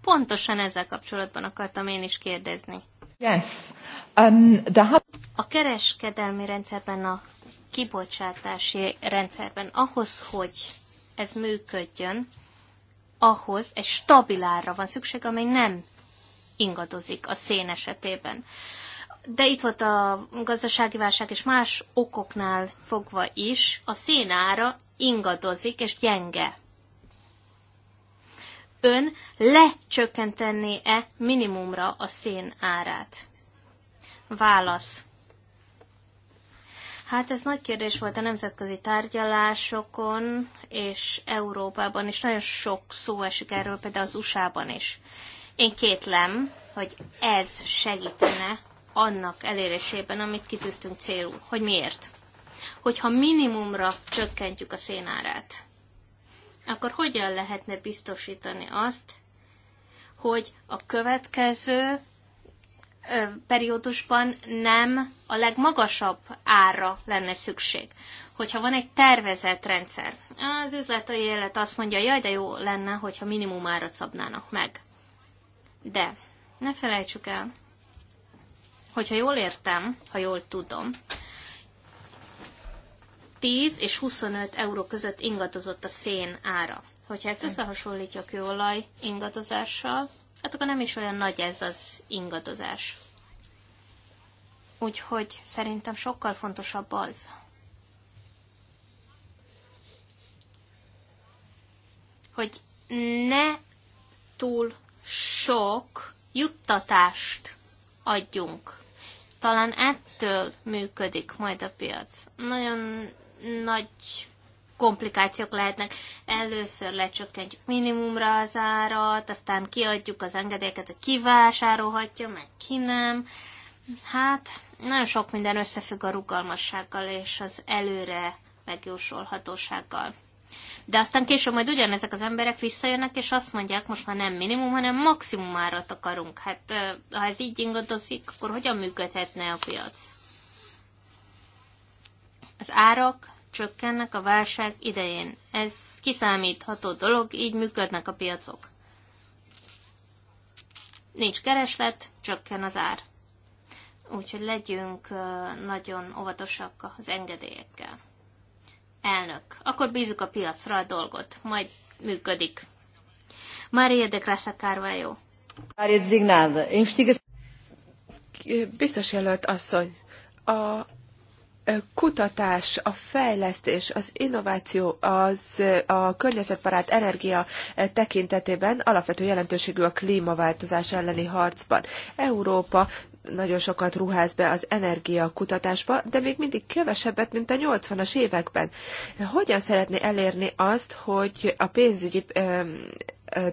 Pontosan ezzel kapcsolatban akartam én is kérdezni. Yes. Um, the... A kereskedelmi rendszerben, a kibocsátási rendszerben ahhoz, hogy ez működjön, ahhoz egy stabil árra van szükség, amely nem ingadozik a szén esetében. De itt volt a gazdasági válság és más okoknál fogva is, a szén ára ingadozik és gyenge. Ön lecsökkentené-e minimumra a szén árát? Válasz. Hát ez nagy kérdés volt a nemzetközi tárgyalásokon, és Európában is nagyon sok szó esik erről, például az USA-ban is. Én kétlem, hogy ez segítene annak elérésében, amit kitűztünk célul. Hogy miért? Hogyha minimumra csökkentjük a szénárát, akkor hogyan lehetne biztosítani azt, hogy a következő periódusban nem a legmagasabb ára lenne szükség. Hogyha van egy tervezett rendszer, az üzleti élet azt mondja, jaj, de jó lenne, hogyha minimum árat szabnának meg. De ne felejtsük el, hogyha jól értem, ha jól tudom, 10 és 25 euró között ingadozott a szén ára. Hogyha ezt összehasonlítjuk kőolaj ingadozással, hát akkor nem is olyan nagy ez az ingadozás. Úgyhogy szerintem sokkal fontosabb az, hogy ne túl sok juttatást adjunk. Talán ettől működik majd a piac. Nagyon nagy komplikációk lehetnek. Először lecsökkentjük minimumra az árat, aztán kiadjuk az engedélyeket, hogy ki vásárolhatja, meg ki nem. Hát, nagyon sok minden összefügg a rugalmassággal és az előre megjósolhatósággal. De aztán később majd ugyanezek az emberek visszajönnek, és azt mondják, most már nem minimum, hanem maximum árat akarunk. Hát ha ez így ingadozik, akkor hogyan működhetne a piac? Az árak csökkennek a válság idején. Ez kiszámítható dolog, így működnek a piacok. Nincs kereslet, csökken az ár. Úgyhogy legyünk nagyon óvatosak az engedélyekkel. Elnök, akkor bízunk a piacra a dolgot, majd működik. Maria de Grassa Carvalho. Maria designada. Biztos jelölt asszony, a kutatás, a fejlesztés, az innováció, az a környezetbarát energia tekintetében alapvető jelentőségű a klímaváltozás elleni harcban. Európa nagyon sokat ruház be az energia kutatásba, de még mindig kevesebbet, mint a 80-as években. Hogyan szeretné elérni azt, hogy a pénzügyi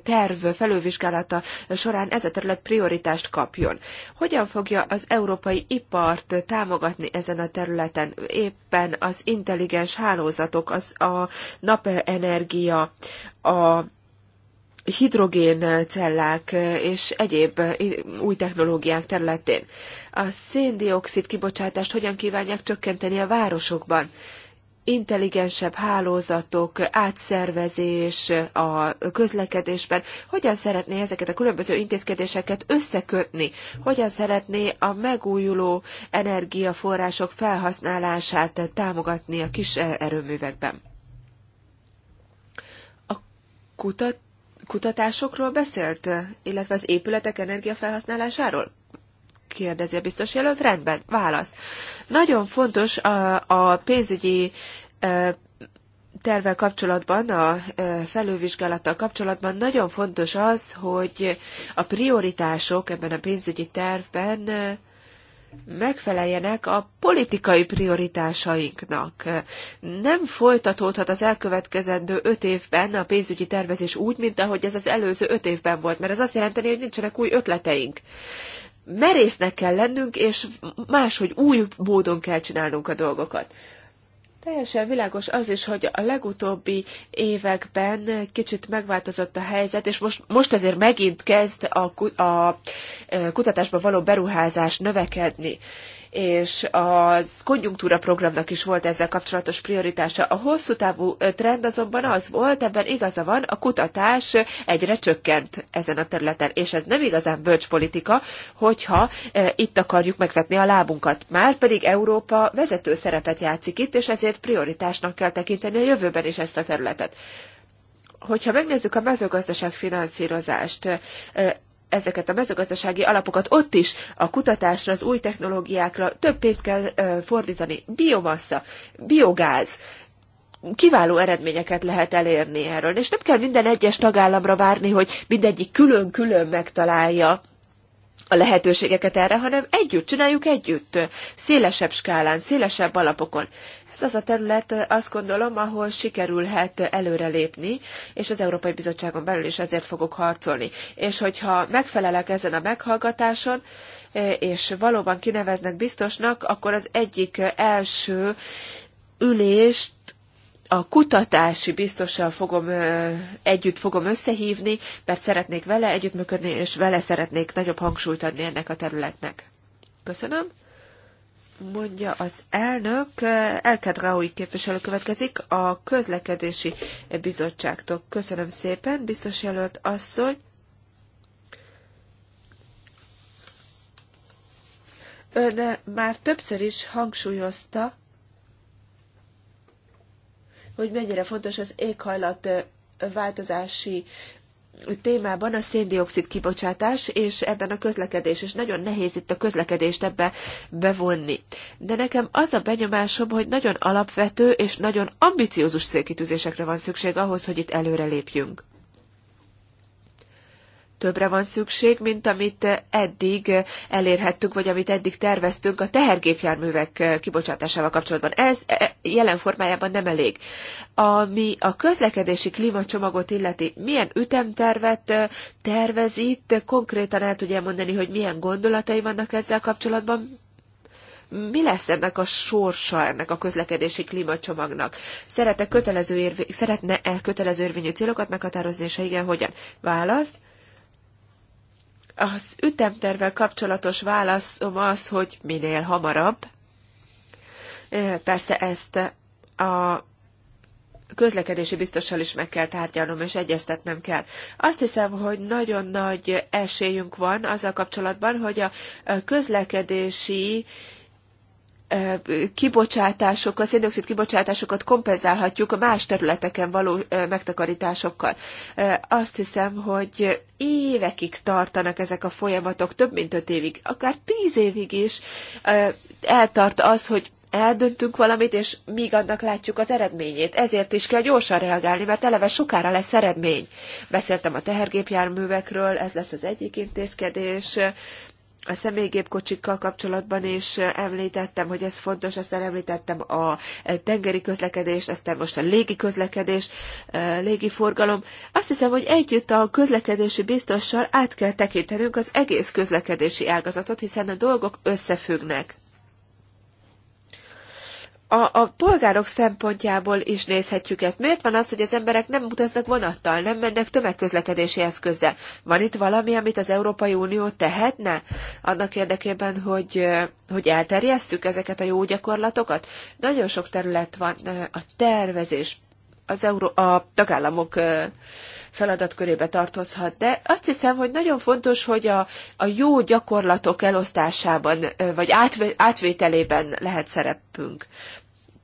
terv felülvizsgálata során ez a terület prioritást kapjon. Hogyan fogja az európai ipart támogatni ezen a területen? Éppen az intelligens hálózatok, az a napenergia, a hidrogéncellák és egyéb új technológiák területén. A széndiokszid kibocsátást hogyan kívánják csökkenteni a városokban? intelligensebb hálózatok, átszervezés a közlekedésben, hogyan szeretné ezeket a különböző intézkedéseket összekötni, hogyan szeretné a megújuló energiaforrások felhasználását támogatni a kis erőművekben. A kutat, kutatásokról beszélt, illetve az épületek energiafelhasználásáról? kérdezi a biztos jelölt. Rendben, válasz. Nagyon fontos a, a pénzügyi tervel kapcsolatban, a felülvizsgálattal kapcsolatban nagyon fontos az, hogy a prioritások ebben a pénzügyi tervben megfeleljenek a politikai prioritásainknak. Nem folytatódhat az elkövetkezendő öt évben a pénzügyi tervezés úgy, mint ahogy ez az előző öt évben volt, mert ez azt jelenteni, hogy nincsenek új ötleteink merésznek kell lennünk, és máshogy új módon kell csinálnunk a dolgokat. Teljesen világos az is, hogy a legutóbbi években kicsit megváltozott a helyzet, és most, most ezért megint kezd a, a kutatásban való beruházás növekedni és az konjunktúra programnak is volt ezzel kapcsolatos prioritása. A hosszú távú trend azonban az volt, ebben igaza van, a kutatás egyre csökkent ezen a területen, és ez nem igazán bölcs politika, hogyha itt akarjuk megvetni a lábunkat. Már pedig Európa vezető szerepet játszik itt, és ezért prioritásnak kell tekinteni a jövőben is ezt a területet hogyha megnézzük a mezőgazdaság finanszírozást, ezeket a mezőgazdasági alapokat ott is a kutatásra, az új technológiákra több pénzt kell fordítani. Biomassa, biogáz, kiváló eredményeket lehet elérni erről, és nem kell minden egyes tagállamra várni, hogy mindegyik külön-külön megtalálja a lehetőségeket erre, hanem együtt csináljuk együtt, szélesebb skálán, szélesebb alapokon. Ez az a terület, azt gondolom, ahol sikerülhet előrelépni, és az Európai Bizottságon belül is ezért fogok harcolni. És hogyha megfelelek ezen a meghallgatáson, és valóban kineveznek biztosnak, akkor az egyik első ülést a kutatási biztossal fogom, együtt fogom összehívni, mert szeretnék vele együttműködni, és vele szeretnék nagyobb hangsúlyt adni ennek a területnek. Köszönöm mondja az elnök. Elked Raui képviselő következik a közlekedési bizottságtól. Köszönöm szépen, biztos jelölt asszony. Ön már többször is hangsúlyozta, hogy mennyire fontos az éghajlat változási témában a széndiokszid kibocsátás, és ebben a közlekedés, és nagyon nehéz itt a közlekedést ebbe bevonni. De nekem az a benyomásom, hogy nagyon alapvető és nagyon ambiciózus célkitűzésekre van szükség ahhoz, hogy itt előrelépjünk többre van szükség, mint amit eddig elérhettünk, vagy amit eddig terveztünk a tehergépjárművek kibocsátásával kapcsolatban. Ez e, jelen formájában nem elég. Ami a közlekedési klímacsomagot illeti, milyen ütemtervet tervez itt, konkrétan el tudja mondani, hogy milyen gondolatai vannak ezzel kapcsolatban, mi lesz ennek a sorsa, ennek a közlekedési klímacsomagnak? Szeretne kötelező, szeretne -e kötelező érvényű célokat meghatározni, és ha igen, hogyan? Válasz. Az ütemtervel kapcsolatos válaszom az, hogy minél hamarabb. Persze ezt a közlekedési biztossal is meg kell tárgyalnom, és egyeztetnem kell. Azt hiszem, hogy nagyon nagy esélyünk van azzal kapcsolatban, hogy a közlekedési kibocsátásokkal, széndiokszid kibocsátásokat kompenzálhatjuk a más területeken való megtakarításokkal. Azt hiszem, hogy évekig tartanak ezek a folyamatok, több mint öt évig, akár tíz évig is eltart az, hogy eldöntünk valamit, és míg annak látjuk az eredményét. Ezért is kell gyorsan reagálni, mert eleve sokára lesz eredmény. Beszéltem a tehergépjárművekről, ez lesz az egyik intézkedés, a személygépkocsikkal kapcsolatban is említettem, hogy ez fontos, aztán említettem a tengeri közlekedés, aztán most a légi közlekedés, légi forgalom. Azt hiszem, hogy együtt a közlekedési biztossal át kell tekintenünk az egész közlekedési ágazatot, hiszen a dolgok összefüggnek a, a polgárok szempontjából is nézhetjük ezt. Miért van az, hogy az emberek nem utaznak vonattal, nem mennek tömegközlekedési eszközzel? Van itt valami, amit az Európai Unió tehetne annak érdekében, hogy, hogy elterjesztük ezeket a jó gyakorlatokat? Nagyon sok terület van a tervezés, az Euró- a tagállamok feladatkörébe tartozhat, de azt hiszem, hogy nagyon fontos, hogy a, a jó gyakorlatok elosztásában vagy átve- átvételében lehet szerepünk.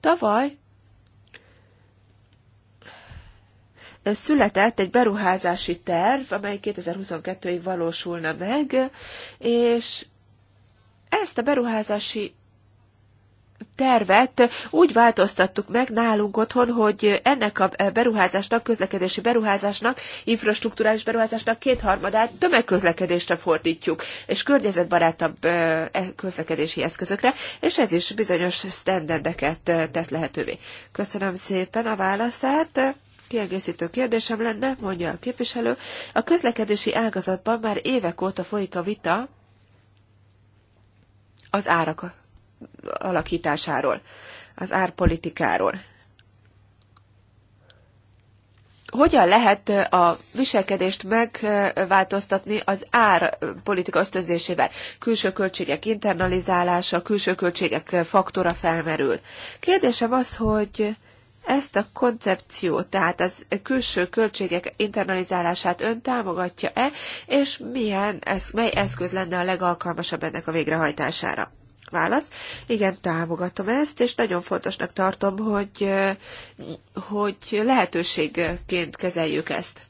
Tavaly született egy beruházási terv, amely 2022-ig valósulna meg, és ezt a beruházási tervet úgy változtattuk meg nálunk otthon, hogy ennek a beruházásnak, közlekedési beruházásnak, infrastruktúrális beruházásnak kétharmadát tömegközlekedésre fordítjuk, és környezetbarátabb e, közlekedési eszközökre, és ez is bizonyos sztenderdeket tett lehetővé. Köszönöm szépen a válaszát. Kiegészítő kérdésem lenne, mondja a képviselő. A közlekedési ágazatban már évek óta folyik a vita az árak alakításáról, az árpolitikáról. Hogyan lehet a viselkedést megváltoztatni az árpolitika ösztönzésével? Külső költségek internalizálása, külső költségek faktora felmerül. Kérdésem az, hogy ezt a koncepciót, tehát az külső költségek internalizálását ön támogatja-e, és milyen, mely eszköz lenne a legalkalmasabb ennek a végrehajtására? Válasz. Igen, támogatom ezt, és nagyon fontosnak tartom, hogy, hogy lehetőségként kezeljük ezt.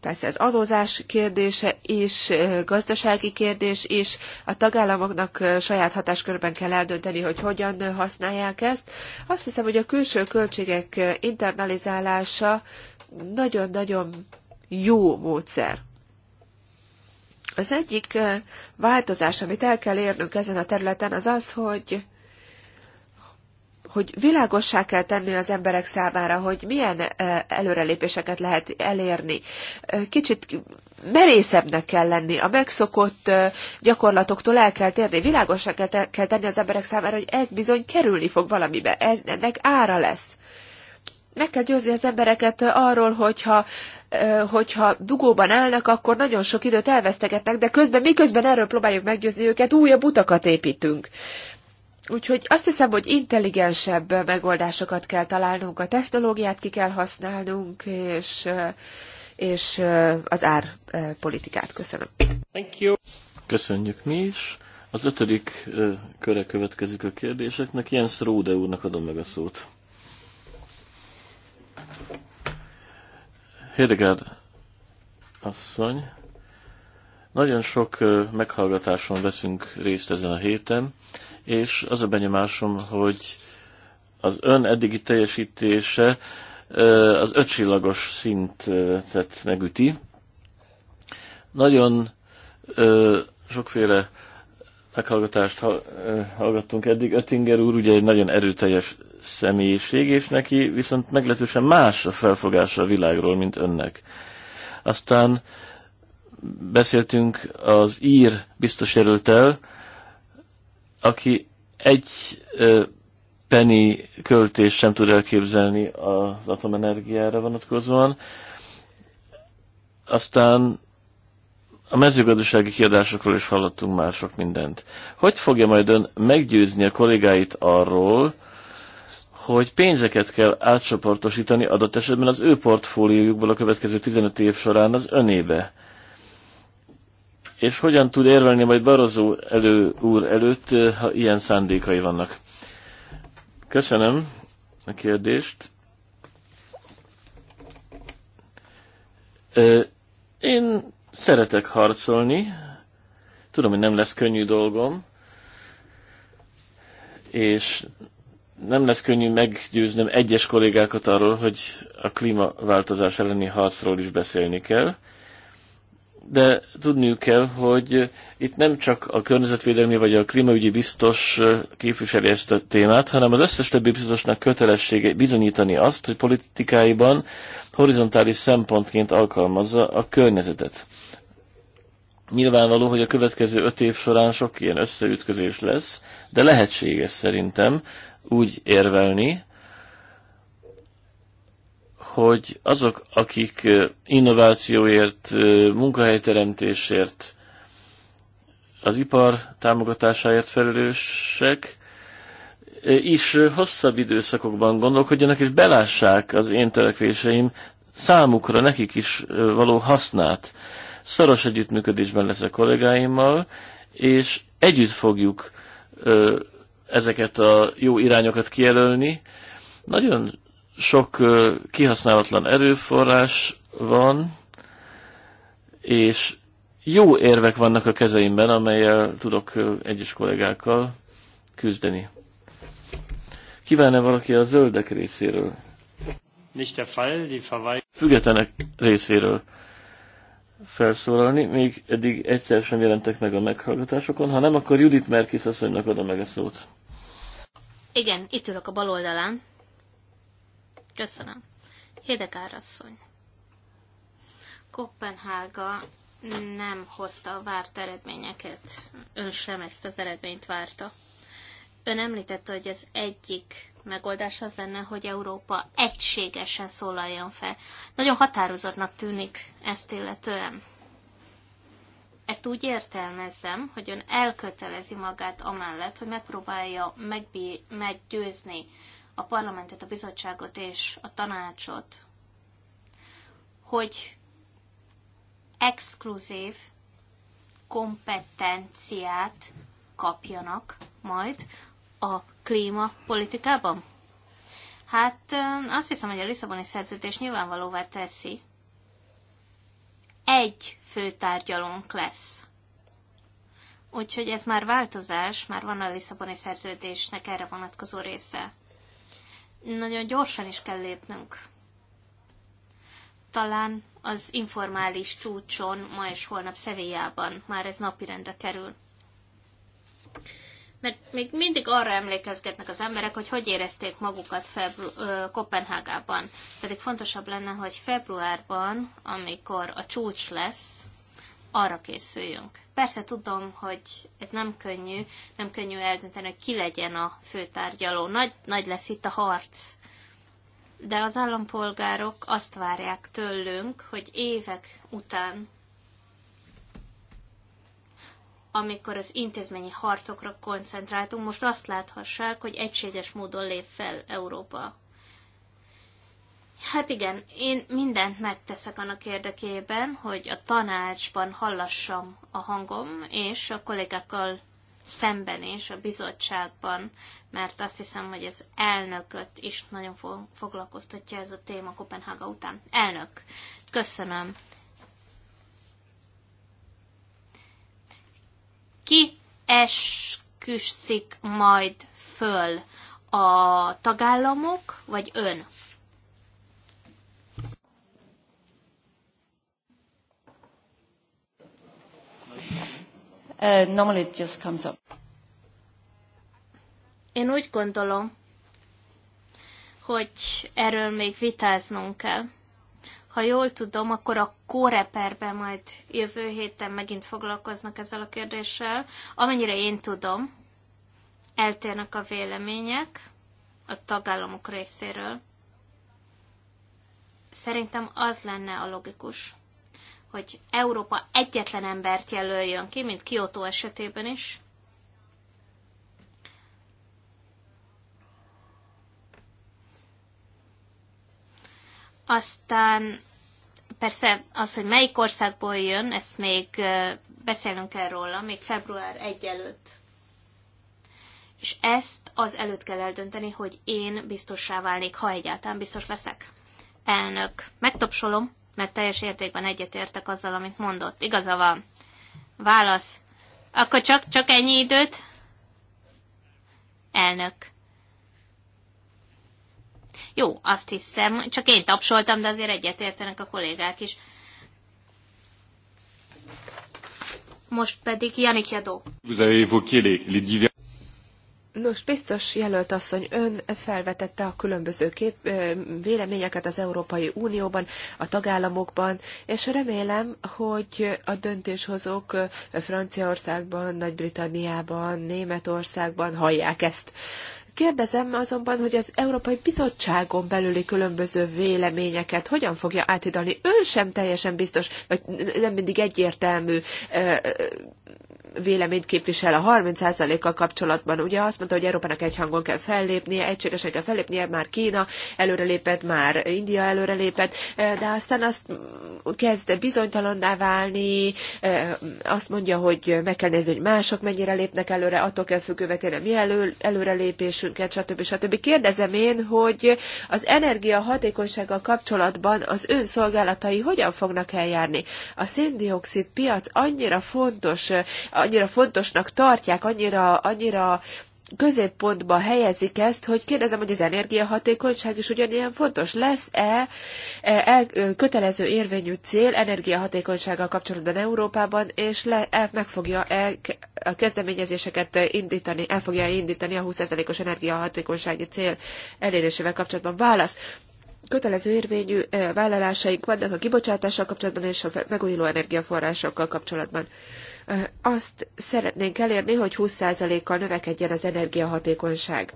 Persze az adózás kérdése is, gazdasági kérdés is, a tagállamoknak saját hatáskörben kell eldönteni, hogy hogyan használják ezt. Azt hiszem, hogy a külső költségek internalizálása nagyon-nagyon jó módszer. Az egyik változás, amit el kell érnünk ezen a területen, az az, hogy hogy világossá kell tenni az emberek számára, hogy milyen előrelépéseket lehet elérni. Kicsit merészebbnek kell lenni, a megszokott gyakorlatoktól el kell térni, világossá kell tenni az emberek számára, hogy ez bizony kerülni fog valamibe, ez, ennek ára lesz meg kell győzni az embereket arról, hogyha, hogyha dugóban állnak, akkor nagyon sok időt elvesztegetnek, de közben, miközben erről próbáljuk meggyőzni őket, újabb utakat építünk. Úgyhogy azt hiszem, hogy intelligensebb megoldásokat kell találnunk, a technológiát ki kell használnunk, és, és az árpolitikát. Köszönöm. Thank you. Köszönjük mi is. Az ötödik köre következik a kérdéseknek. Jens Rode úrnak adom meg a szót. Hildegard asszony, nagyon sok meghallgatáson veszünk részt ezen a héten, és az a benyomásom, hogy az ön eddigi teljesítése az ötcsillagos szintet megüti. Nagyon sokféle meghallgatást hallgattunk eddig. Öttinger úr ugye egy nagyon erőteljes személyiség, és neki viszont meglehetősen más a felfogása a világról, mint önnek. Aztán beszéltünk az ír biztos jelöltel, aki egy penny költés sem tud elképzelni az atomenergiára vonatkozóan. Aztán a mezőgazdasági kiadásokról is hallottunk már sok mindent. Hogy fogja majd ön meggyőzni a kollégáit arról, hogy pénzeket kell átcsoportosítani adott esetben az ő portfóliójukból a következő 15 év során az önébe? És hogyan tud érvelni majd Barozó elő, úr előtt, ha ilyen szándékai vannak? Köszönöm a kérdést. Én Szeretek harcolni, tudom, hogy nem lesz könnyű dolgom, és nem lesz könnyű meggyőznem egyes kollégákat arról, hogy a klímaváltozás elleni harcról is beszélni kell de tudniuk kell, hogy itt nem csak a környezetvédelmi vagy a klímaügyi biztos képviseli ezt a témát, hanem az összes többi biztosnak kötelessége bizonyítani azt, hogy politikáiban horizontális szempontként alkalmazza a környezetet. Nyilvánvaló, hogy a következő öt év során sok ilyen összeütközés lesz, de lehetséges szerintem úgy érvelni, hogy azok, akik innovációért, munkahelyteremtésért, az ipar támogatásáért felelősek, is hosszabb időszakokban gondolkodjanak, és belássák az én törekvéseim számukra, nekik is való hasznát. Szoros együttműködésben lesz a kollégáimmal, és együtt fogjuk ezeket a jó irányokat kijelölni. Nagyon sok kihasználatlan erőforrás van, és jó érvek vannak a kezeimben, amelyel tudok egyes kollégákkal küzdeni. Kívánne valaki a zöldek részéről? Nicht der Fall, die Függetlenek részéről felszólalni. Még eddig egyszer sem jelentek meg a meghallgatásokon. Ha nem, akkor Judit Merkis asszonynak adom meg a szót. Igen, itt ülök a bal oldalán. Köszönöm. Hédegár asszony. Kopenhága nem hozta a várt eredményeket. Ön sem ezt az eredményt várta. Ön említette, hogy az egyik megoldás az lenne, hogy Európa egységesen szólaljon fel. Nagyon határozottnak tűnik ezt illetően. Ezt úgy értelmezzem, hogy ön elkötelezi magát amellett, hogy megpróbálja megbí- meggyőzni a parlamentet, a bizottságot és a tanácsot, hogy exkluzív kompetenciát kapjanak majd a klímapolitikában? Hát azt hiszem, hogy a Lisszaboni szerződés nyilvánvalóvá teszi. Egy főtárgyalónk lesz. Úgyhogy ez már változás, már van a Lisszaboni szerződésnek erre vonatkozó része nagyon gyorsan is kell lépnünk. Talán az informális csúcson ma és holnap Szevélyában már ez napirendre kerül. Mert még mindig arra emlékezgetnek az emberek, hogy hogy érezték magukat febru- ö, Kopenhágában. Pedig fontosabb lenne, hogy februárban, amikor a csúcs lesz, arra készüljünk. Persze tudom, hogy ez nem könnyű, nem könnyű eldönteni, hogy ki legyen a főtárgyaló. Nagy, nagy lesz itt a harc. De az állampolgárok azt várják tőlünk, hogy évek után, amikor az intézményi harcokra koncentráltunk, most azt láthassák, hogy egységes módon lép fel Európa. Hát igen, én mindent megteszek annak érdekében, hogy a tanácsban hallassam a hangom, és a kollégákkal szemben és a bizottságban, mert azt hiszem, hogy az elnököt is nagyon foglalkoztatja ez a téma Kopenhága után. Elnök, köszönöm. Ki esküszik majd föl? A tagállamok, vagy ön? Uh, normally it just comes up. Én úgy gondolom, hogy erről még vitáznunk kell. Ha jól tudom, akkor a kóreperben majd jövő héten megint foglalkoznak ezzel a kérdéssel. Amennyire én tudom, eltérnek a vélemények a tagállamok részéről. Szerintem az lenne a logikus hogy Európa egyetlen embert jelöljön ki, mint Kyoto esetében is. Aztán persze az, hogy melyik országból jön, ezt még beszélnünk kell róla, még február 1 előtt. És ezt az előtt kell eldönteni, hogy én biztossá válnék, ha egyáltalán biztos leszek. Elnök, megtapsolom mert teljes értékben egyetértek azzal, amit mondott. Igaza van. Válasz. Akkor csak, csak ennyi időt? Elnök. Jó, azt hiszem, csak én tapsoltam, de azért egyetértenek a kollégák is. Most pedig Janik Jadó. Vous avez évoqué les, les divers... Nos, biztos jelölt asszony, ön felvetette a különböző kép, véleményeket az Európai Unióban, a tagállamokban, és remélem, hogy a döntéshozók Franciaországban, Nagy-Britanniában, Németországban hallják ezt. Kérdezem azonban, hogy az Európai Bizottságon belüli különböző véleményeket hogyan fogja átidalni. Ön sem teljesen biztos, vagy nem mindig egyértelmű véleményt képvisel a 30%-kal kapcsolatban. Ugye azt mondta, hogy Európának egy hangon kell fellépnie, egységesen kell fellépnie, már Kína előrelépett, már India előrelépett, e, de aztán azt kezd bizonytalanná válni, e, azt mondja, hogy meg kell nézni, hogy mások mennyire lépnek előre, attól kell függővé mi elő, előrelépésünket, stb. stb. Kérdezem én, hogy az energia hatékonysággal kapcsolatban az ön szolgálatai hogyan fognak eljárni? A széndiokszid piac annyira fontos, annyira fontosnak tartják, annyira, annyira középpontba helyezik ezt, hogy kérdezem, hogy az energiahatékonyság is ugyanilyen fontos. Lesz-e e, e, kötelező érvényű cél energiahatékonysággal kapcsolatban Európában, és le, el, meg fogja e, a kezdeményezéseket indítani, el fogja indítani a 20%-os energiahatékonysági cél elérésével kapcsolatban? Válasz kötelező érvényű e, vállalásaink vannak a kibocsátással kapcsolatban és a megújuló energiaforrásokkal kapcsolatban. Azt szeretnénk elérni, hogy 20%-kal növekedjen az energiahatékonyság.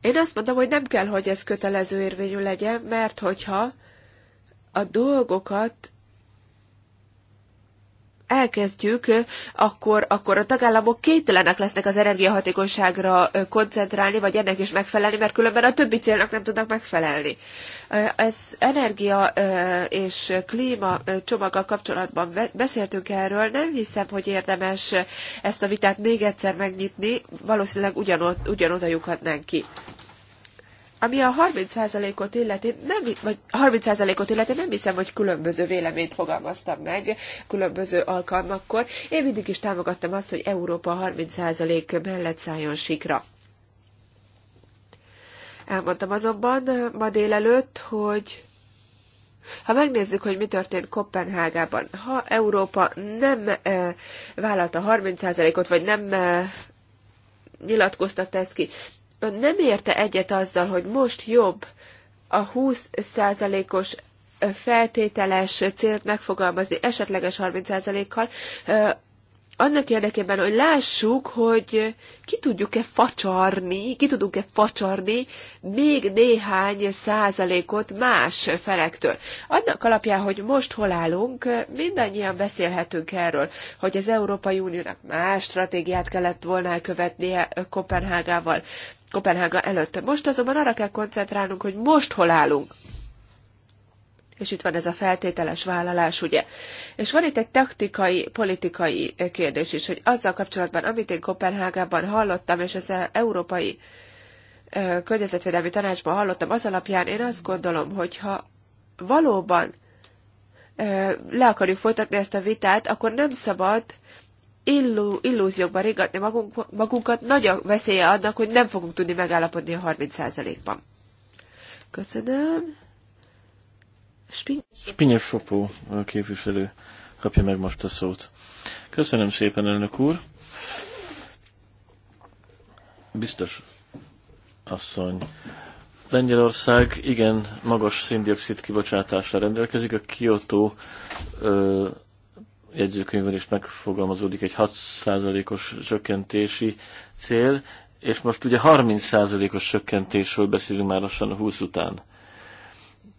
Én azt mondom, hogy nem kell, hogy ez kötelező érvényű legyen, mert hogyha a dolgokat elkezdjük, akkor, akkor a tagállamok képtelenek lesznek az energiahatékonyságra koncentrálni, vagy ennek is megfelelni, mert különben a többi célnak nem tudnak megfelelni. Ez energia és klíma csomaggal kapcsolatban beszéltünk erről, nem hiszem, hogy érdemes ezt a vitát még egyszer megnyitni, valószínűleg ugyanott, ugyanoda lyukhatnánk ki. Ami a 30%-ot illeti, nem, vagy 30%-ot illeti, nem hiszem, hogy különböző véleményt fogalmaztam meg különböző alkalmakkor. Én mindig is támogattam azt, hogy Európa 30% mellett szálljon sikra. Elmondtam azonban ma délelőtt, hogy ha megnézzük, hogy mi történt Kopenhágában, ha Európa nem e, vállalta 30%-ot, vagy nem e, nyilatkoztatta ezt ki, Ön nem érte egyet azzal, hogy most jobb a 20%-os feltételes célt megfogalmazni esetleges 30%-kal, annak érdekében, hogy lássuk, hogy ki tudjuk-e facsarni, ki tudunk-e facsarni még néhány százalékot más felektől. Annak alapján, hogy most hol állunk, mindannyian beszélhetünk erről, hogy az Európai Uniónak más stratégiát kellett volna követnie Kopenhágával. Kopenhága előtte. Most azonban arra kell koncentrálnunk, hogy most hol állunk. És itt van ez a feltételes vállalás, ugye? És van itt egy taktikai, politikai kérdés is, hogy azzal kapcsolatban, amit én Kopenhágában hallottam, és az európai környezetvédelmi tanácsban hallottam, az alapján én azt gondolom, hogy ha valóban le akarjuk folytatni ezt a vitát, akkor nem szabad illú, illúziókban ringatni magunk, magunkat, nagy a veszélye annak, hogy nem fogunk tudni megállapodni a 30%-ban. Köszönöm. Spinyes Fopó képviselő kapja meg most a szót. Köszönöm szépen, elnök úr. Biztos asszony. Lengyelország igen magas széndiokszid kibocsátással rendelkezik. A Kyoto ö, jegyzőkönyvben is megfogalmazódik egy 6%-os csökkentési cél, és most ugye 30%-os csökkentésről beszélünk már lassan a 20 után.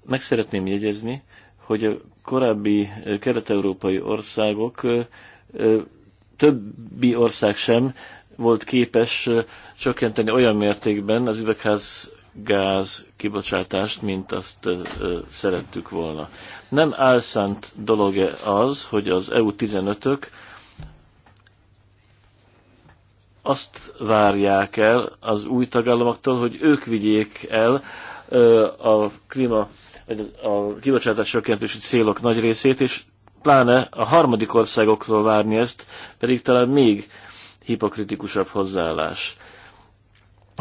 Meg szeretném jegyezni, hogy a korábbi kelet-európai országok többi ország sem volt képes csökkenteni olyan mértékben az üvegház gáz kibocsátást, mint azt szerettük volna. Nem álszánt dolog -e az, hogy az EU-15-ök azt várják el az új tagállamoktól, hogy ők vigyék el a klíma, vagy a kibocsátás csökkentési célok nagy részét, és pláne a harmadik országoktól várni ezt, pedig talán még hipokritikusabb hozzáállás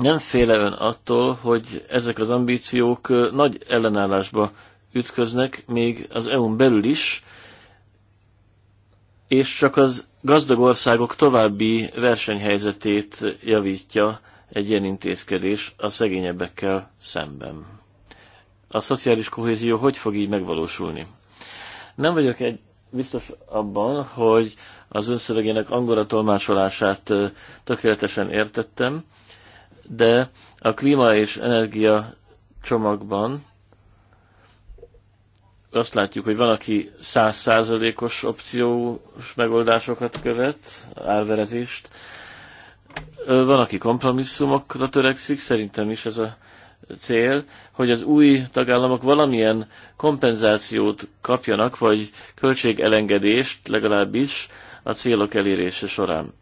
nem féle ön attól, hogy ezek az ambíciók nagy ellenállásba ütköznek, még az EU-n belül is, és csak az gazdag országok további versenyhelyzetét javítja egy ilyen intézkedés a szegényebbekkel szemben. A szociális kohézió hogy fog így megvalósulni? Nem vagyok egy biztos abban, hogy az önszövegének angolatolmásolását tolmácsolását tökéletesen értettem, de a klíma és energia csomagban azt látjuk, hogy van, aki százszázalékos opciós megoldásokat követ, álverezést, van, aki kompromisszumokra törekszik, szerintem is ez a cél, hogy az új tagállamok valamilyen kompenzációt kapjanak, vagy költségelengedést legalábbis a célok elérése során.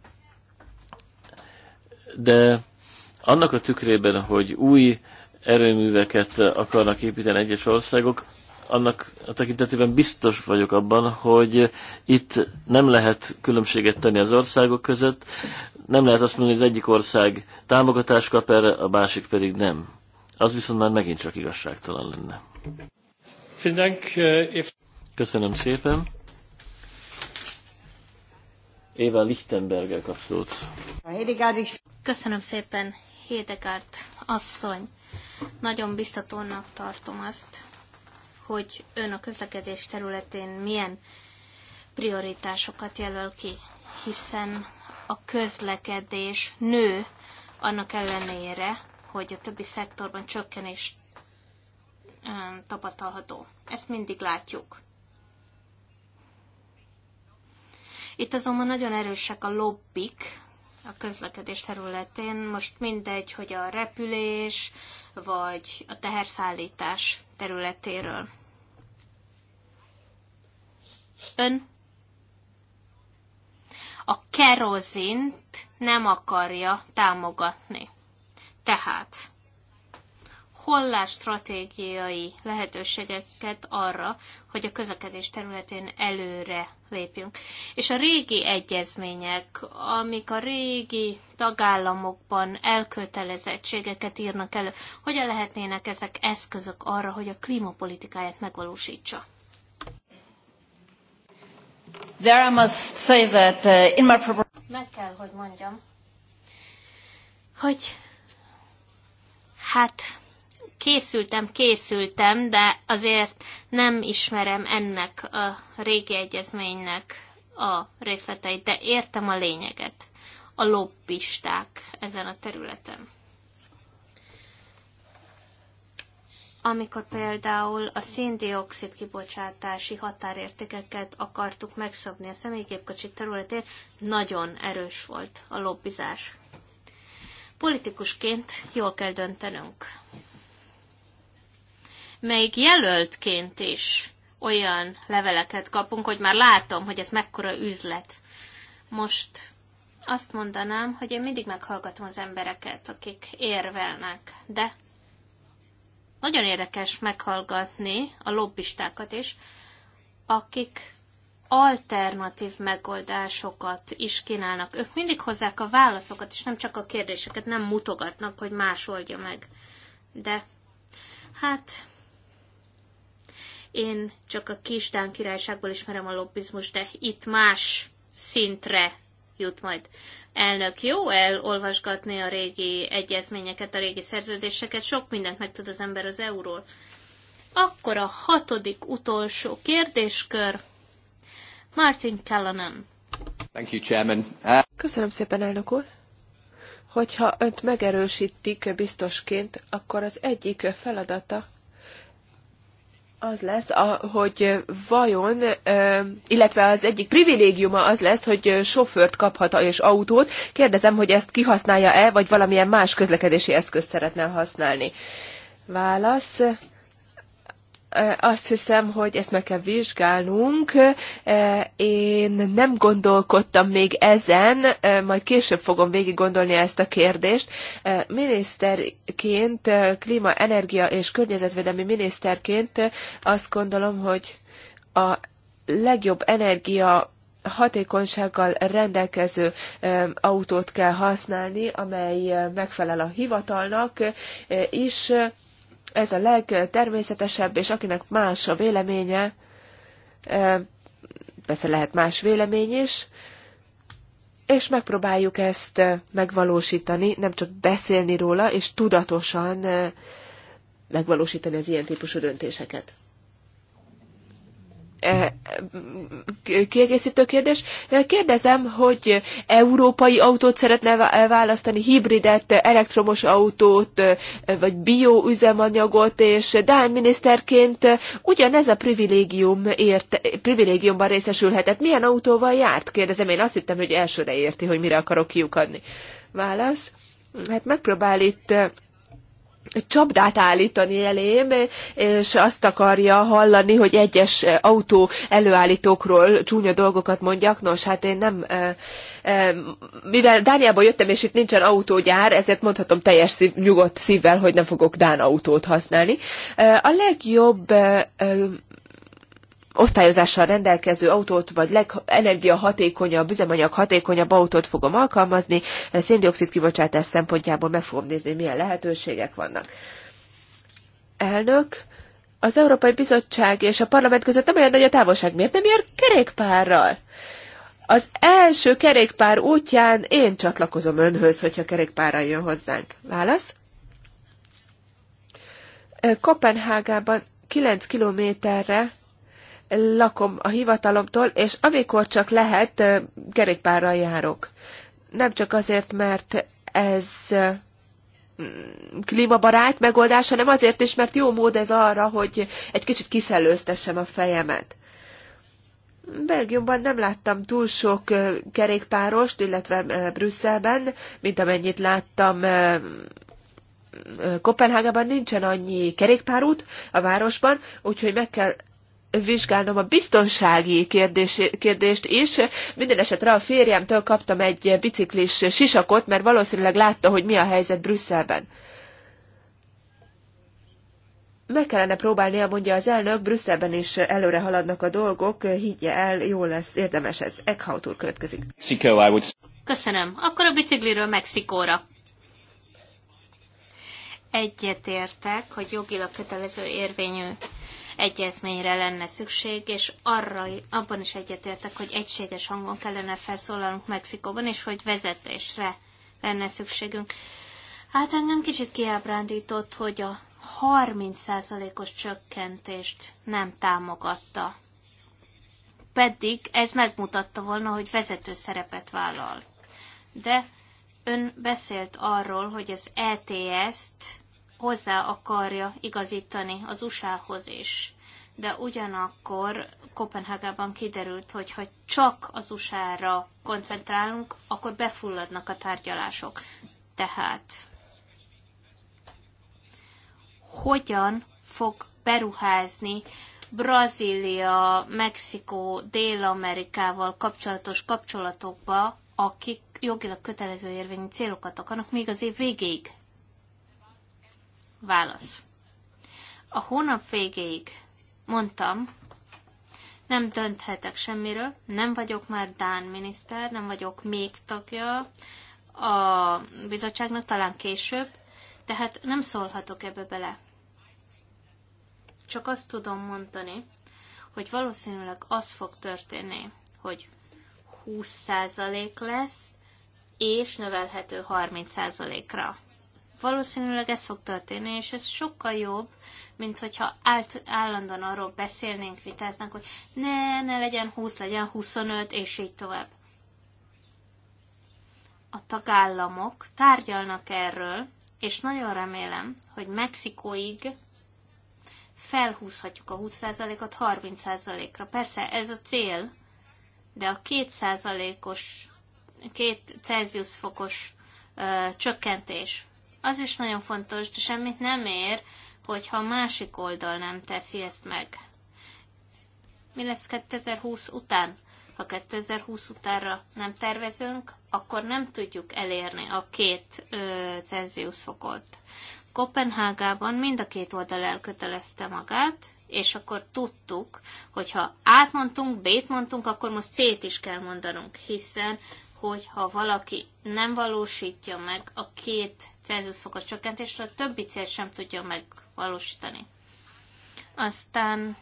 De annak a tükrében, hogy új erőműveket akarnak építeni egyes országok, annak a tekintetében biztos vagyok abban, hogy itt nem lehet különbséget tenni az országok között, nem lehet azt mondani, hogy az egyik ország támogatást kap erre, a másik pedig nem. Az viszont már megint csak igazságtalan lenne. Eh, Köszönöm szépen. Éva Lichtenberger kapszót. Köszönöm szépen, Hédegárt asszony, nagyon biztatónak tartom azt, hogy ön a közlekedés területén milyen prioritásokat jelöl ki, hiszen a közlekedés nő annak ellenére, hogy a többi szektorban csökkenés tapasztalható. Ezt mindig látjuk. Itt azonban nagyon erősek a lobbik, a közlekedés területén. Most mindegy, hogy a repülés vagy a teherszállítás területéről. Ön a kerozint nem akarja támogatni. Tehát honlás stratégiai lehetőségeket arra, hogy a közlekedés területén előre lépjünk. És a régi egyezmények, amik a régi tagállamokban elkötelezettségeket írnak elő, hogyan lehetnének ezek eszközök arra, hogy a klímapolitikáját megvalósítsa? There I must say that uh, in my Meg kell, hogy mondjam, hogy hát készültem, készültem, de azért nem ismerem ennek a régi egyezménynek a részleteit, de értem a lényeget. A lobbisták ezen a területen. amikor például a széndiokszid kibocsátási határértékeket akartuk megszabni a személygépkocsik területén, nagyon erős volt a lobbizás. Politikusként jól kell döntenünk még jelöltként is olyan leveleket kapunk, hogy már látom, hogy ez mekkora üzlet. Most azt mondanám, hogy én mindig meghallgatom az embereket, akik érvelnek, de nagyon érdekes meghallgatni a lobbistákat is, akik alternatív megoldásokat is kínálnak. Ők mindig hozzák a válaszokat, és nem csak a kérdéseket, nem mutogatnak, hogy más oldja meg. De hát én csak a kis Dán királyságból ismerem a lobbizmus, de itt más szintre jut majd. Elnök, jó elolvasgatni a régi egyezményeket, a régi szerződéseket, sok mindent megtud az ember az euról. Akkor a hatodik utolsó kérdéskör. Martin Callanan. Thank you, Chairman. Köszönöm szépen, elnök úr. Hogyha önt megerősítik biztosként, akkor az egyik feladata az lesz, a, hogy vajon, illetve az egyik privilégiuma az lesz, hogy sofőrt kaphat és autót. Kérdezem, hogy ezt kihasználja-e, vagy valamilyen más közlekedési eszközt szeretne használni. Válasz azt hiszem, hogy ezt meg kell vizsgálnunk. Én nem gondolkodtam még ezen, majd később fogom végig gondolni ezt a kérdést. Miniszterként, klíma, energia és környezetvédelmi miniszterként azt gondolom, hogy a legjobb energia hatékonysággal rendelkező autót kell használni, amely megfelel a hivatalnak, és ez a legtermészetesebb, és akinek más a véleménye, persze lehet más vélemény is, és megpróbáljuk ezt megvalósítani, nem csak beszélni róla, és tudatosan megvalósítani az ilyen típusú döntéseket. Eh, kiegészítő kérdés. Eh, kérdezem, hogy európai autót szeretne eh, választani, hibridet, elektromos autót, vagy bioüzemanyagot, és Dán miniszterként ugyanez a privilégium ért, privilégiumban részesülhetett. Milyen autóval járt? Kérdezem, én azt hittem, hogy elsőre érti, hogy mire akarok kiukadni. Válasz? Hát megpróbál itt csapdát állítani elém, és azt akarja hallani, hogy egyes autó előállítókról csúnya dolgokat mondjak. Nos, hát én nem, mivel Dániából jöttem, és itt nincsen autógyár, ezért mondhatom teljes szív, nyugodt szívvel, hogy nem fogok Dán autót használni. A legjobb osztályozással rendelkező autót, vagy energiahatékonyabb üzemanyag hatékonyabb autót fogom alkalmazni, széndiokszid kibocsátás szempontjából meg fogom nézni, milyen lehetőségek vannak. Elnök, az Európai Bizottság és a parlament között nem olyan nagy a távolság. Miért nem jár kerékpárral? Az első kerékpár útján én csatlakozom önhöz, hogyha kerékpárral jön hozzánk. Válasz? Kopenhágában 9 kilométerre lakom a hivatalomtól, és amikor csak lehet, kerékpárral járok. Nem csak azért, mert ez mm, klímabarát megoldás, hanem azért is, mert jó mód ez arra, hogy egy kicsit kiszellőztessem a fejemet. Belgiumban nem láttam túl sok kerékpárost, illetve Brüsszelben, mint amennyit láttam Kopenhágában nincsen annyi kerékpárút a városban, úgyhogy meg kell vizsgálnom a biztonsági kérdés, kérdést is. Minden esetre a férjemtől kaptam egy biciklis sisakot, mert valószínűleg látta, hogy mi a helyzet Brüsszelben. Meg kellene próbálnia, mondja az elnök, Brüsszelben is előre haladnak a dolgok, higgye el, jó lesz, érdemes ez. Eckhout úr következik. Köszönöm. Akkor a bicikliről Mexikóra egyetértek, hogy jogilag kötelező érvényű egyezményre lenne szükség, és arra, abban is egyetértek, hogy egységes hangon kellene felszólalnunk Mexikóban, és hogy vezetésre lenne szükségünk. Hát engem kicsit kiábrándított, hogy a 30%-os csökkentést nem támogatta. Pedig ez megmutatta volna, hogy vezető szerepet vállal. De ön beszélt arról, hogy az ETS-t hozzá akarja igazítani az USA-hoz is. De ugyanakkor Kopenhágában kiderült, hogy ha csak az USA-ra koncentrálunk, akkor befulladnak a tárgyalások. Tehát hogyan fog beruházni Brazília, Mexikó, Dél-Amerikával kapcsolatos kapcsolatokba, akik jogilag kötelező érvényű célokat akarnak még az év végéig Válasz. A hónap végéig mondtam, nem dönthetek semmiről, nem vagyok már Dán miniszter, nem vagyok még tagja a bizottságnak, talán később, tehát nem szólhatok ebbe bele. Csak azt tudom mondani, hogy valószínűleg az fog történni, hogy 20% lesz, és növelhető 30%-ra. Valószínűleg ez fog történni, és ez sokkal jobb, mint hogyha állt, állandóan arról beszélnénk, vitáznánk, hogy ne, ne legyen 20, legyen 25, és így tovább. A tagállamok tárgyalnak erről, és nagyon remélem, hogy Mexikóig felhúzhatjuk a 20%-ot 30%-ra. Persze ez a cél, de a 2%-os, 2 Celsius fokos ö, csökkentés az is nagyon fontos, de semmit nem ér, hogyha a másik oldal nem teszi ezt meg. Mi lesz 2020 után? Ha 2020 utánra nem tervezünk, akkor nem tudjuk elérni a két ö, Celsius fokot. Kopenhágában mind a két oldal elkötelezte magát, és akkor tudtuk, hogy ha átmondtunk, B-t mondtunk, akkor most C-t is kell mondanunk, hiszen hogy ha valaki nem valósítja meg a két Celsius fokos csökkentést, a többi cél sem tudja megvalósítani. Aztán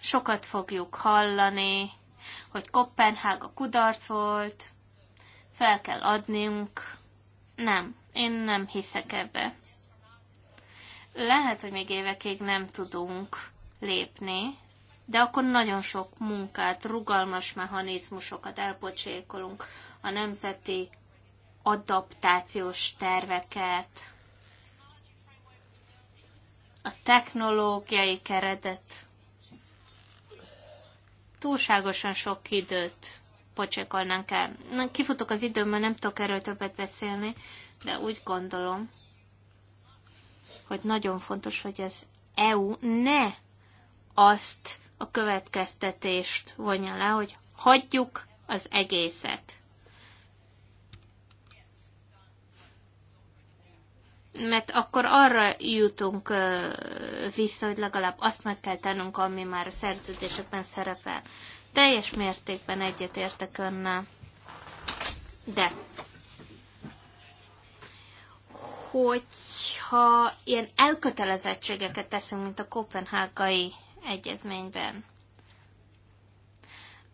sokat fogjuk hallani, hogy Kopenhága kudarc volt, fel kell adnunk. Nem, én nem hiszek ebbe. Lehet, hogy még évekig nem tudunk lépni, de akkor nagyon sok munkát, rugalmas mechanizmusokat elpocsékolunk, a nemzeti adaptációs terveket, a technológiai keretet, túlságosan sok időt pocsékolnánk el. kifutok az mert nem tudok erről többet beszélni, de úgy gondolom, hogy nagyon fontos, hogy az EU ne azt a következtetést vonja le, hogy hagyjuk az egészet. Mert akkor arra jutunk vissza, hogy legalább azt meg kell tennünk, ami már a szerződésekben szerepel. Teljes mértékben egyetértek önnel. De hogyha ilyen elkötelezettségeket teszünk, mint a kopenhágai egyezményben,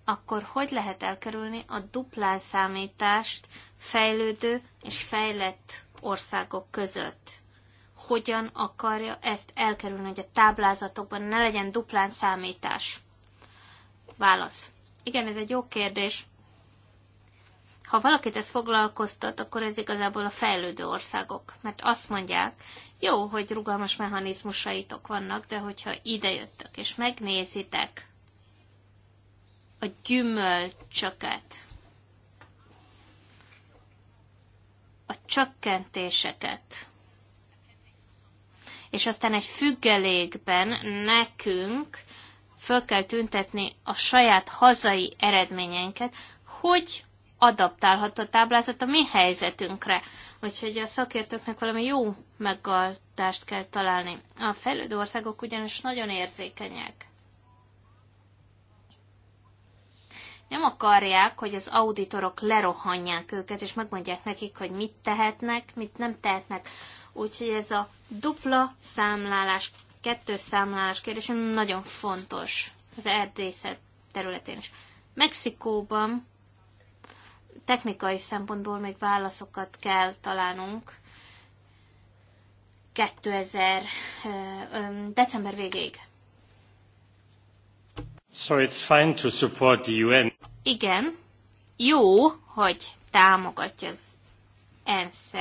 akkor hogy lehet elkerülni a duplán számítást fejlődő és fejlett országok között? Hogyan akarja ezt elkerülni, hogy a táblázatokban ne legyen duplán számítás? Válasz. Igen, ez egy jó kérdés ha valakit ez foglalkoztat, akkor ez igazából a fejlődő országok, mert azt mondják, jó, hogy rugalmas mechanizmusaitok vannak, de hogyha idejöttök és megnézitek a gyümölcsöket, a csökkentéseket, és aztán egy függelékben nekünk föl kell tüntetni a saját hazai eredményeinket, hogy adaptálhat a táblázat a mi helyzetünkre. Úgyhogy a szakértőknek valami jó megoldást kell találni. A fejlődő országok ugyanis nagyon érzékenyek. Nem akarják, hogy az auditorok lerohanják őket, és megmondják nekik, hogy mit tehetnek, mit nem tehetnek. Úgyhogy ez a dupla számlálás, kettős számlálás kérdés nagyon fontos az erdészet területén is. Mexikóban technikai szempontból még válaszokat kell találnunk 2000 december végéig. So it's fine to support the UN. Igen, jó, hogy támogatja az ensz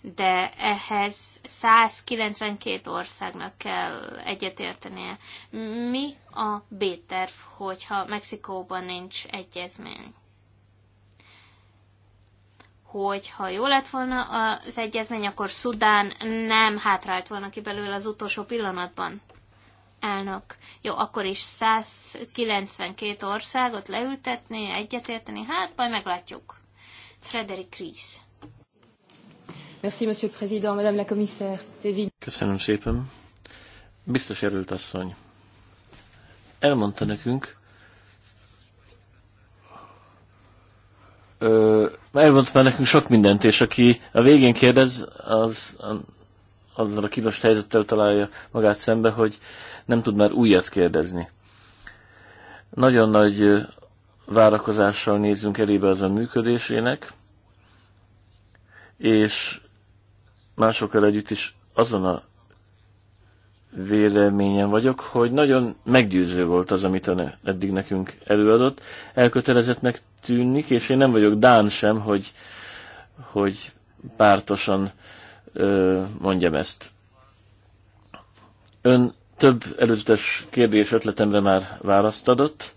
de ehhez 192 országnak kell egyetértenie. Mi a B-terv, hogyha Mexikóban nincs egyezmény? hogy ha jó lett volna az egyezmény, akkor Szudán nem hátrált volna ki belőle az utolsó pillanatban. Elnök. Jó, akkor is 192 országot leültetni, egyetérteni, hát majd meglátjuk. Frederick Ries. Merci, monsieur le président, madame la commissaire. Köszönöm szépen. Biztos erőlt asszony. Elmondta nekünk, ö, elmondta már nekünk sok mindent, és aki a végén kérdez, az azzal a kínos helyzettel találja magát szembe, hogy nem tud már újat kérdezni. Nagyon nagy várakozással nézünk elébe az a működésének, és másokkal együtt is azon a véleményen vagyok, hogy nagyon meggyőző volt az, amit eddig nekünk előadott. Elkötelezettnek tűnik, és én nem vagyok Dán sem, hogy, hogy pártosan ö, mondjam ezt. Ön több előzetes kérdés ötletemre már választ adott.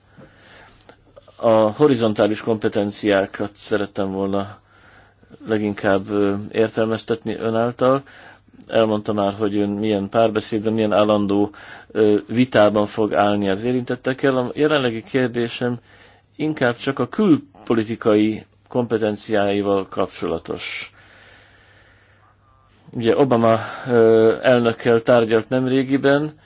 A horizontális kompetenciákat szerettem volna leginkább értelmeztetni ön által elmondta már, hogy ön milyen párbeszédben, milyen állandó vitában fog állni az érintettekkel. A jelenlegi kérdésem inkább csak a külpolitikai kompetenciáival kapcsolatos. Ugye Obama elnökkel tárgyalt nemrégiben,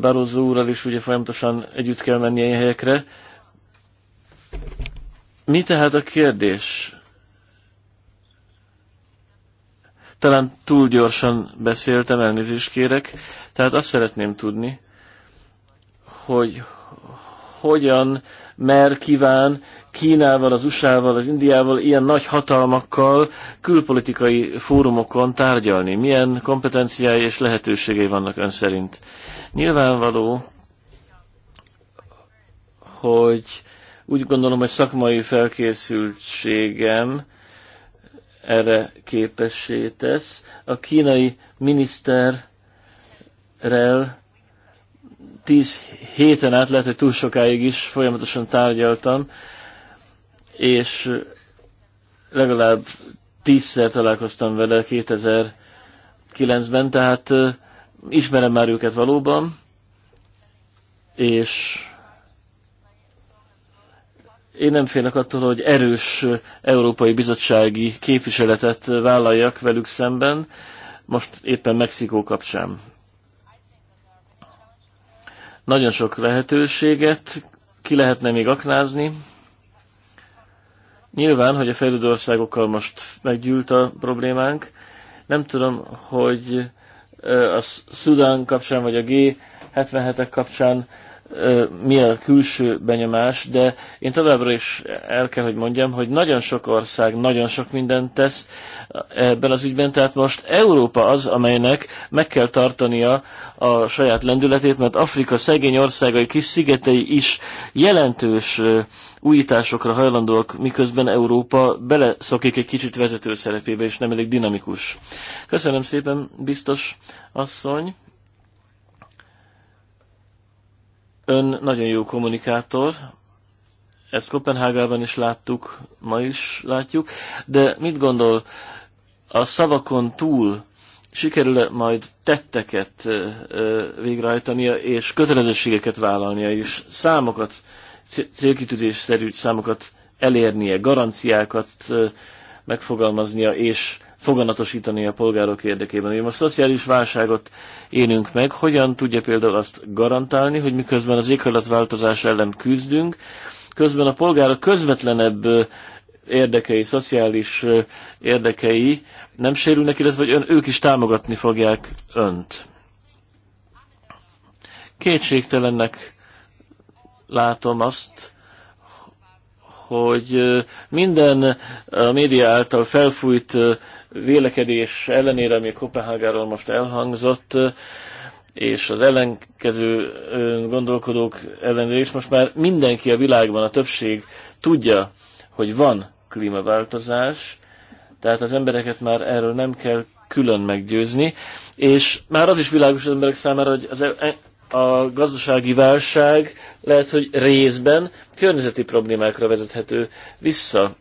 Barroso úrral is ugye folyamatosan együtt kell menni ilyen helyekre. Mi tehát a kérdés? Talán túl gyorsan beszéltem, elnézést kérek. Tehát azt szeretném tudni, hogy hogyan mer, kíván Kínával, az USA-val, az Indiával, ilyen nagy hatalmakkal külpolitikai fórumokon tárgyalni? Milyen kompetenciái és lehetőségei vannak ön szerint? Nyilvánvaló, hogy úgy gondolom, hogy szakmai felkészültségem erre képessé tesz. A kínai miniszterrel tíz héten át, lehet, hogy túl sokáig is folyamatosan tárgyaltam, és legalább tízszer találkoztam vele 2009-ben, tehát ismerem már őket valóban, és én nem félek attól, hogy erős európai bizottsági képviseletet vállaljak velük szemben, most éppen Mexikó kapcsán. Nagyon sok lehetőséget ki lehetne még aknázni. Nyilván, hogy a fejlődő országokkal most meggyűlt a problémánk. Nem tudom, hogy a Szudán kapcsán, vagy a G77-ek kapcsán mi a külső benyomás, de én továbbra is el kell, hogy mondjam, hogy nagyon sok ország nagyon sok mindent tesz ebben az ügyben, tehát most Európa az, amelynek meg kell tartania a saját lendületét, mert Afrika szegény országai kis szigetei is jelentős újításokra hajlandóak, miközben Európa beleszokik egy kicsit vezető szerepébe, és nem elég dinamikus. Köszönöm szépen, biztos asszony! Ön nagyon jó kommunikátor, ezt Kopenhágában is láttuk, ma is látjuk, de mit gondol, a szavakon túl sikerül-e majd tetteket végrehajtania és kötelezettségeket vállalnia, és számokat, célkitűzésszerű számokat elérnie, garanciákat megfogalmaznia, és foganatosítani a polgárok érdekében. Ugye most szociális válságot élünk meg, hogyan tudja például azt garantálni, hogy miközben az éghajlatváltozás ellen küzdünk, közben a polgárok közvetlenebb érdekei, szociális érdekei nem sérülnek, illetve hogy ön, ők is támogatni fogják önt. Kétségtelennek látom azt, hogy minden a média által felfújt vélekedés ellenére, ami Kopenhágáról most elhangzott, és az ellenkező gondolkodók ellenére is most már mindenki a világban, a többség tudja, hogy van klímaváltozás, tehát az embereket már erről nem kell külön meggyőzni, és már az is világos az emberek számára, hogy az e, e, a gazdasági válság lehet, hogy részben környezeti problémákra vezethető vissza.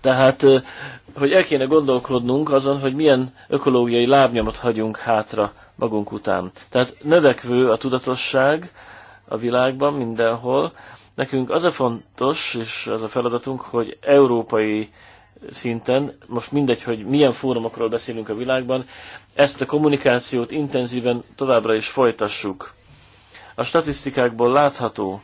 Tehát hogy el kéne gondolkodnunk azon, hogy milyen ökológiai lábnyomot hagyunk hátra magunk után. Tehát növekvő a tudatosság a világban, mindenhol. Nekünk az a fontos, és az a feladatunk, hogy európai szinten, most mindegy, hogy milyen fórumokról beszélünk a világban, ezt a kommunikációt intenzíven továbbra is folytassuk. A statisztikákból látható,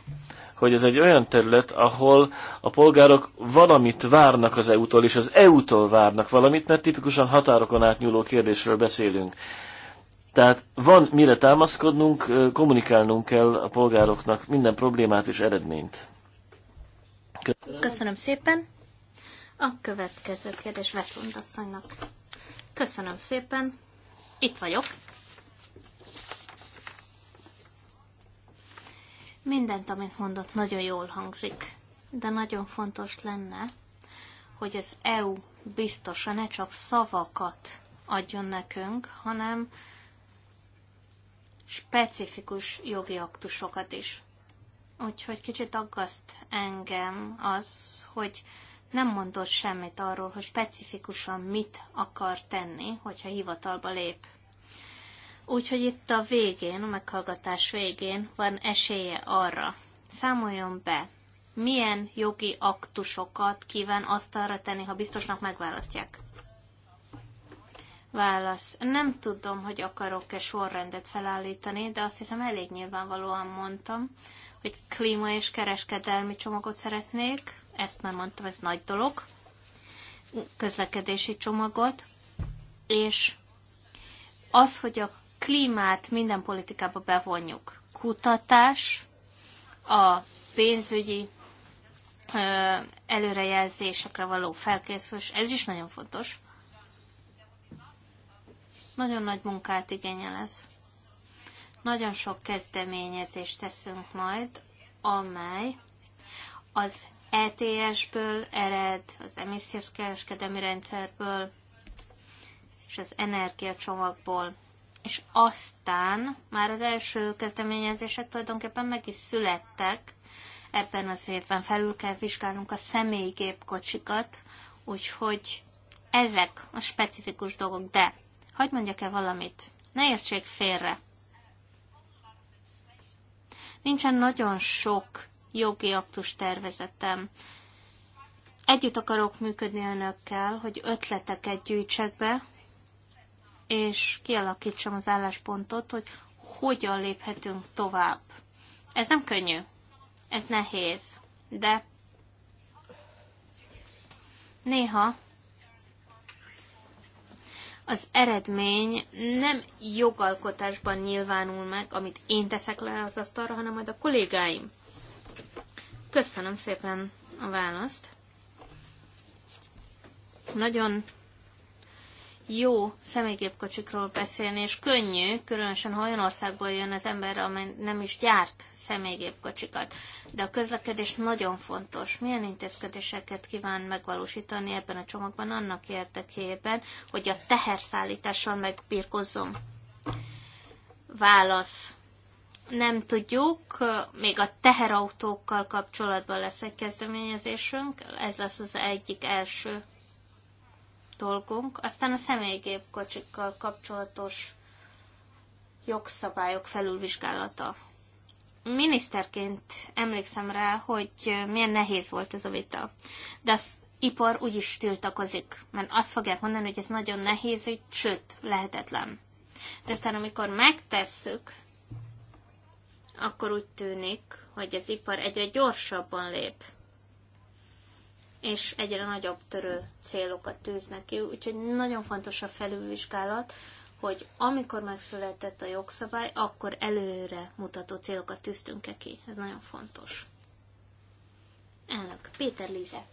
hogy ez egy olyan terület, ahol a polgárok valamit várnak az EU-tól, és az EU-tól várnak valamit, mert tipikusan határokon átnyúló kérdésről beszélünk. Tehát van mire támaszkodnunk, kommunikálnunk kell a polgároknak minden problémát és eredményt. Köszönöm, Köszönöm szépen. A következő kérdés Veszlund asszonynak. Köszönöm szépen. Itt vagyok. Mindent, amit mondott, nagyon jól hangzik, de nagyon fontos lenne, hogy az EU biztosan ne csak szavakat adjon nekünk, hanem specifikus jogi aktusokat is. Úgyhogy kicsit aggaszt engem az, hogy nem mondott semmit arról, hogy specifikusan mit akar tenni, hogyha hivatalba lép. Úgyhogy itt a végén, a meghallgatás végén van esélye arra, számoljon be, milyen jogi aktusokat kíván asztalra tenni, ha biztosnak megválasztják. Válasz. Nem tudom, hogy akarok-e sorrendet felállítani, de azt hiszem elég nyilvánvalóan mondtam, hogy klíma és kereskedelmi csomagot szeretnék. Ezt már mondtam, ez nagy dolog. Közlekedési csomagot. És az, hogy a klímát minden politikába bevonjuk. Kutatás, a pénzügyi előrejelzésekre való felkészülés, ez is nagyon fontos. Nagyon nagy munkát igényel ez. Nagyon sok kezdeményezést teszünk majd, amely az ETS-ből ered, az emissziós kereskedelmi rendszerből és az energiacsomagból és aztán már az első kezdeményezések tulajdonképpen meg is születtek. Ebben az évben felül kell vizsgálnunk a személyi gépkocsikat, úgyhogy ezek a specifikus dolgok. De, hagyd mondjak-e valamit? Ne értsék félre! Nincsen nagyon sok jogi aktus tervezetem. Együtt akarok működni önökkel, hogy ötleteket gyűjtsek be, és kialakítsam az álláspontot, hogy hogyan léphetünk tovább. Ez nem könnyű, ez nehéz, de néha az eredmény nem jogalkotásban nyilvánul meg, amit én teszek le az asztalra, hanem majd a kollégáim. Köszönöm szépen a választ. Nagyon jó személygépkocsikról beszélni, és könnyű, különösen ha olyan országból jön az ember, amely nem is gyárt személygépkocsikat. De a közlekedés nagyon fontos. Milyen intézkedéseket kíván megvalósítani ebben a csomagban annak érdekében, hogy a teherszállítással megbírkozzon? Válasz. Nem tudjuk, még a teherautókkal kapcsolatban lesz egy kezdeményezésünk, ez lesz az egyik első dolgunk. Aztán a személygépkocsikkal kapcsolatos jogszabályok felülvizsgálata. Miniszterként emlékszem rá, hogy milyen nehéz volt ez a vita. De az ipar is tiltakozik, mert azt fogják mondani, hogy ez nagyon nehéz, így, sőt, lehetetlen. De aztán, amikor megtesszük, akkor úgy tűnik, hogy az ipar egyre gyorsabban lép és egyre nagyobb törő célokat tűznek ki, úgyhogy nagyon fontos a felülvizsgálat, hogy amikor megszületett a jogszabály, akkor előre mutató célokat tűztünk -e ki. Ez nagyon fontos. Elnök, Péter Líze.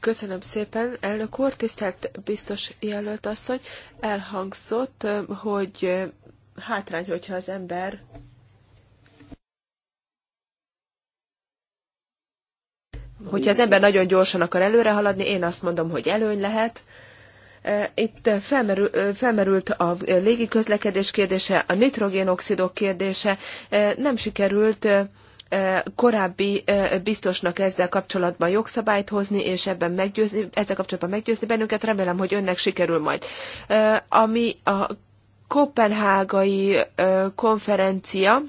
Köszönöm szépen, elnök úr, tisztelt biztos jelölt asszony. Elhangzott, hogy hátrány, hogyha az ember Hogyha az ember nagyon gyorsan akar előre haladni, én azt mondom, hogy előny lehet. Itt felmerül, felmerült a légiközlekedés kérdése, a nitrogénoxidok kérdése. Nem sikerült korábbi biztosnak ezzel kapcsolatban jogszabályt hozni, és ebben meggyőzni, ezzel kapcsolatban meggyőzni bennünket. Remélem, hogy önnek sikerül majd. Ami a kopenhágai konferencia,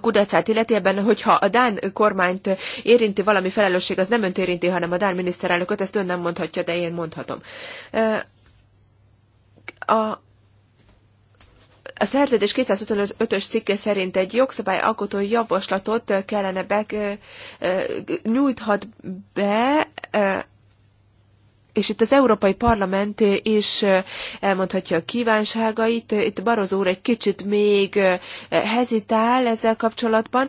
kudarcát illeti ebben, hogyha a Dán kormányt érinti valami felelősség, az nem önt érinti, hanem a Dán miniszterelnököt, ezt ön nem mondhatja, de én mondhatom. A a szerződés 255-ös cikke szerint egy jogszabályalkotó javaslatot kellene be, nyújthat be és itt az Európai Parlament is elmondhatja a kívánságait. Itt Barozó úr egy kicsit még hezitál ezzel kapcsolatban.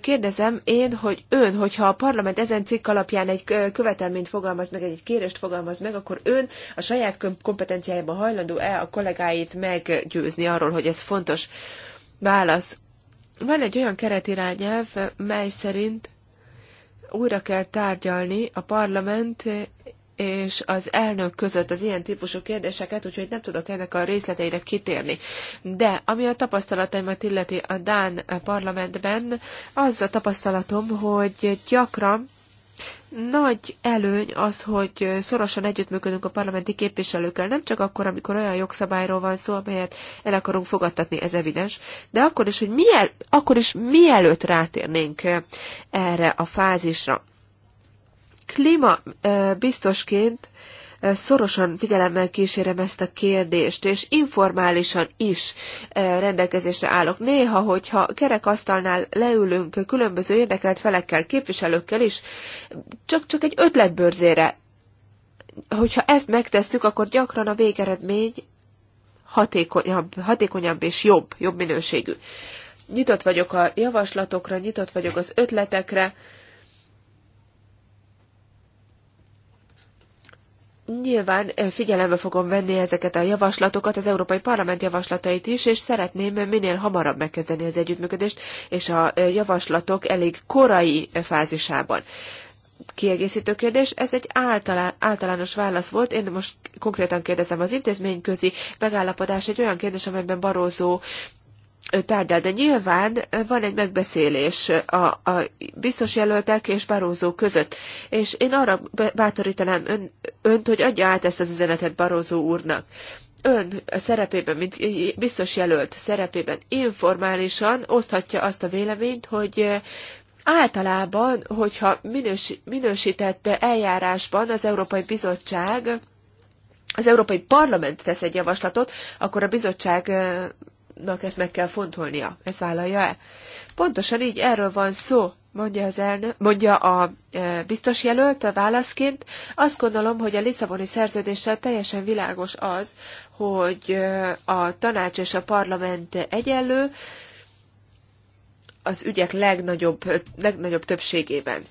Kérdezem én, hogy ön, hogyha a parlament ezen cikk alapján egy követelményt fogalmaz meg, egy kérést fogalmaz meg, akkor ön a saját kompetenciájában hajlandó-e a kollégáit meggyőzni arról, hogy ez fontos válasz? Van egy olyan keretirányelv, mely szerint újra kell tárgyalni a parlament és az elnök között az ilyen típusú kérdéseket, úgyhogy nem tudok ennek a részleteire kitérni. De ami a tapasztalataimat illeti a Dán parlamentben, az a tapasztalatom, hogy gyakran nagy előny az, hogy szorosan együttműködünk a parlamenti képviselőkkel, nem csak akkor, amikor olyan jogszabályról van szó, amelyet el akarunk fogadtatni, ez evidens, de akkor is, hogy miel, akkor is mielőtt rátérnénk erre a fázisra klíma biztosként szorosan figyelemmel kísérem ezt a kérdést, és informálisan is rendelkezésre állok. Néha, hogyha kerekasztalnál leülünk különböző érdekelt felekkel, képviselőkkel is, csak, csak egy ötletbőrzére. Hogyha ezt megtesszük, akkor gyakran a végeredmény hatékonyabb, hatékonyabb és jobb, jobb minőségű. Nyitott vagyok a javaslatokra, nyitott vagyok az ötletekre, Nyilván eh, figyelembe fogom venni ezeket a javaslatokat, az Európai Parlament javaslatait is, és szeretném minél hamarabb megkezdeni az együttműködést, és a eh, javaslatok elég korai eh, fázisában. Kiegészítő kérdés, ez egy általán, általános válasz volt, én most konkrétan kérdezem az intézményközi megállapodás, egy olyan kérdés, amelyben Barózó tárgyal, de nyilván van egy megbeszélés a, a biztos jelöltek és Barózó között, és én arra bátorítanám ön, önt, hogy adja át ezt az üzenetet Barózó úrnak. Ön a szerepében, mint biztos jelölt szerepében informálisan oszthatja azt a véleményt, hogy általában, hogyha minős, minősített eljárásban az Európai Bizottság az Európai Parlament tesz egy javaslatot, akkor a bizottság nak ezt meg kell fontolnia. Ezt vállalja-e? Pontosan így erről van szó, mondja, az elnö, mondja a e, biztos jelölt a válaszként. Azt gondolom, hogy a Lisszaboni szerződéssel teljesen világos az, hogy e, a tanács és a parlament egyenlő az ügyek legnagyobb, legnagyobb többségében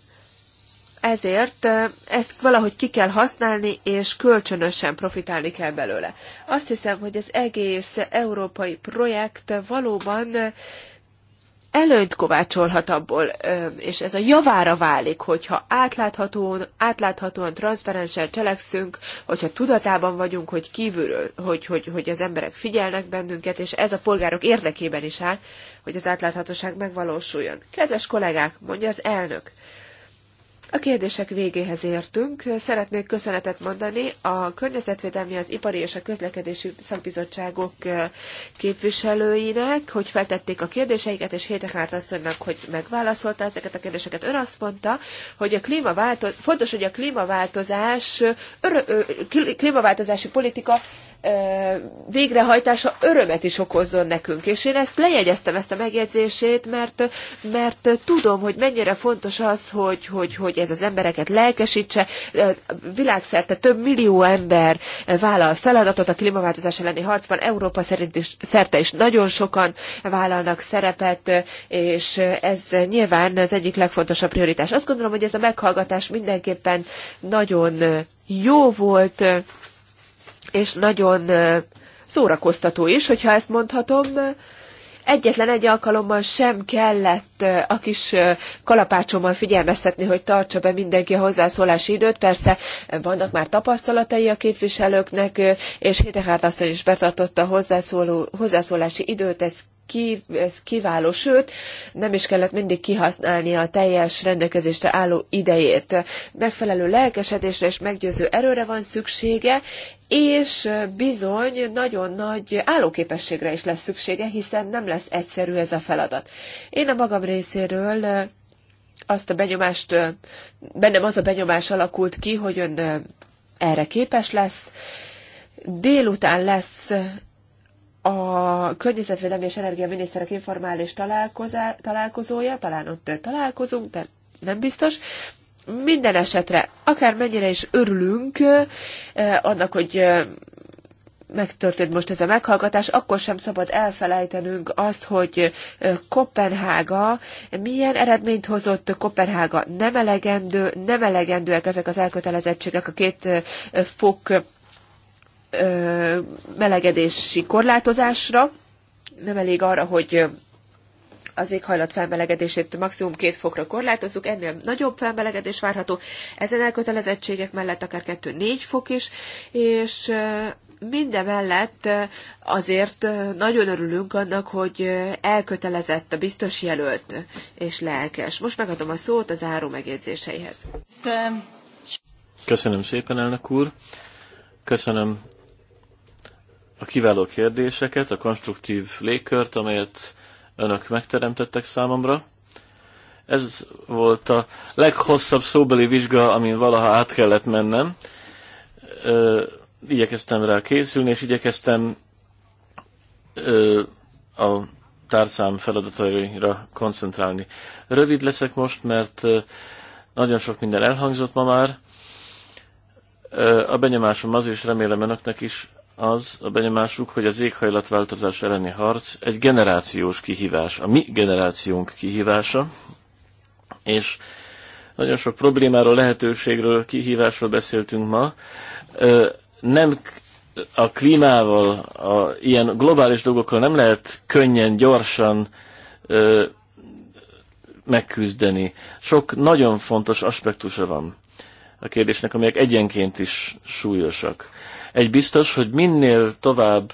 ezért ezt valahogy ki kell használni, és kölcsönösen profitálni kell belőle. Azt hiszem, hogy az egész európai projekt valóban előnyt kovácsolhat abból, és ez a javára válik, hogyha átláthatóan, átláthatóan transzferenssel cselekszünk, hogyha tudatában vagyunk, hogy kívülről, hogy, hogy, hogy az emberek figyelnek bennünket, és ez a polgárok érdekében is áll, hogy az átláthatóság megvalósuljon. Kedves kollégák, mondja az elnök, a kérdések végéhez értünk. Szeretnék köszönetet mondani a Környezetvédelmi, az Ipari és a Közlekedési Szakbizottságok képviselőinek, hogy feltették a kérdéseiket, és Hétekárt asszonynak, hogy megválaszolta ezeket a kérdéseket. Ön azt mondta, hogy a klímaváltozás, fontos, hogy a klímaváltozás, klímaváltozási politika végrehajtása örömet is okozzon nekünk. És én ezt lejegyeztem, ezt a megjegyzését, mert, mert tudom, hogy mennyire fontos az, hogy, hogy, hogy ez az embereket lelkesítse. Világszerte több millió ember vállal feladatot a klímaváltozás elleni harcban. Európa szerint is, szerte is nagyon sokan vállalnak szerepet, és ez nyilván az egyik legfontosabb prioritás. Azt gondolom, hogy ez a meghallgatás mindenképpen nagyon jó volt, és nagyon szórakoztató is, hogyha ezt mondhatom, egyetlen egy alkalommal sem kellett a kis kalapácsommal figyelmeztetni, hogy tartsa be mindenki a hozzászólási időt. Persze vannak már tapasztalatai a képviselőknek, és Hidegárd asszony is betartotta a hozzászóló, hozzászólási időt, ez ki, ez kiváló, sőt, nem is kellett mindig kihasználni a teljes rendelkezésre álló idejét. Megfelelő lelkesedésre és meggyőző erőre van szüksége, és bizony nagyon nagy állóképességre is lesz szüksége, hiszen nem lesz egyszerű ez a feladat. Én a magam részéről azt a benyomást, bennem az a benyomás alakult ki, hogy ön erre képes lesz, délután lesz a környezetvédelmi és energiaminiszterek informális találkozója, talán ott találkozunk, de nem biztos. Minden esetre, akár mennyire is örülünk annak, hogy megtörtént most ez a meghallgatás, akkor sem szabad elfelejtenünk azt, hogy Kopenhága milyen eredményt hozott Kopenhága. Nem elegendő, nem elegendőek ezek az elkötelezettségek a két fok melegedési korlátozásra, nem elég arra, hogy az éghajlat felmelegedését maximum két fokra korlátozzuk, ennél nagyobb felmelegedés várható, ezen elkötelezettségek mellett akár 2-4 fok is, és minden mellett azért nagyon örülünk annak, hogy elkötelezett a biztos jelölt és lelkes. Most megadom a szót az áru megjegyzéseihez. Köszönöm szépen, elnök úr. Köszönöm a kiváló kérdéseket, a konstruktív légkört, amelyet önök megteremtettek számomra. Ez volt a leghosszabb szóbeli vizsga, amin valaha át kellett mennem. Ö, igyekeztem rá készülni, és igyekeztem ö, a tárcám feladataira koncentrálni. Rövid leszek most, mert nagyon sok minden elhangzott ma már. A benyomásom az, és remélem önöknek is az a benyomásuk, hogy az éghajlatváltozás elleni harc egy generációs kihívás, a mi generációnk kihívása, és nagyon sok problémáról, lehetőségről, kihívásról beszéltünk ma. Nem a klímával, a ilyen globális dolgokkal nem lehet könnyen, gyorsan megküzdeni. Sok nagyon fontos aspektusa van a kérdésnek, amelyek egyenként is súlyosak egy biztos, hogy minél tovább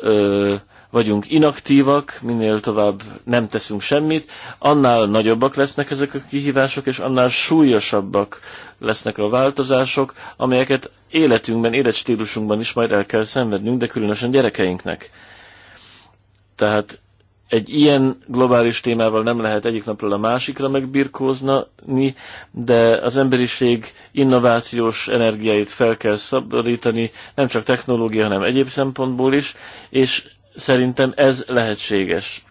ö, vagyunk inaktívak, minél tovább nem teszünk semmit, annál nagyobbak lesznek ezek a kihívások, és annál súlyosabbak lesznek a változások, amelyeket életünkben, életstílusunkban is majd el kell szenvednünk, de különösen gyerekeinknek. Tehát egy ilyen globális témával nem lehet egyik napról a másikra megbirkózni, de az emberiség innovációs energiáit fel kell szabadítani, nem csak technológia, hanem egyéb szempontból is, és szerintem ez lehetséges.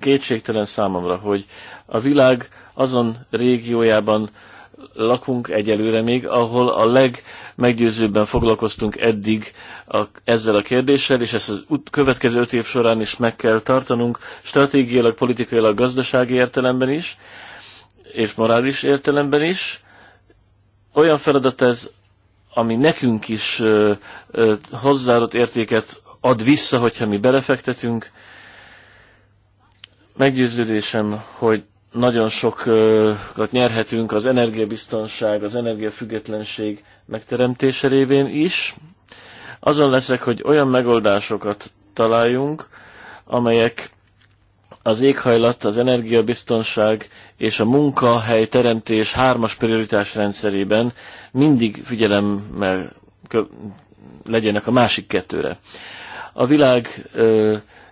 Kétségtelen számomra, hogy a világ azon régiójában, lakunk egyelőre még, ahol a legmeggyőzőbben foglalkoztunk eddig a, ezzel a kérdéssel, és ezt az út, következő öt év során is meg kell tartanunk, stratégiailag, politikailag, gazdasági értelemben is, és morális értelemben is. Olyan feladat ez, ami nekünk is ö, ö, hozzáadott értéket ad vissza, hogyha mi belefektetünk. Meggyőződésem, hogy nagyon sokat nyerhetünk az energiabiztonság, az energiafüggetlenség megteremtése révén is. Azon leszek, hogy olyan megoldásokat találjunk, amelyek az éghajlat, az energiabiztonság és a munkahely teremtés hármas prioritás rendszerében mindig figyelemmel legyenek a másik kettőre. A világ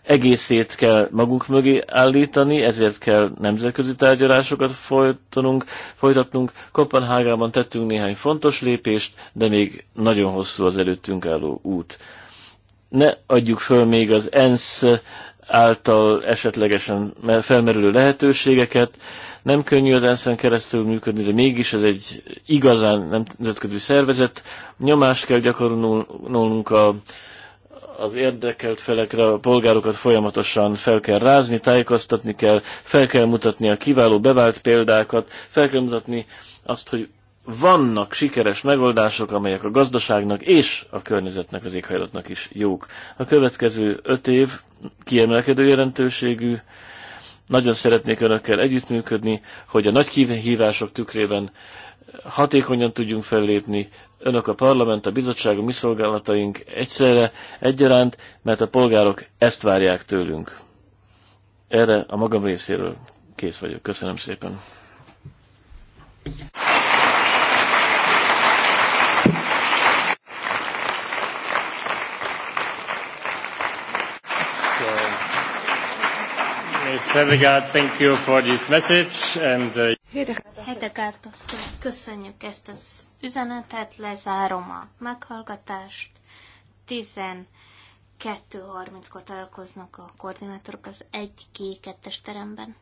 egészét kell magunk mögé állítani, ezért kell nemzetközi tárgyalásokat folytatnunk, folytatnunk. Kopenhágában tettünk néhány fontos lépést, de még nagyon hosszú az előttünk álló út. Ne adjuk föl még az ENSZ által esetlegesen felmerülő lehetőségeket. Nem könnyű az ensz keresztül működni, de mégis ez egy igazán nemzetközi szervezet. Nyomást kell gyakorolnunk a az érdekelt felekre a polgárokat folyamatosan fel kell rázni, tájékoztatni kell, fel kell mutatni a kiváló bevált példákat, fel kell mutatni azt, hogy vannak sikeres megoldások, amelyek a gazdaságnak és a környezetnek, az éghajlatnak is jók. A következő öt év kiemelkedő jelentőségű, nagyon szeretnék önökkel együttműködni, hogy a nagy hívások tükrében hatékonyan tudjunk fellépni, önök a parlament, a bizottság, a mi szolgálataink egyszerre, egyaránt, mert a polgárok ezt várják tőlünk. Erre a magam részéről kész vagyok. Köszönöm szépen. Mrs. Uh, asszony, köszönjük ezt az üzenetet, lezárom a meghallgatást. 12.30-kor találkoznak a koordinátorok az 1G2-es teremben.